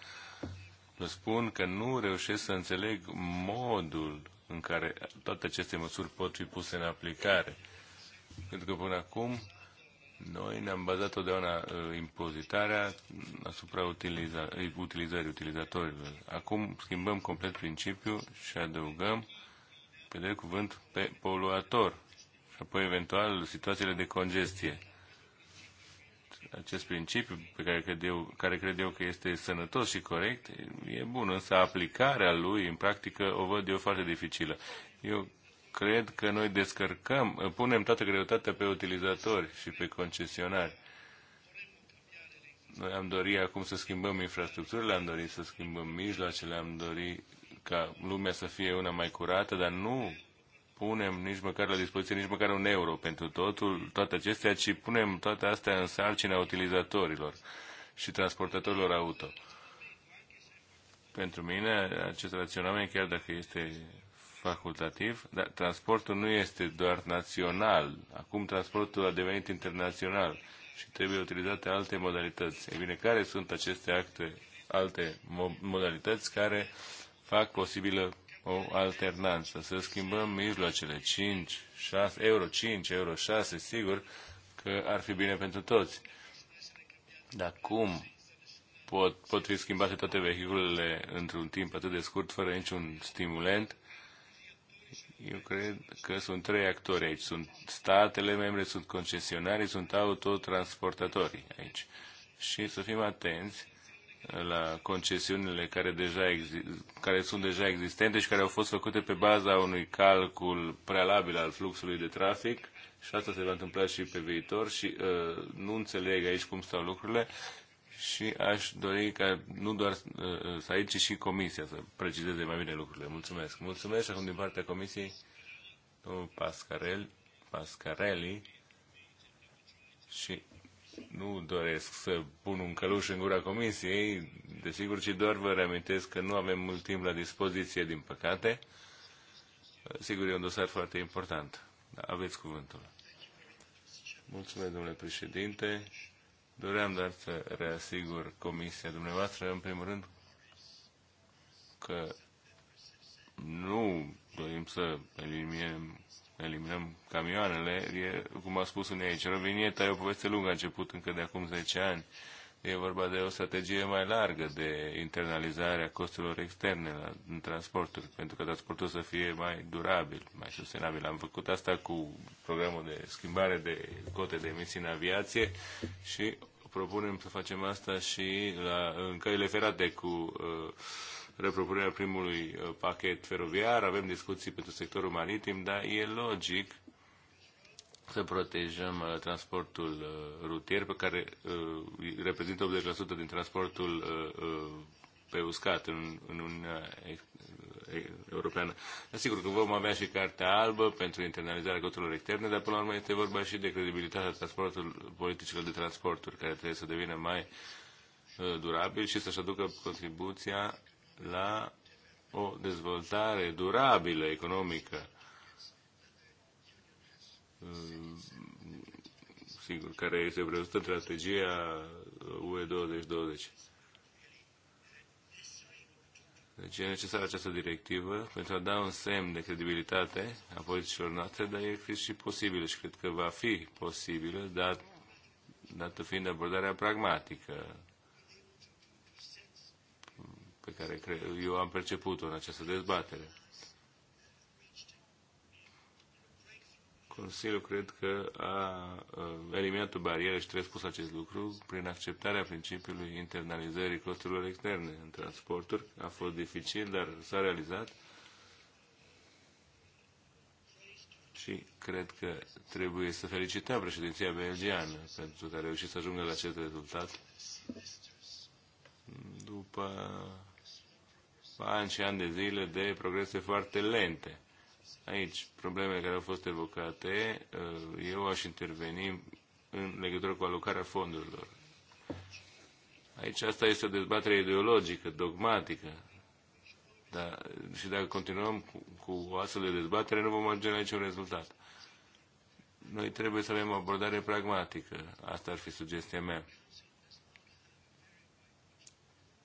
spun că nu reușesc să înțeleg modul în care toate aceste măsuri pot fi puse în aplicare. Pentru că până acum noi ne-am bazat totdeauna uh, impozitarea asupra utiliza, utilizării utilizatorilor. Acum schimbăm complet principiul și adăugăm pe de cuvânt pe poluator și apoi eventual situațiile de congestie acest principiu pe care cred, eu, care cred eu că este sănătos și corect e bun, însă aplicarea lui în practică o văd eu foarte dificilă. Eu cred că noi descărcăm, punem toată greutatea pe utilizatori și pe concesionari. Noi am dorit acum să schimbăm infrastructurile, am dorit să schimbăm mijloacele, am dorit ca lumea să fie una mai curată, dar nu punem nici măcar la dispoziție nici măcar un euro pentru totul, toate acestea, ci punem toate astea în sarcina utilizatorilor și transportatorilor auto. Pentru mine, acest raționament, chiar dacă este facultativ, dar transportul nu este doar național. Acum transportul a devenit internațional și trebuie utilizate alte modalități. E bine, care sunt aceste acte, alte modalități care fac posibilă o alternanță, să schimbăm mijloacele 5, 6, euro 5, euro 6, sigur că ar fi bine pentru toți. Dar cum pot, pot fi schimbate toate vehiculele într-un timp atât de scurt, fără niciun stimulent? Eu cred că sunt trei actori aici. Sunt statele membre, sunt concesionarii, sunt autotransportatorii aici. Și să fim atenți la concesiunile care, deja care sunt deja existente și care au fost făcute pe baza unui calcul prealabil al fluxului de trafic și asta se va întâmpla și pe viitor și uh, nu înțeleg aici cum stau lucrurile și aș dori ca nu doar uh, să aici, și Comisia să precizeze mai bine lucrurile. Mulțumesc. Mulțumesc și acum din partea Comisiei domnul Pascarel, Pascarelli și nu doresc să pun un căluș în gura comisiei, desigur, ci doar vă reamintesc că nu avem mult timp la dispoziție, din păcate. Sigur, e un dosar foarte important. Da, aveți cuvântul. Mulțumesc, domnule președinte. Doream doar să reasigur comisia dumneavoastră, în primul rând, că nu dorim să eliminăm eliminăm camioanele, e, cum a spus unii aici, Rovinieta e o poveste lungă, a început încă de acum 10 ani. E vorba de o strategie mai largă de internalizare a costurilor externe la, în transporturi, pentru că transportul să fie mai durabil, mai sustenabil. Am făcut asta cu programul de schimbare de cote de emisii în aviație și propunem să facem asta și la, în căile ferate cu uh, repropunerea primului uh, pachet feroviar, avem discuții pentru sectorul maritim, dar e logic să protejăm uh, transportul uh, rutier, pe care reprezintă 80% din transportul pe uscat în, în Uniunea Europeană. Sigur că vom avea și cartea albă pentru internalizarea costurilor externe, dar până la urmă este vorba și de credibilitatea transportului politicilor de transporturi, care trebuie să devină mai durabil și să-și aducă contribuția la o dezvoltare durabilă economică. Mm, sigur, care este prevăzută strategia UE 2020. Deci e necesară această directivă pentru a da un semn de credibilitate a politicilor noastre, dar e cred și posibilă și cred că va fi posibilă, dat, dată fiind abordarea pragmatică pe care eu am perceput-o în această dezbatere. Consiliul cred că a eliminat o barieră și trebuie spus acest lucru prin acceptarea principiului internalizării costurilor externe în transporturi. A fost dificil, dar s-a realizat și cred că trebuie să felicităm președinția belgiană pentru că a reușit să ajungă la acest rezultat după ani și ani de zile de progrese foarte lente. Aici, problemele care au fost evocate, uh, eu aș interveni în legătură cu alocarea fondurilor. Aici asta este o dezbatere ideologică, dogmatică. Dar, și dacă continuăm cu, cu astfel de dezbatere, nu vom ajunge la niciun rezultat. Noi trebuie să avem o abordare pragmatică. Asta ar fi sugestia mea.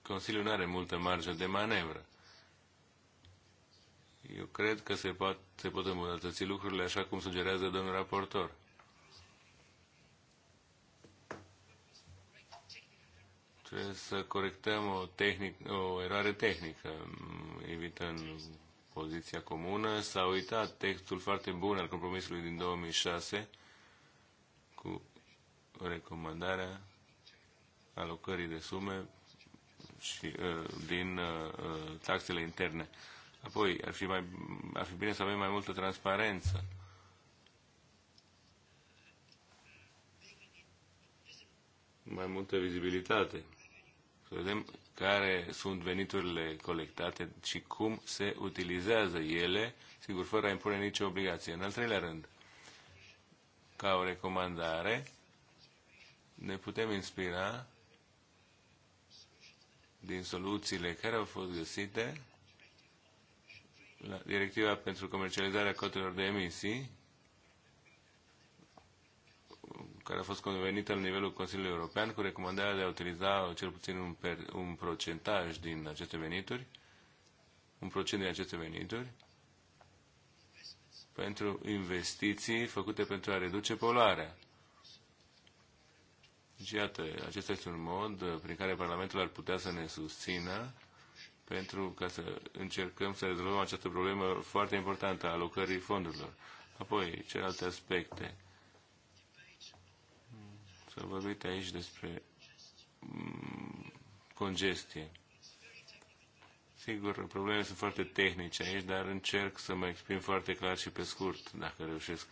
Consiliul nu are multă marjă de manevră. Eu cred că se, pot se pot îmbunătăți lucrurile așa cum sugerează domnul raportor. Trebuie să corectăm o, tehnic, o eroare tehnică. Evităm poziția comună. S-a uitat textul foarte bun al compromisului din 2006 cu recomandarea alocării de sume și uh, din uh, uh, taxele interne. Apoi, ar fi, mai, ar fi bine să avem mai multă transparență. Mai multă vizibilitate. Să vedem care sunt veniturile colectate și cum se utilizează ele, sigur, fără a impune nicio obligație. În al treilea rând, ca o recomandare, ne putem inspira din soluțiile care au fost găsite la Directiva pentru comercializarea cotelor de emisii, care a fost convenită la nivelul Consiliului European cu recomandarea de a utiliza cel puțin un, per, un procentaj din aceste venituri, un procent din aceste venituri, pentru investiții făcute pentru a reduce poluarea. Și iată, acesta este un mod uh, prin care Parlamentul ar putea să ne susțină pentru ca să încercăm să rezolvăm această problemă foarte importantă a alocării fondurilor. Apoi, celelalte aspecte. Să vorbit aici despre mm, congestie. Sigur, problemele sunt foarte tehnice aici, dar încerc să mă exprim foarte clar și pe scurt, dacă reușesc.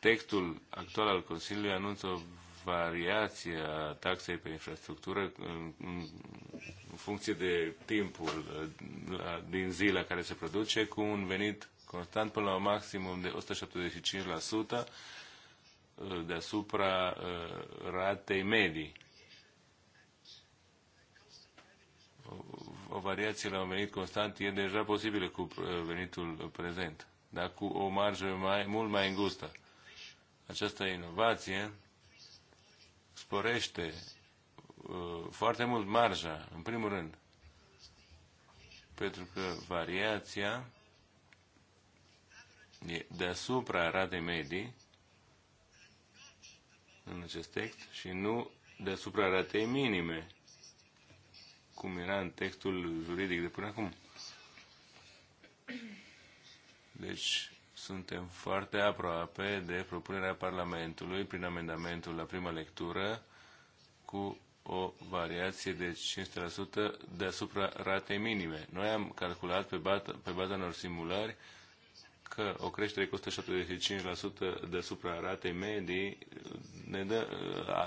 Textul actual al Consiliului anunță o variație a taxei pe infrastructură în, în funcție de timpul la, din zi la care se produce, cu un venit constant până la un maximum de 175% eh, deasupra eh, ratei medii. O variație la un venit constant e deja posibilă cu eh, venitul prezent, dar cu o marjă mai, mult mai îngustă. Această inovație sporește uh, foarte mult marja, în primul rând, pentru că variația e deasupra ratei medii în acest text și nu deasupra ratei minime, cum era în textul juridic de până acum. Deci, suntem foarte aproape de propunerea Parlamentului prin amendamentul la prima lectură cu o variație de 500% deasupra ratei minime. Noi am calculat pe, baza pe baza unor simulări că o creștere cu 175% deasupra ratei medii, ne dă,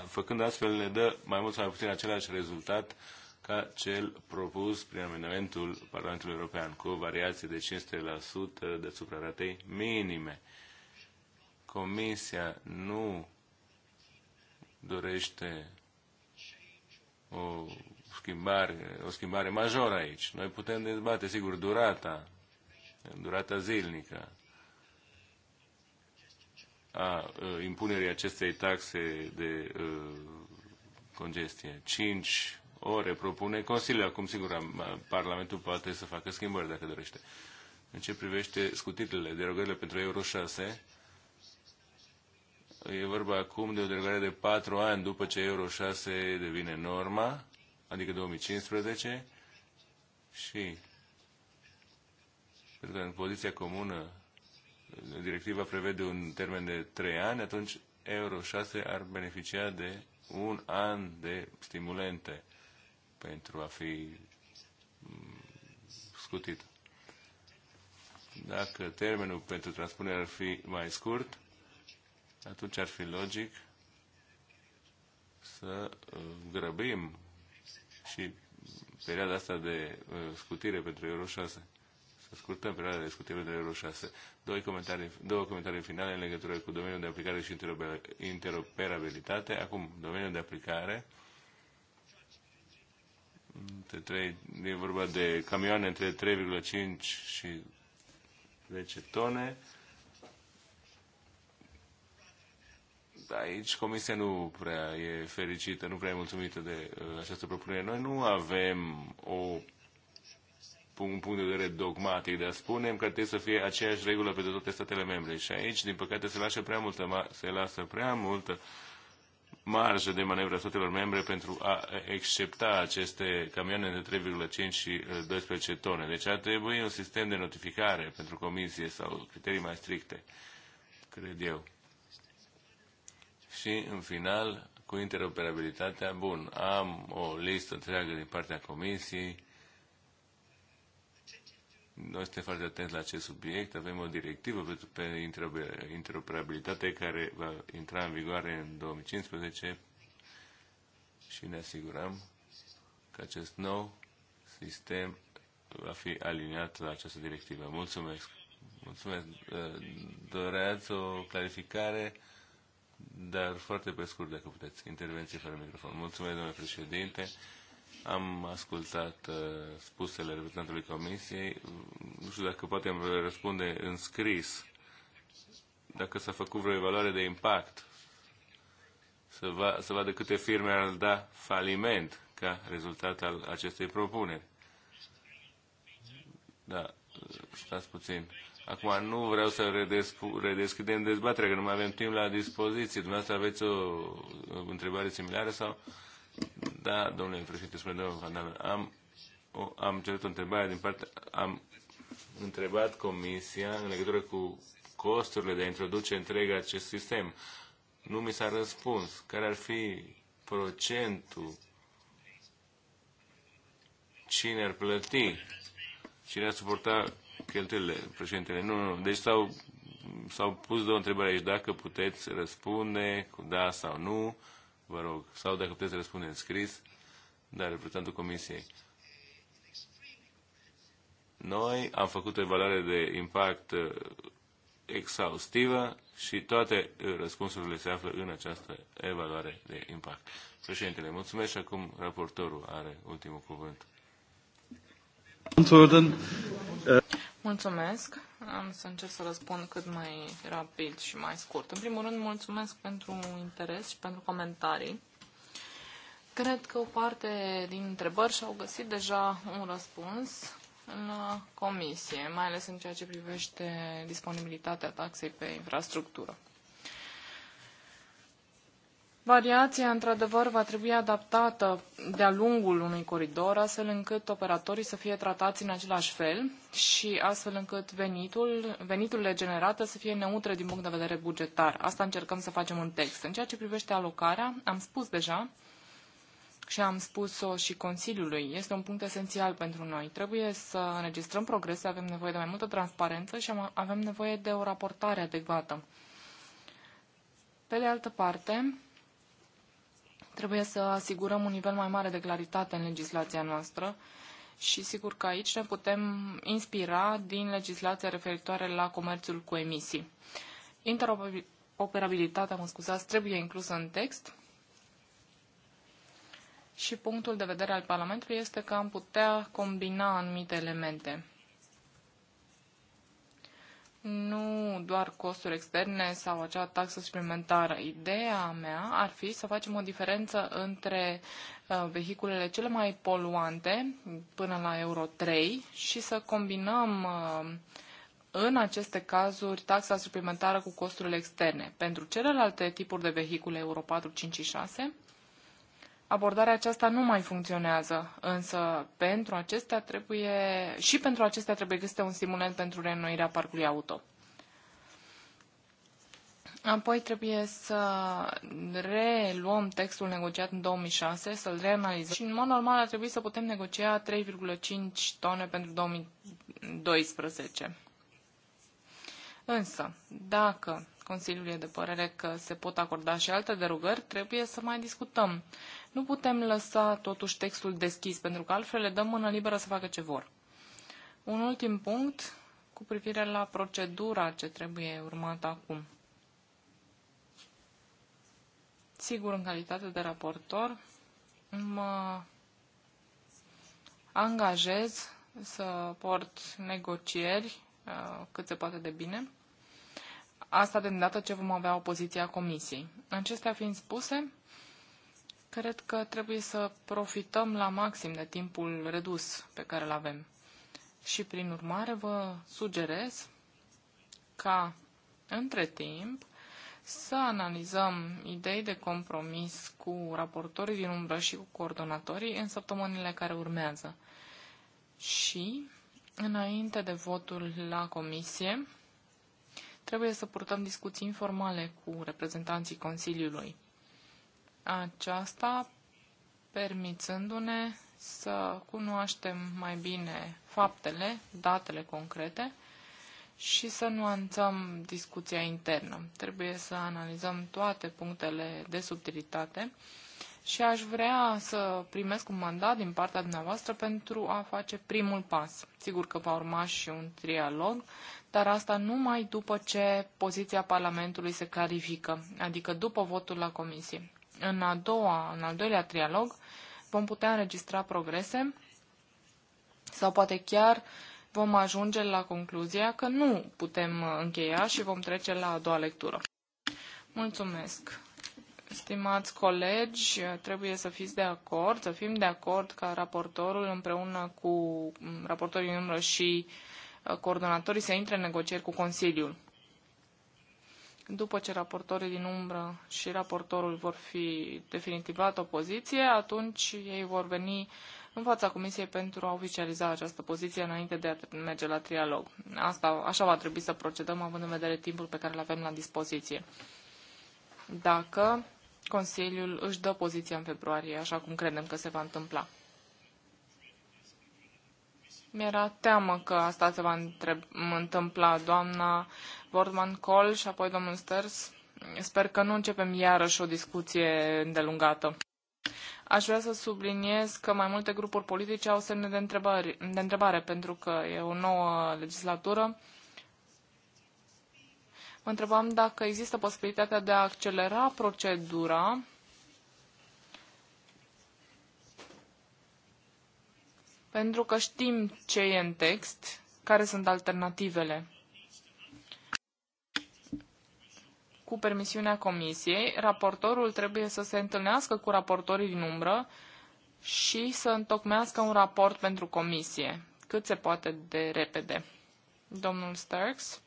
făcând astfel ne dă mai mult sau mai puțin același rezultat ca cel propus prin amendamentul Parlamentului European, cu o variație de 500% de ratei minime. Comisia nu dorește o schimbare, o schimbare majoră aici. Noi putem dezbate, sigur, durata, durata zilnică a ă, impunerii acestei taxe de ă, congestie. 5 ore propune Consiliul. Acum, sigur, Parlamentul poate să facă schimbări dacă dorește. În ce privește scutirile, derogările pentru Euro 6, e vorba acum de o derogare de 4 ani după ce Euro 6 devine norma, adică 2015, și pentru că în poziția comună directiva prevede un termen de 3 ani, atunci Euro 6 ar beneficia de un an de stimulente pentru a fi mm, scutit. Dacă termenul pentru transpunere ar fi mai scurt, atunci ar fi logic să uh, grăbim și perioada asta de uh, scutire pentru Euro 6 să scurtăm perioada de scutire pentru Euro 6. Doi comentarii, două comentarii finale în legătură cu domeniul de aplicare și interoperabilitate. Acum, domeniul de aplicare între 3, e vorba de camioane între 3,5 și 10 tone. Aici Comisia nu prea e fericită, nu prea e mulțumită de uh, această propunere. Noi nu avem o un punct de vedere dogmatic, dar spune că trebuie să fie aceeași regulă pentru toate statele membre. Și aici, din păcate, se lasă prea multă, se lasă prea multă uh, marjă de manevră a statelor membre pentru a excepta aceste camioane de 3,5 și 12 uh, tone. Deci ar trebui un sistem de notificare pentru comisie sau criterii mai stricte, cred eu. Și, în final, cu interoperabilitatea, bun, am o listă întreagă din partea comisiei noi suntem foarte atenți la acest subiect. Avem o directivă pentru pe interoperabilitate care va intra în vigoare în 2015 și ne asigurăm că acest nou sistem va fi aliniat la această directivă. Mulțumesc! Mulțumesc! Doreați o clarificare, dar foarte pe scurt, dacă puteți. Intervenție fără microfon. Mulțumesc, domnule președinte! Am ascultat uh, spusele reprezentantului Comisiei. Nu știu dacă poate răspunde în scris dacă s-a făcut vreo evaluare de impact să, va, să vadă câte firme ar da faliment ca rezultat al acestei propuneri. Da, stați puțin. Acum nu vreau să redeschidem dezbaterea, că nu mai avem timp la dispoziție. Dumneavoastră aveți o întrebare similară sau... Da, domnule președinte, spune domnul Van am, o, am cerut o întrebare din partea, am întrebat Comisia în legătură cu costurile de a introduce întreg acest sistem. Nu mi s-a răspuns. Care ar fi procentul? Cine ar plăti? Cine ar suporta cheltuielile președintele? Nu, nu. Deci s-au, s-au pus două întrebări aici. Dacă puteți răspunde cu da sau nu vă rog, sau dacă puteți răspunde în scris, dar reprezentantul Comisiei. Noi am făcut o evaluare de impact uh, exhaustivă și toate uh, răspunsurile se află în această evaluare de impact. Președintele, mulțumesc și acum raportorul are ultimul cuvânt. Uh, mulțumesc. Am să încerc să răspund cât mai rapid și mai scurt. În primul rând, mulțumesc pentru interes și pentru comentarii. Cred că o parte din întrebări și-au găsit deja un răspuns la comisie, mai ales în ceea ce privește disponibilitatea taxei pe infrastructură. Variația, într-adevăr, va trebui adaptată de-a lungul unui coridor, astfel încât operatorii să fie tratați în același fel și astfel încât venitul, veniturile generate să fie neutre din punct de vedere bugetar. Asta încercăm să facem în text. În ceea ce privește alocarea, am spus deja și am spus-o și Consiliului, este un punct esențial pentru noi. Trebuie să înregistrăm progrese, avem nevoie de mai multă transparență și avem nevoie de o raportare adecvată. Pe de altă parte, Trebuie să asigurăm un nivel mai mare de claritate în legislația noastră și sigur că aici ne putem inspira din legislația referitoare la comerțul cu emisii. Interoperabilitatea, mă scuzați, trebuie inclusă în text și punctul de vedere al Parlamentului este că am putea combina anumite elemente nu doar costuri externe sau acea taxă suplimentară. Ideea mea ar fi să facem o diferență între uh, vehiculele cele mai poluante până la Euro 3 și să combinăm uh, în aceste cazuri taxa suplimentară cu costurile externe. Pentru celelalte tipuri de vehicule Euro 4, 5 și 6 abordarea aceasta nu mai funcționează, însă pentru acestea trebuie, și pentru acestea trebuie găsit un stimulant pentru reînnoirea parcului auto. Apoi trebuie să reluăm textul negociat în 2006, să-l reanalizăm și în mod normal ar trebui să putem negocia 3,5 tone pentru 2012. Însă, dacă Consiliul e de părere că se pot acorda și alte derogări, trebuie să mai discutăm. Nu putem lăsa totuși textul deschis, pentru că altfel le dăm mână liberă să facă ce vor. Un ultim punct cu privire la procedura ce trebuie urmată acum. Sigur, în calitate de raportor, mă angajez să port negocieri uh, cât se poate de bine. Asta de îndată ce vom avea o poziție a comisiei. Acestea fiind spuse, Cred că trebuie să profităm la maxim de timpul redus pe care îl avem. Și, prin urmare, vă sugerez ca, între timp, să analizăm idei de compromis cu raportorii din umbră și cu coordonatorii în săptămânile care urmează. Și, înainte de votul la comisie, trebuie să purtăm discuții informale cu reprezentanții Consiliului aceasta permițându-ne să cunoaștem mai bine faptele, datele concrete și să nuanțăm discuția internă. Trebuie să analizăm toate punctele de subtilitate și aș vrea să primesc un mandat din partea dumneavoastră pentru a face primul pas. Sigur că va urma și un trialog, dar asta numai după ce poziția Parlamentului se clarifică, adică după votul la comisie în, a doua, în al doilea trialog vom putea înregistra progrese sau poate chiar vom ajunge la concluzia că nu putem încheia și vom trece la a doua lectură. Mulțumesc! Stimați colegi, trebuie să fiți de acord, să fim de acord ca raportorul împreună cu raportorii numără și uh, coordonatorii să intre în negocieri cu Consiliul după ce raportorii din umbră și raportorul vor fi definitivat o poziție, atunci ei vor veni în fața Comisiei pentru a oficializa această poziție înainte de a merge la trialog. Asta, așa va trebui să procedăm, având în vedere timpul pe care îl avem la dispoziție. Dacă Consiliul își dă poziția în februarie, așa cum credem că se va întâmpla. Mi-era teamă că asta se va întâmpla doamna Bordman Col și apoi domnul Sters. Sper că nu începem iarăși o discuție îndelungată. Aș vrea să subliniez că mai multe grupuri politice au semne de întrebare, de întrebare pentru că e o nouă legislatură. Mă întrebam dacă există posibilitatea de a accelera procedura pentru că știm ce e în text, care sunt alternativele. Cu permisiunea comisiei, raportorul trebuie să se întâlnească cu raportorii din umbră și să întocmească un raport pentru comisie, cât se poate de repede. Domnul Starks?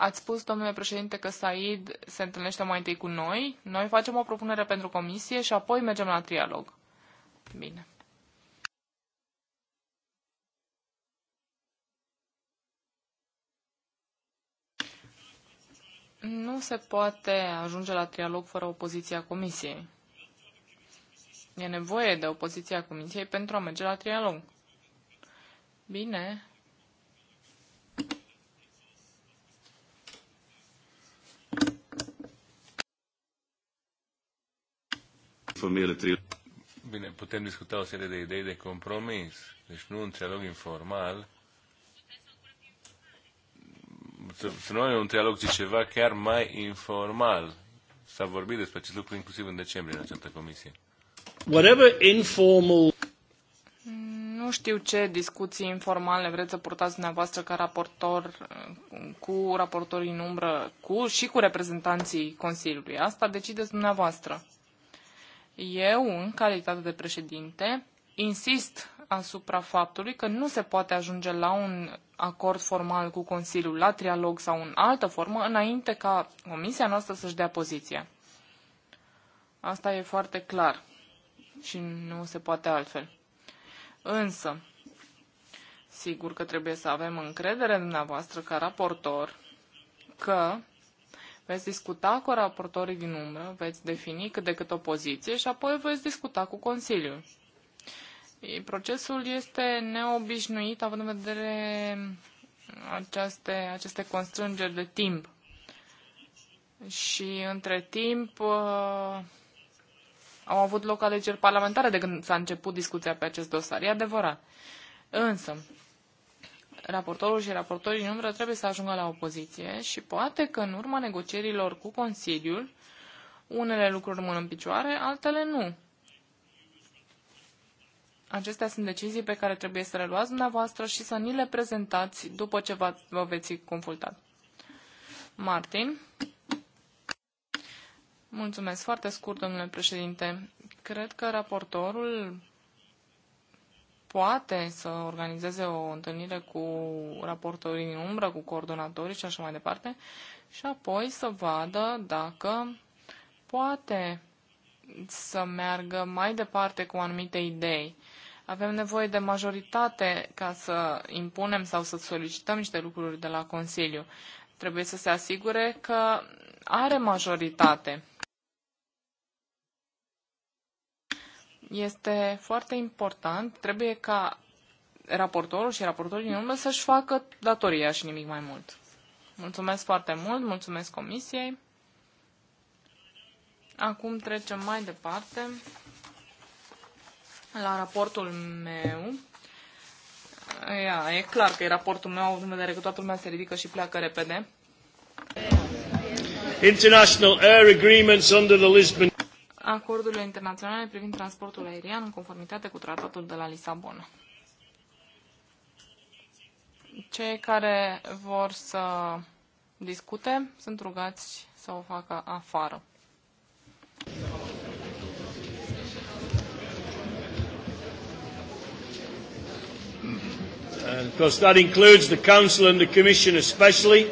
Ați spus, domnule președinte, că Said se întâlnește mai întâi cu noi, noi facem o propunere pentru comisie și apoi mergem la trialog. Bine. Nu se poate ajunge la trialog fără opoziția comisiei. E nevoie de opoziția comisiei pentru a merge la trialog. Bine, formele trei. Bine, putem discuta o serie de idei de compromis. Deci nu un trialog informal. Să nu un trialog, de ceva chiar mai informal. S-a vorbit despre acest lucru inclusiv în decembrie în această comisie. Whatever informal... Nu știu ce discuții informale vreți să purtați dumneavoastră ca raportor cu raportorii în umbră cu, și cu reprezentanții Consiliului. Asta decideți dumneavoastră. Eu, în calitate de președinte, insist asupra faptului că nu se poate ajunge la un acord formal cu Consiliul, la trialog sau în altă formă, înainte ca comisia noastră să-și dea poziția. Asta e foarte clar și nu se poate altfel. Însă, sigur că trebuie să avem încredere în dumneavoastră ca raportor că Veți discuta cu raportorii din umbră, veți defini cât de cât o poziție și apoi veți discuta cu Consiliul. Procesul este neobișnuit, având în vedere aceste, aceste constrângeri de timp. Și între timp uh, au avut loc alegeri parlamentare de când s-a început discuția pe acest dosar. E adevărat. Însă, raportorul și raportorii în umbră trebuie să ajungă la opoziție și poate că în urma negocierilor cu Consiliul unele lucruri rămân în picioare, altele nu. Acestea sunt decizii pe care trebuie să le luați dumneavoastră și să ni le prezentați după ce vă veți consultat. Martin. Mulțumesc foarte scurt, domnule președinte. Cred că raportorul poate să organizeze o întâlnire cu raportorii din umbră, cu coordonatorii și așa mai departe, și apoi să vadă dacă poate să meargă mai departe cu anumite idei. Avem nevoie de majoritate ca să impunem sau să solicităm niște lucruri de la Consiliu. Trebuie să se asigure că are majoritate. Este foarte important. Trebuie ca raportorul și raportorii din urmă să-și facă datoria și nimic mai mult. Mulțumesc foarte mult, mulțumesc comisiei. Acum trecem mai departe la raportul meu. Ia, e clar că e raportul meu, în vedere că toată lumea se ridică și pleacă repede. International air agreements under the Lisbon acordurile internaționale privind transportul aerian în conformitate cu tratatul de la Lisabona. Cei care vor să discute sunt rugați să o facă afară. And of course that includes the Council and the Commission especially.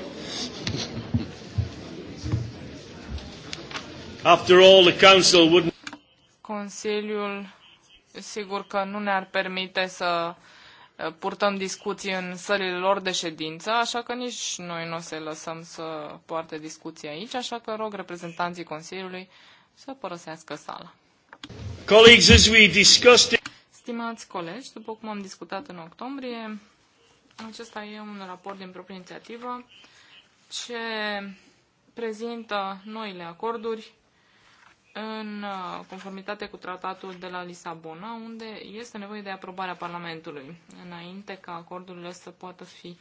After all, the council wouldn't... Consiliul sigur că nu ne-ar permite să purtăm discuții în sările lor de ședință, așa că nici noi nu o să lăsăm să poarte discuții aici, așa că rog reprezentanții Consiliului să părăsească sala. Colleagues, as we discussed... Stimați colegi, după cum am discutat în octombrie, acesta e un raport din proprie inițiativă ce prezintă noile acorduri în uh, conformitate cu tratatul de la Lisabona, unde este nevoie de aprobarea Parlamentului, înainte ca acordurile să poată fi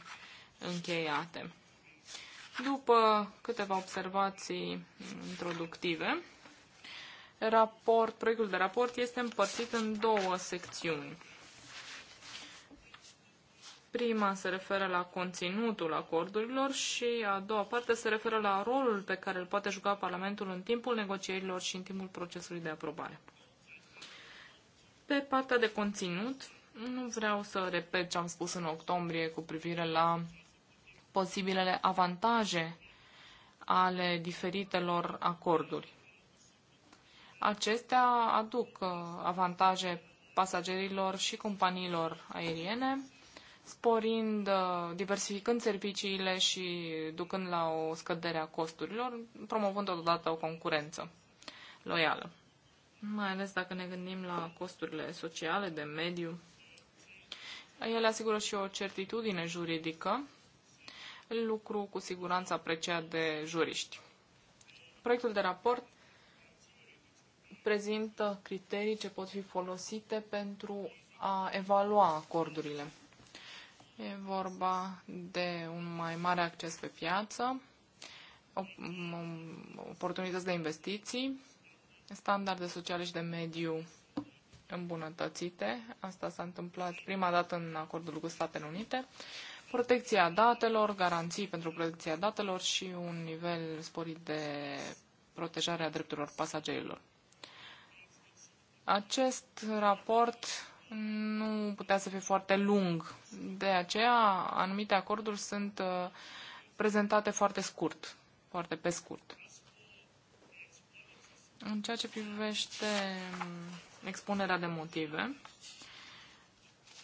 încheiate. După câteva observații introductive, raport, proiectul de raport este împărțit în două secțiuni. Prima se referă la conținutul acordurilor și a doua parte se referă la rolul pe care îl poate juca Parlamentul în timpul negocierilor și în timpul procesului de aprobare. Pe partea de conținut, nu vreau să repet ce am spus în octombrie cu privire la posibilele avantaje ale diferitelor acorduri. Acestea aduc uh, avantaje pasagerilor și companiilor aeriene, sporind, uh, diversificând serviciile și ducând la o scădere a costurilor, promovând totodată o concurență loială. Mai ales dacă ne gândim la costurile sociale, de mediu. Ele asigură și o certitudine juridică, lucru cu siguranță apreciat de juriști. Proiectul de raport prezintă criterii ce pot fi folosite pentru a evalua acordurile E vorba de un mai mare acces pe piață, um, oportunități de investiții, standarde sociale și de mediu îmbunătățite. Asta s-a întâmplat prima dată în acordul cu Statele Unite. Protecția datelor, garanții pentru protecția datelor și un nivel sporit de protejare a drepturilor pasagerilor. Acest raport nu putea să fie foarte lung. De aceea, anumite acorduri sunt uh, prezentate foarte scurt, foarte pe scurt. În ceea ce privește mm, expunerea de motive,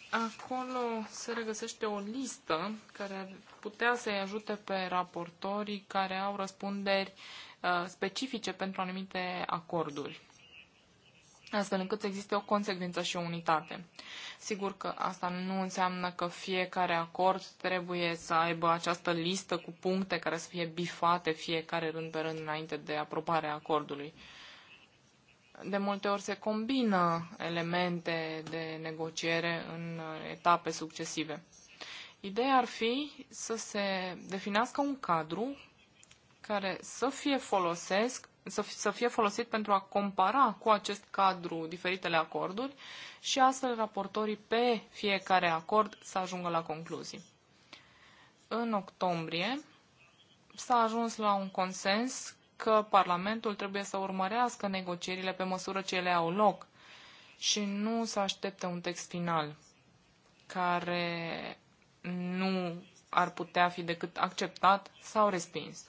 acolo se regăsește o listă care ar putea să-i ajute pe raportorii care au răspunderi uh, specifice pentru anumite acorduri astfel încât să existe o consecvență și o unitate. Sigur că asta nu înseamnă că fiecare acord trebuie să aibă această listă cu puncte care să fie bifate fiecare rând pe rând înainte de aprobarea acordului. De multe ori se combină elemente de negociere în etape succesive. Ideea ar fi să se definească un cadru care să fie folosesc să fie folosit pentru a compara cu acest cadru diferitele acorduri și astfel raportorii pe fiecare acord să ajungă la concluzii. În octombrie s-a ajuns la un consens că Parlamentul trebuie să urmărească negocierile pe măsură ce ele au loc și nu să aștepte un text final care nu ar putea fi decât acceptat sau respins.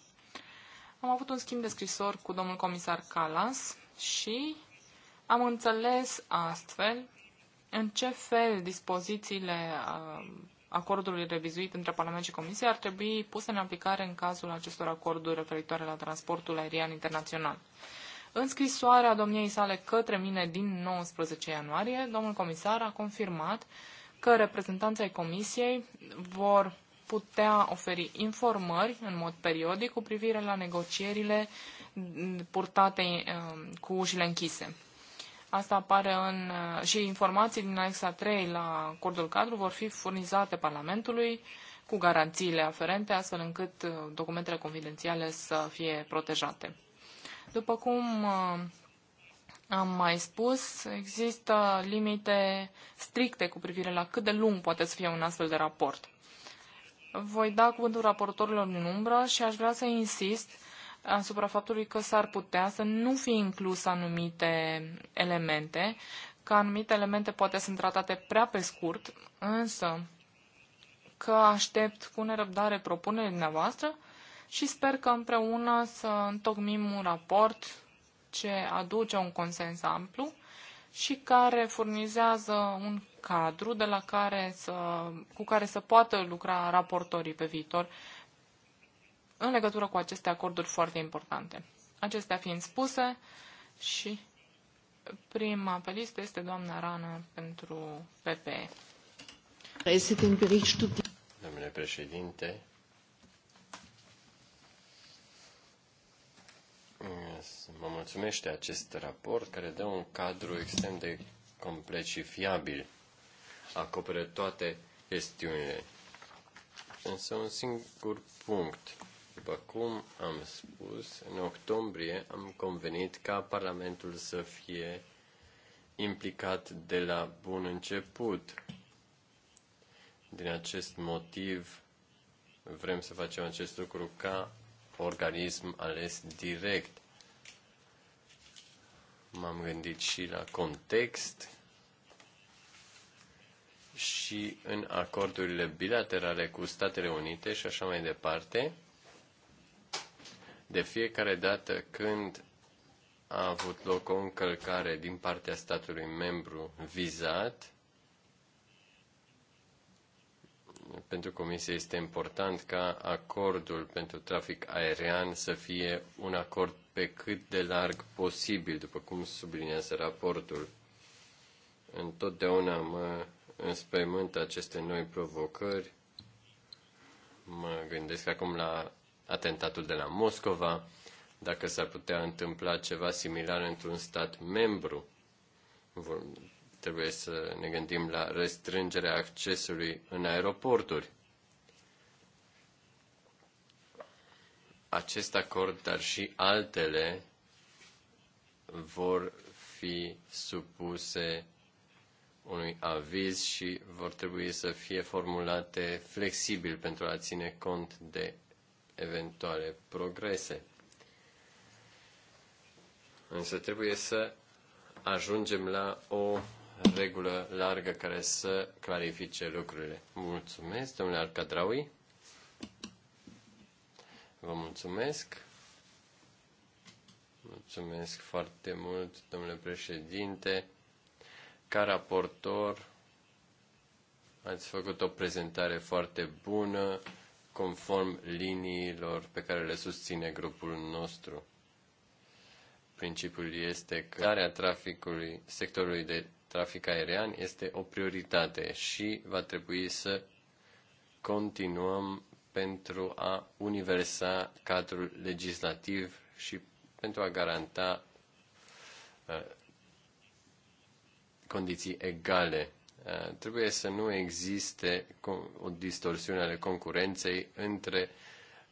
Am avut un schimb de scrisor cu domnul comisar Calas și am înțeles astfel în ce fel dispozițiile uh, acordului revizuit între Parlament și Comisie ar trebui puse în aplicare în cazul acestor acorduri referitoare la transportul aerian internațional. În scrisoarea domniei sale către mine din 19 ianuarie, domnul comisar a confirmat că reprezentanții Comisiei vor putea oferi informări în mod periodic cu privire la negocierile purtate um, cu ușile închise. Asta apare în, uh, și informații din anexa 3 la acordul cadru vor fi furnizate Parlamentului cu garanțiile aferente, astfel încât uh, documentele confidențiale să fie protejate. După cum uh, am mai spus, există limite stricte cu privire la cât de lung poate să fie un astfel de raport voi da cuvântul raportorilor în umbră și aș vrea să insist asupra faptului că s-ar putea să nu fie inclus anumite elemente, că anumite elemente poate sunt tratate prea pe scurt, însă că aștept cu nerăbdare propunerile dumneavoastră și sper că împreună să întocmim un raport ce aduce un consens amplu și care furnizează un cadru de la care să, cu care să poată lucra raportorii pe viitor în legătură cu aceste acorduri foarte importante. Acestea fiind spuse și prima pe listă este doamna Rană pentru PPE. Domnule președinte, mă mulțumește acest raport care dă un cadru extrem de complet și fiabil acopere toate chestiunile. Însă un singur punct. După cum am spus, în octombrie am convenit ca Parlamentul să fie implicat de la bun început. Din acest motiv vrem să facem acest lucru ca organism ales direct. M-am gândit și la context și în acordurile bilaterale cu Statele Unite și așa mai departe, de fiecare dată când a avut loc o încălcare din partea statului membru vizat, pentru Comisie este important ca acordul pentru trafic aerian să fie un acord pe cât de larg posibil, după cum sublinează raportul. Întotdeauna mă înspăimânt aceste noi provocări. Mă gândesc acum la atentatul de la Moscova, dacă s-ar putea întâmpla ceva similar într-un stat membru. Trebuie să ne gândim la restrângerea accesului în aeroporturi. Acest acord, dar și altele, vor fi supuse unui aviz și vor trebui să fie formulate flexibil pentru a ține cont de eventuale progrese. Însă trebuie să ajungem la o regulă largă care să clarifice lucrurile. Mulțumesc, domnule Arcadraui. Vă mulțumesc. Mulțumesc foarte mult, domnule președinte. Ca raportor, ați făcut o prezentare foarte bună, conform liniilor pe care le susține grupul nostru. Principiul este că starea traficului, sectorului de trafic aerian este o prioritate și va trebui să continuăm pentru a universa cadrul legislativ și pentru a garanta uh, condiții egale. Uh, trebuie să nu existe o distorsiune ale concurenței între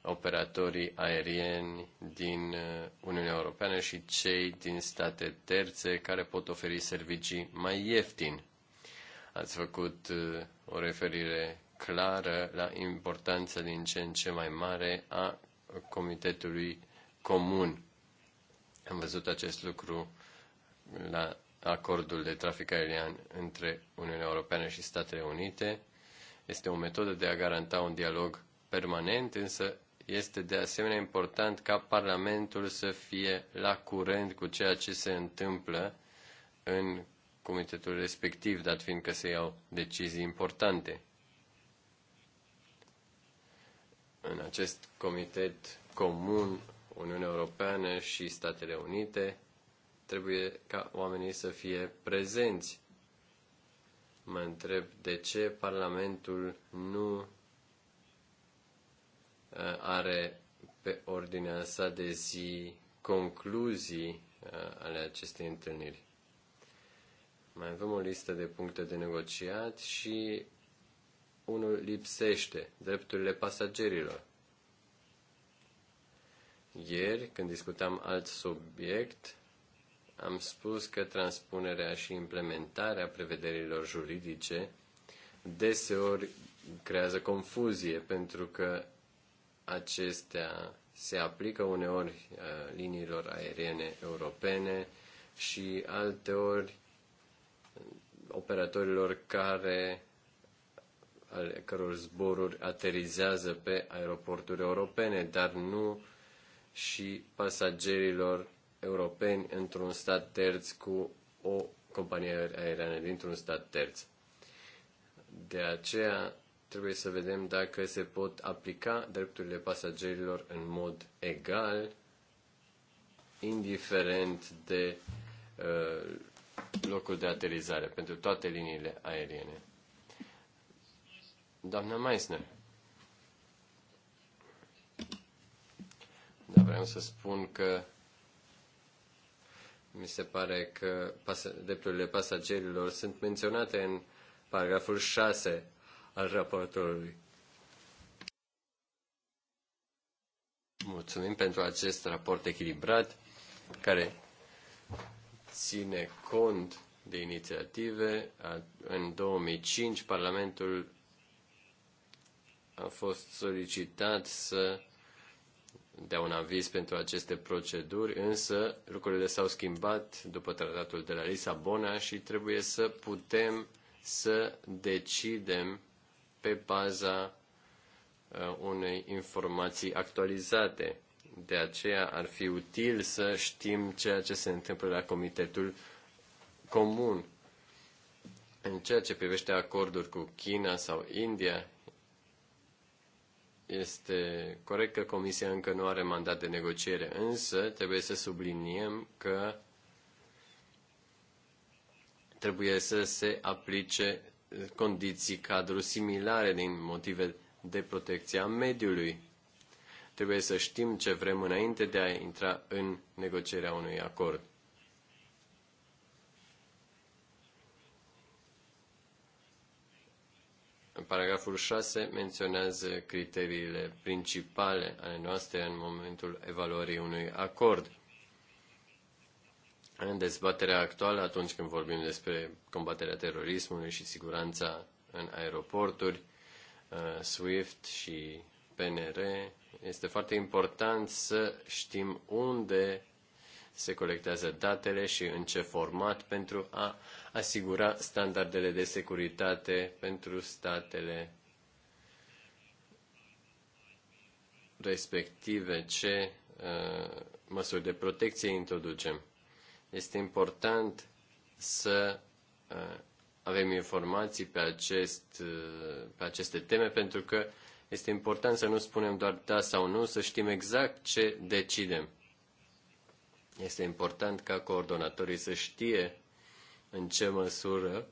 operatorii aerieni din uh, Uniunea Europeană și cei din state terțe care pot oferi servicii mai ieftin. Ați făcut uh, o referire clară la importanța din ce în ce mai mare a Comitetului Comun. Am văzut acest lucru la acordul de trafic aerian între Uniunea Europeană și Statele Unite. Este o metodă de a garanta un dialog permanent, însă este de asemenea important ca Parlamentul să fie la curent cu ceea ce se întâmplă în comitetul respectiv, dat fiind că se iau decizii importante. În acest comitet comun, Uniunea Europeană și Statele Unite, trebuie ca oamenii să fie prezenți. Mă întreb de ce Parlamentul nu uh, are pe ordinea sa de zi concluzii uh, ale acestei întâlniri. Mai avem o listă de puncte de negociat și unul lipsește, drepturile pasagerilor. Ieri, când discutam alt subiect, am spus că transpunerea și implementarea prevederilor juridice deseori creează confuzie pentru că acestea se aplică uneori uh, liniilor aeriene europene și alteori uh, operatorilor care ale căror zboruri aterizează pe aeroporturi europene, dar nu și pasagerilor europeni într-un stat terț cu o companie aeriană dintr-un stat terț. De aceea trebuie să vedem dacă se pot aplica drepturile pasagerilor în mod egal, indiferent de uh, locul de aterizare pentru toate liniile aeriene. Doamna Meissner. Dar vreau să spun că mi se pare că drepturile pasagerilor sunt menționate în paragraful 6 al raportului. Mulțumim pentru acest raport echilibrat care ține cont de inițiative. În 2005, Parlamentul a fost solicitat să dea un aviz pentru aceste proceduri, însă lucrurile s-au schimbat după tratatul de la Lisabona și trebuie să putem să decidem pe baza uh, unei informații actualizate. De aceea ar fi util să știm ceea ce se întâmplă la Comitetul Comun. În ceea ce privește acorduri cu China sau India, este corect că Comisia încă nu are mandat de negociere, însă trebuie să subliniem că trebuie să se aplice uh, condiții cadru similare din motive de protecție a mediului. Trebuie să știm ce vrem înainte de a intra în negocierea unui acord. Paragraful 6 menționează criteriile principale ale noastre în momentul evaluării unui acord. În dezbaterea actuală, atunci când vorbim despre combaterea terorismului și siguranța în aeroporturi, uh, SWIFT și PNR, este foarte important să știm unde se colectează datele și în ce format pentru a asigura standardele de securitate pentru statele respective, ce uh, măsuri de protecție introducem. Este important să uh, avem informații pe, acest, uh, pe aceste teme, pentru că este important să nu spunem doar da sau nu, să știm exact ce decidem. Este important ca coordonatorii să știe în ce măsură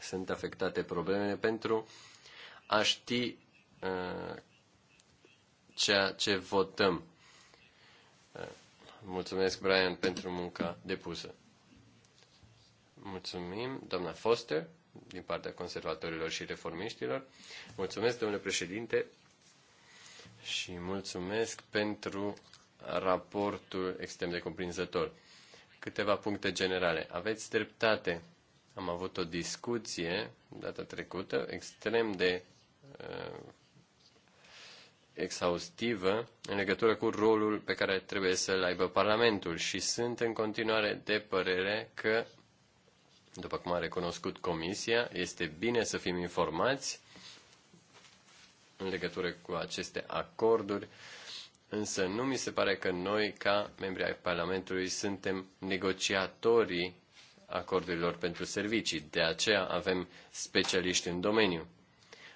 sunt afectate problemele pentru a ști uh, ceea ce votăm. Uh, mulțumesc, Brian, pentru munca depusă. Mulțumim, doamna Foster, din partea conservatorilor și reformiștilor. Mulțumesc, domnule președinte, și mulțumesc pentru raportul extrem de cuprinzător. Câteva puncte generale. Aveți dreptate. Am avut o discuție data trecută extrem de uh, exhaustivă în legătură cu rolul pe care trebuie să-l aibă Parlamentul și sunt în continuare de părere că, după cum a recunoscut Comisia, este bine să fim informați în legătură cu aceste acorduri uh, însă nu mi se pare că noi, ca membri ai Parlamentului, suntem negociatorii acordurilor pentru servicii. De aceea avem specialiști în domeniu.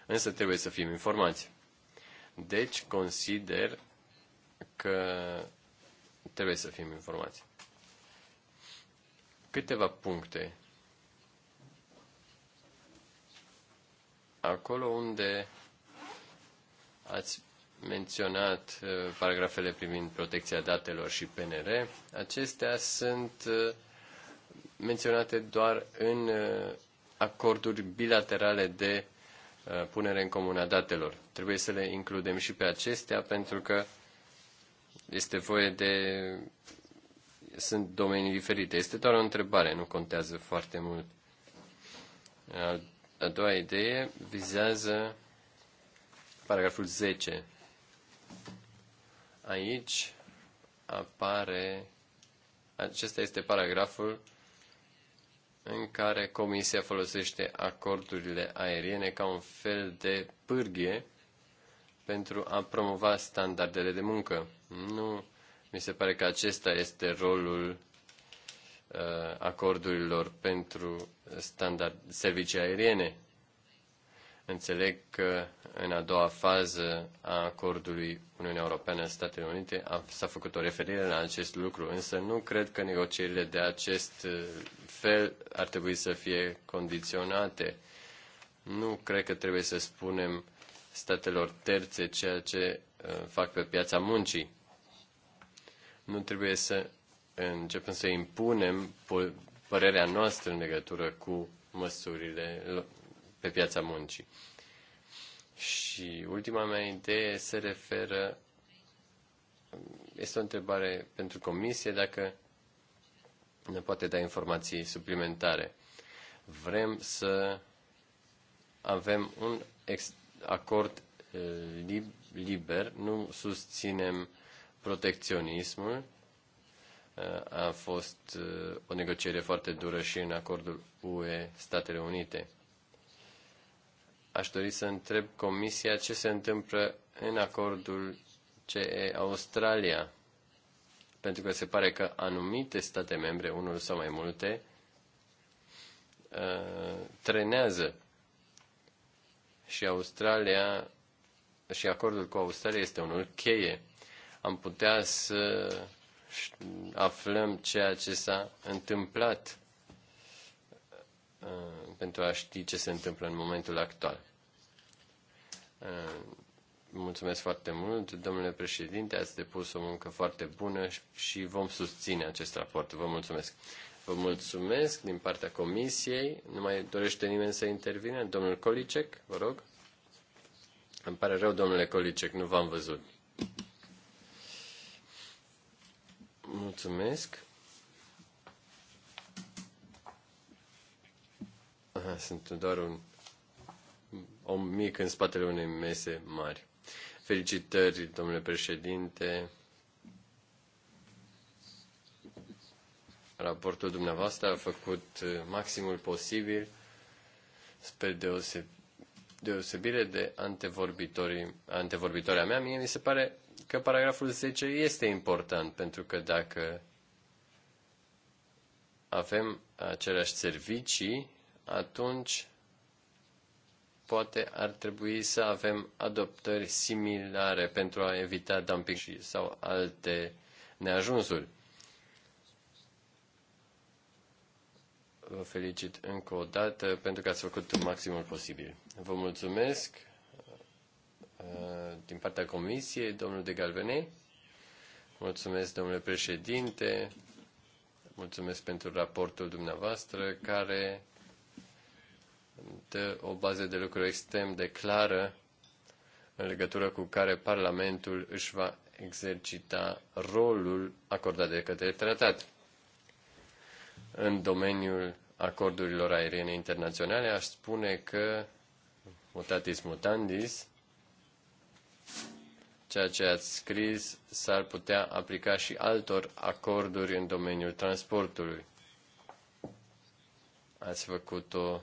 Însă trebuie să fim informați. Deci consider că trebuie să fim informați. Câteva puncte. Acolo unde ați menționat uh, paragrafele privind protecția datelor și PNR. Acestea sunt uh, menționate doar în uh, acorduri bilaterale de punere în comun a datelor. Trebuie să le includem și pe acestea pentru că este voie de... sunt domenii diferite. Este doar o întrebare, nu contează foarte mult. A doua idee vizează paragraful 10 Aici apare, acesta este paragraful în care Comisia folosește acordurile aeriene ca un fel de pârghie pentru a promova standardele de muncă. Nu mi se pare că acesta este rolul uh, acordurilor pentru standard, servicii aeriene. Înțeleg că în a doua fază a acordului Uniunea Europeană-Statele Unite s-a făcut o referire la acest lucru, însă nu cred că negocierile de acest uh, fel ar trebui să fie condiționate. Nu cred că trebuie să spunem statelor terțe ceea ce uh, fac pe piața muncii. Nu trebuie să începem să impunem părerea noastră în legătură cu măsurile pe piața muncii. Și ultima mea idee se referă, este o întrebare pentru comisie, dacă ne poate da informații suplimentare. Vrem să avem un acord liber, nu susținem protecționismul. A fost o negociere foarte dură și în acordul UE-Statele Unite. Aș dori să întreb Comisia ce se întâmplă în acordul CE-Australia, pentru că se pare că anumite state membre, unul sau mai multe, uh, trenează și Australia și acordul cu Australia este unul cheie. Am putea să aflăm ceea ce s-a întâmplat Uh, pentru a ști ce se întâmplă în momentul actual. Uh, mulțumesc foarte mult, domnule președinte, ați depus o muncă foarte bună și vom susține acest raport. Vă mulțumesc. Vă mulțumesc din partea comisiei. Nu mai dorește nimeni să intervine? Domnul Kolicek, vă rog. Îmi pare rău, domnule Kolicek, nu v-am văzut. Mulțumesc. Sunt doar un om mic în spatele unei mese mari. Felicitări, domnule președinte. Raportul dumneavoastră a făcut eh, maximul posibil spre deosebire deosebire de antevorbitorii, antevorbitoarea mea, mie mi se pare că paragraful 10 este important, pentru că dacă avem aceleași servicii, atunci poate ar trebui să avem adoptări similare pentru a evita dumping sau alte neajunsuri. Vă felicit încă o dată pentru că ați făcut maximul posibil. Vă mulțumesc uh, din partea Comisiei, domnul de Galvene. Mulțumesc, domnule președinte. Mulțumesc pentru raportul dumneavoastră care dă o bază de lucru extrem de clară în legătură cu care Parlamentul își va exercita rolul acordat de către tratat. În domeniul acordurilor aeriene internaționale, aș spune că mutatis mutandis, ceea ce ați scris s-ar putea aplica și altor acorduri în domeniul transportului. Ați făcut o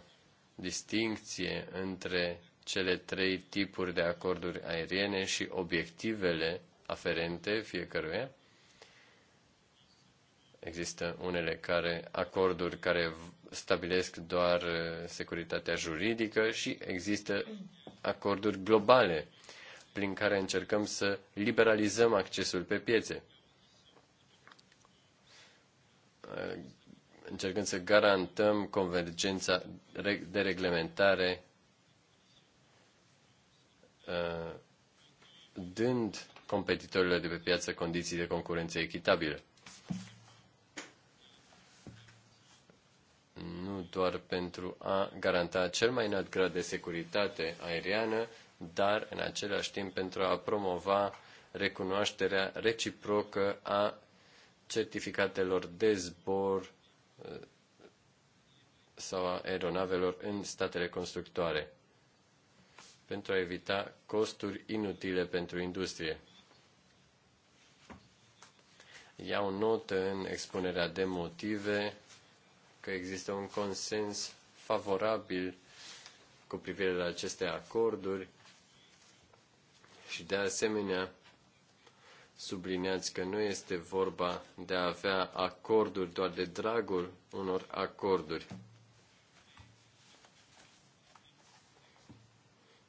distincție între cele trei tipuri de acorduri aeriene și obiectivele aferente fiecăruia. Există unele care, acorduri care stabilesc doar uh, securitatea juridică și există acorduri globale prin care încercăm să liberalizăm accesul pe piețe uh, încercând să garantăm convergența de reglementare, uh, dând competitorilor de pe piață condiții de concurență echitabile. Nu doar pentru a garanta cel mai înalt grad de securitate aeriană, dar în același timp pentru a promova recunoașterea reciprocă a certificatelor de zbor sau a aeronavelor în statele constructoare pentru a evita costuri inutile pentru industrie. Iau notă în expunerea de motive că există un consens favorabil cu privire la aceste acorduri și de asemenea subliniați că nu este vorba de a avea acorduri doar de dragul unor acorduri.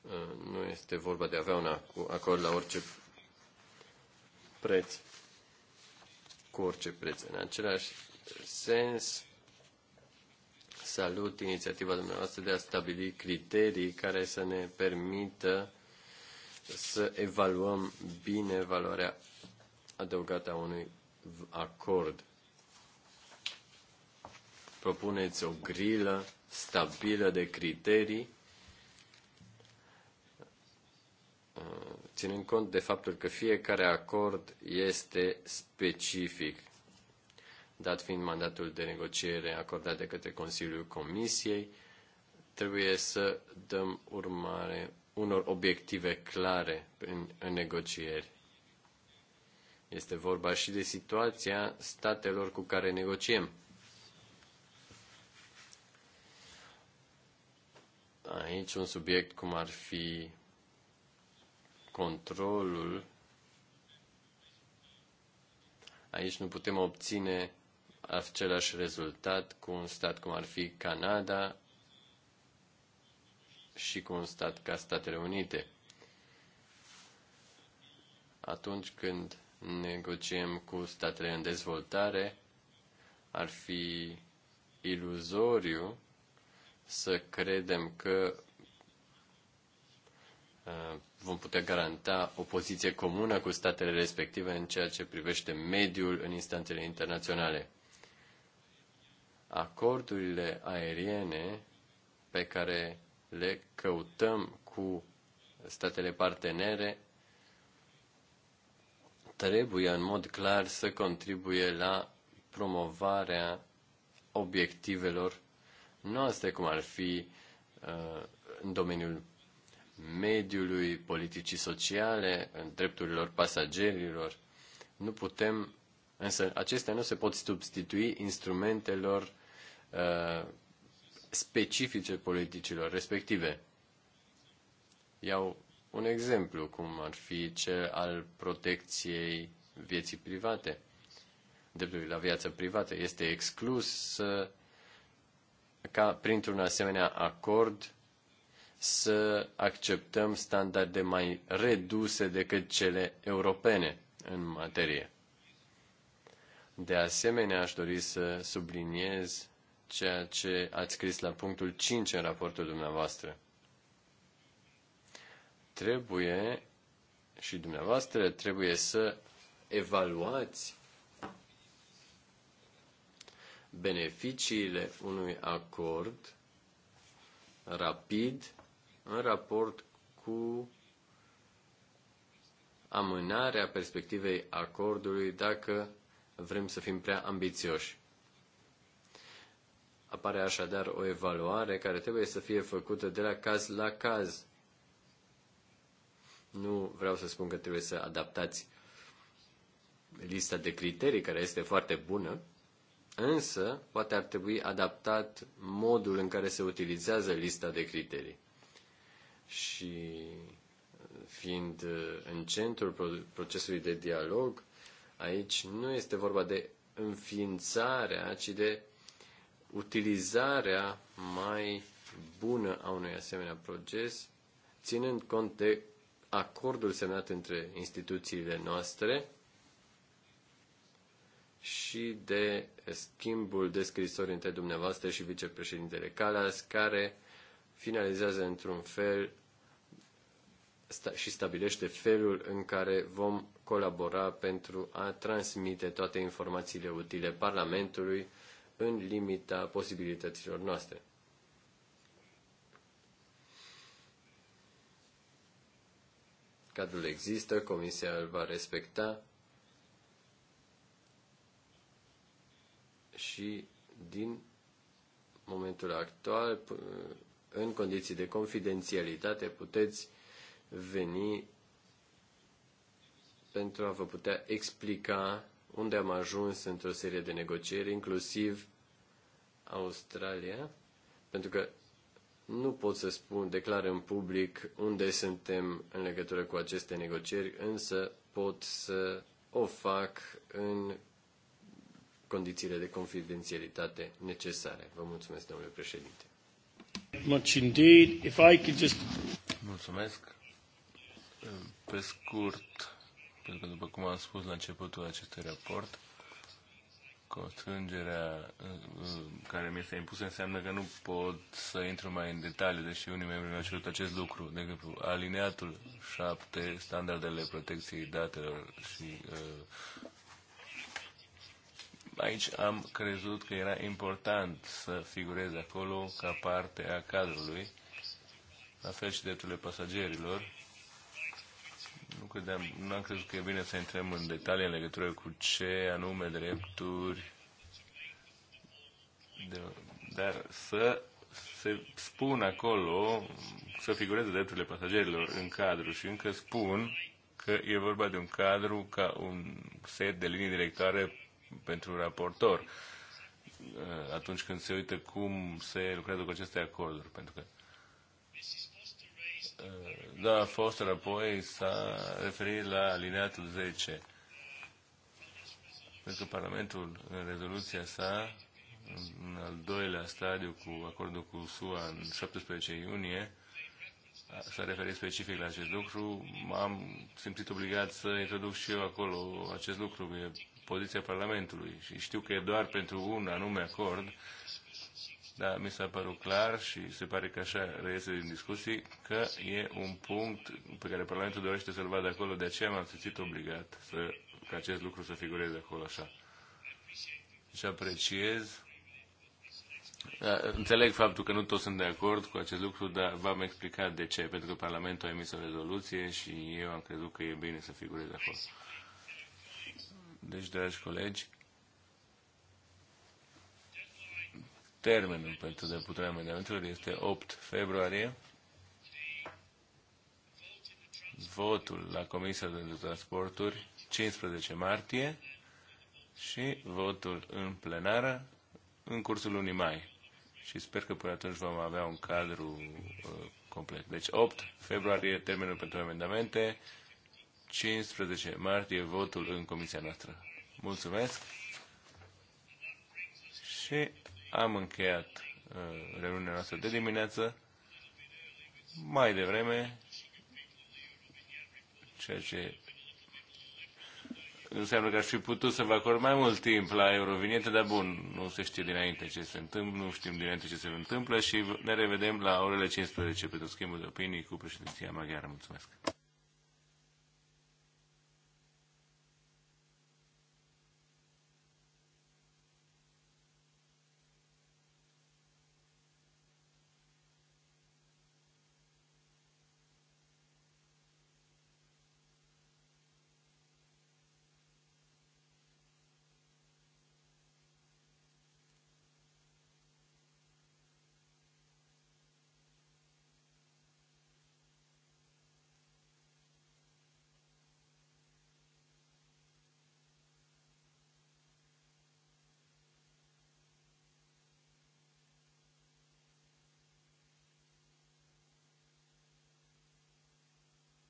Uh, nu este vorba de a avea un acord la orice preț, cu orice preț. În același sens, salut inițiativa dumneavoastră de a stabili criterii care să ne permită să evaluăm bine valoarea adăugată a unui acord. Propuneți o grilă stabilă de criterii, ținând cont de faptul că fiecare acord este specific, dat fiind mandatul de negociere acordat de către Consiliul Comisiei, trebuie să dăm urmare unor obiective clare în, în negocieri. Este vorba și de situația statelor cu care negociem. Aici un subiect cum ar fi controlul. Aici nu putem obține același rezultat cu un stat cum ar fi Canada și cu un stat ca Statele Unite. Atunci când negociem cu statele în dezvoltare, ar fi iluzoriu să credem că uh, vom putea garanta o poziție comună cu statele respective în ceea ce privește mediul în instanțele internaționale. Acordurile aeriene pe care le căutăm cu statele partenere trebuie în mod clar să contribuie la promovarea obiectivelor noastre, cum ar fi uh, în domeniul mediului, politicii sociale, în drepturilor pasagerilor. Nu putem, însă acestea nu se pot substitui instrumentelor uh, specifice politicilor respective. Iau un exemplu, cum ar fi cel al protecției vieții private. dreptului la viață privată este exclus să, ca printr-un asemenea acord să acceptăm standarde mai reduse decât cele europene în materie. De asemenea, aș dori să subliniez ceea ce ați scris la punctul 5 în raportul dumneavoastră trebuie și dumneavoastră trebuie să evaluați beneficiile unui acord rapid în raport cu amânarea perspectivei acordului dacă vrem să fim prea ambițioși. Apare așadar o evaluare care trebuie să fie făcută de la caz la caz nu vreau să spun că trebuie să adaptați lista de criterii, care este foarte bună, însă poate ar trebui adaptat modul în care se utilizează lista de criterii. Și fiind uh, în centrul procesului de dialog, aici nu este vorba de înființarea, ci de utilizarea mai bună a unui asemenea proces, ținând cont de acordul semnat între instituțiile noastre și de schimbul de scrisori între dumneavoastră și vicepreședintele Calas, care finalizează într-un fel și stabilește felul în care vom colabora pentru a transmite toate informațiile utile Parlamentului în limita posibilităților noastre. Cadrul există, Comisia îl va respecta și din momentul actual, în condiții de confidențialitate, puteți veni pentru a vă putea explica unde am ajuns într-o serie de negocieri, inclusiv Australia, pentru că nu pot să spun, declar în public unde suntem în legătură cu aceste negocieri, însă pot să o fac în condițiile de confidențialitate necesare. Vă mulțumesc, domnule președinte. Much indeed. If I could just... Mulțumesc. Pe scurt, pentru că după cum am spus la începutul acestui raport, constrângerea uh, uh, care mi este impusă înseamnă că nu pot să intru mai în detaliu, deși unii membri mi-au cerut acest lucru. De exemplu, alineatul 7, standardele protecției datelor și uh, aici am crezut că era important să figureze acolo ca parte a cadrului, la fel și drepturile pasagerilor, nu, credeam, nu am crezut că e bine să intrăm în detalii în legătură cu ce anume drepturi, de, dar să se spun acolo, să figureze drepturile pasagerilor în cadru și încă spun că e vorba de un cadru ca un set de linii directoare pentru un raportor uh, atunci când se uită cum se lucrează cu aceste acorduri, pentru că doamna Foster apoi s-a referit la alineatul 10. Pentru că Parlamentul, în rezoluția sa, în al doilea stadiu cu acordul cu SUA în 17 iunie, s-a referit specific la acest lucru. M-am simțit obligat să introduc și eu acolo acest lucru. E poziția Parlamentului și știu că e doar pentru un anume acord, dar mi s-a părut clar și se pare că așa reiese din discuții că e un punct pe care Parlamentul dorește să-l vadă acolo, de aceea m-am simțit obligat să, ca acest lucru să figureze acolo așa. Și apreciez. Da, înțeleg faptul că nu toți sunt de acord cu acest lucru, dar v-am explicat de ce. Pentru că Parlamentul a emis o rezoluție și eu am crezut că e bine să figureze acolo. Deci, dragi colegi, Termenul pentru depunerea amendamentelor este 8 februarie. Votul la Comisia de Transporturi 15 martie și votul în plenară în cursul lunii mai. Și sper că până atunci vom avea un cadru uh, complet. Deci 8 februarie termenul pentru amendamente, 15 martie votul în comisia noastră. Mulțumesc! Și am încheiat uh, reuniunea noastră de dimineață mai devreme, ceea ce înseamnă că aș fi putut să vă acord mai mult timp la Eurovinietă, dar bun, nu se știe dinainte ce se întâmplă, nu știm dinainte ce se întâmplă și ne revedem la orele 15 pentru schimbul de opinii cu președinția maghiară. Mulțumesc!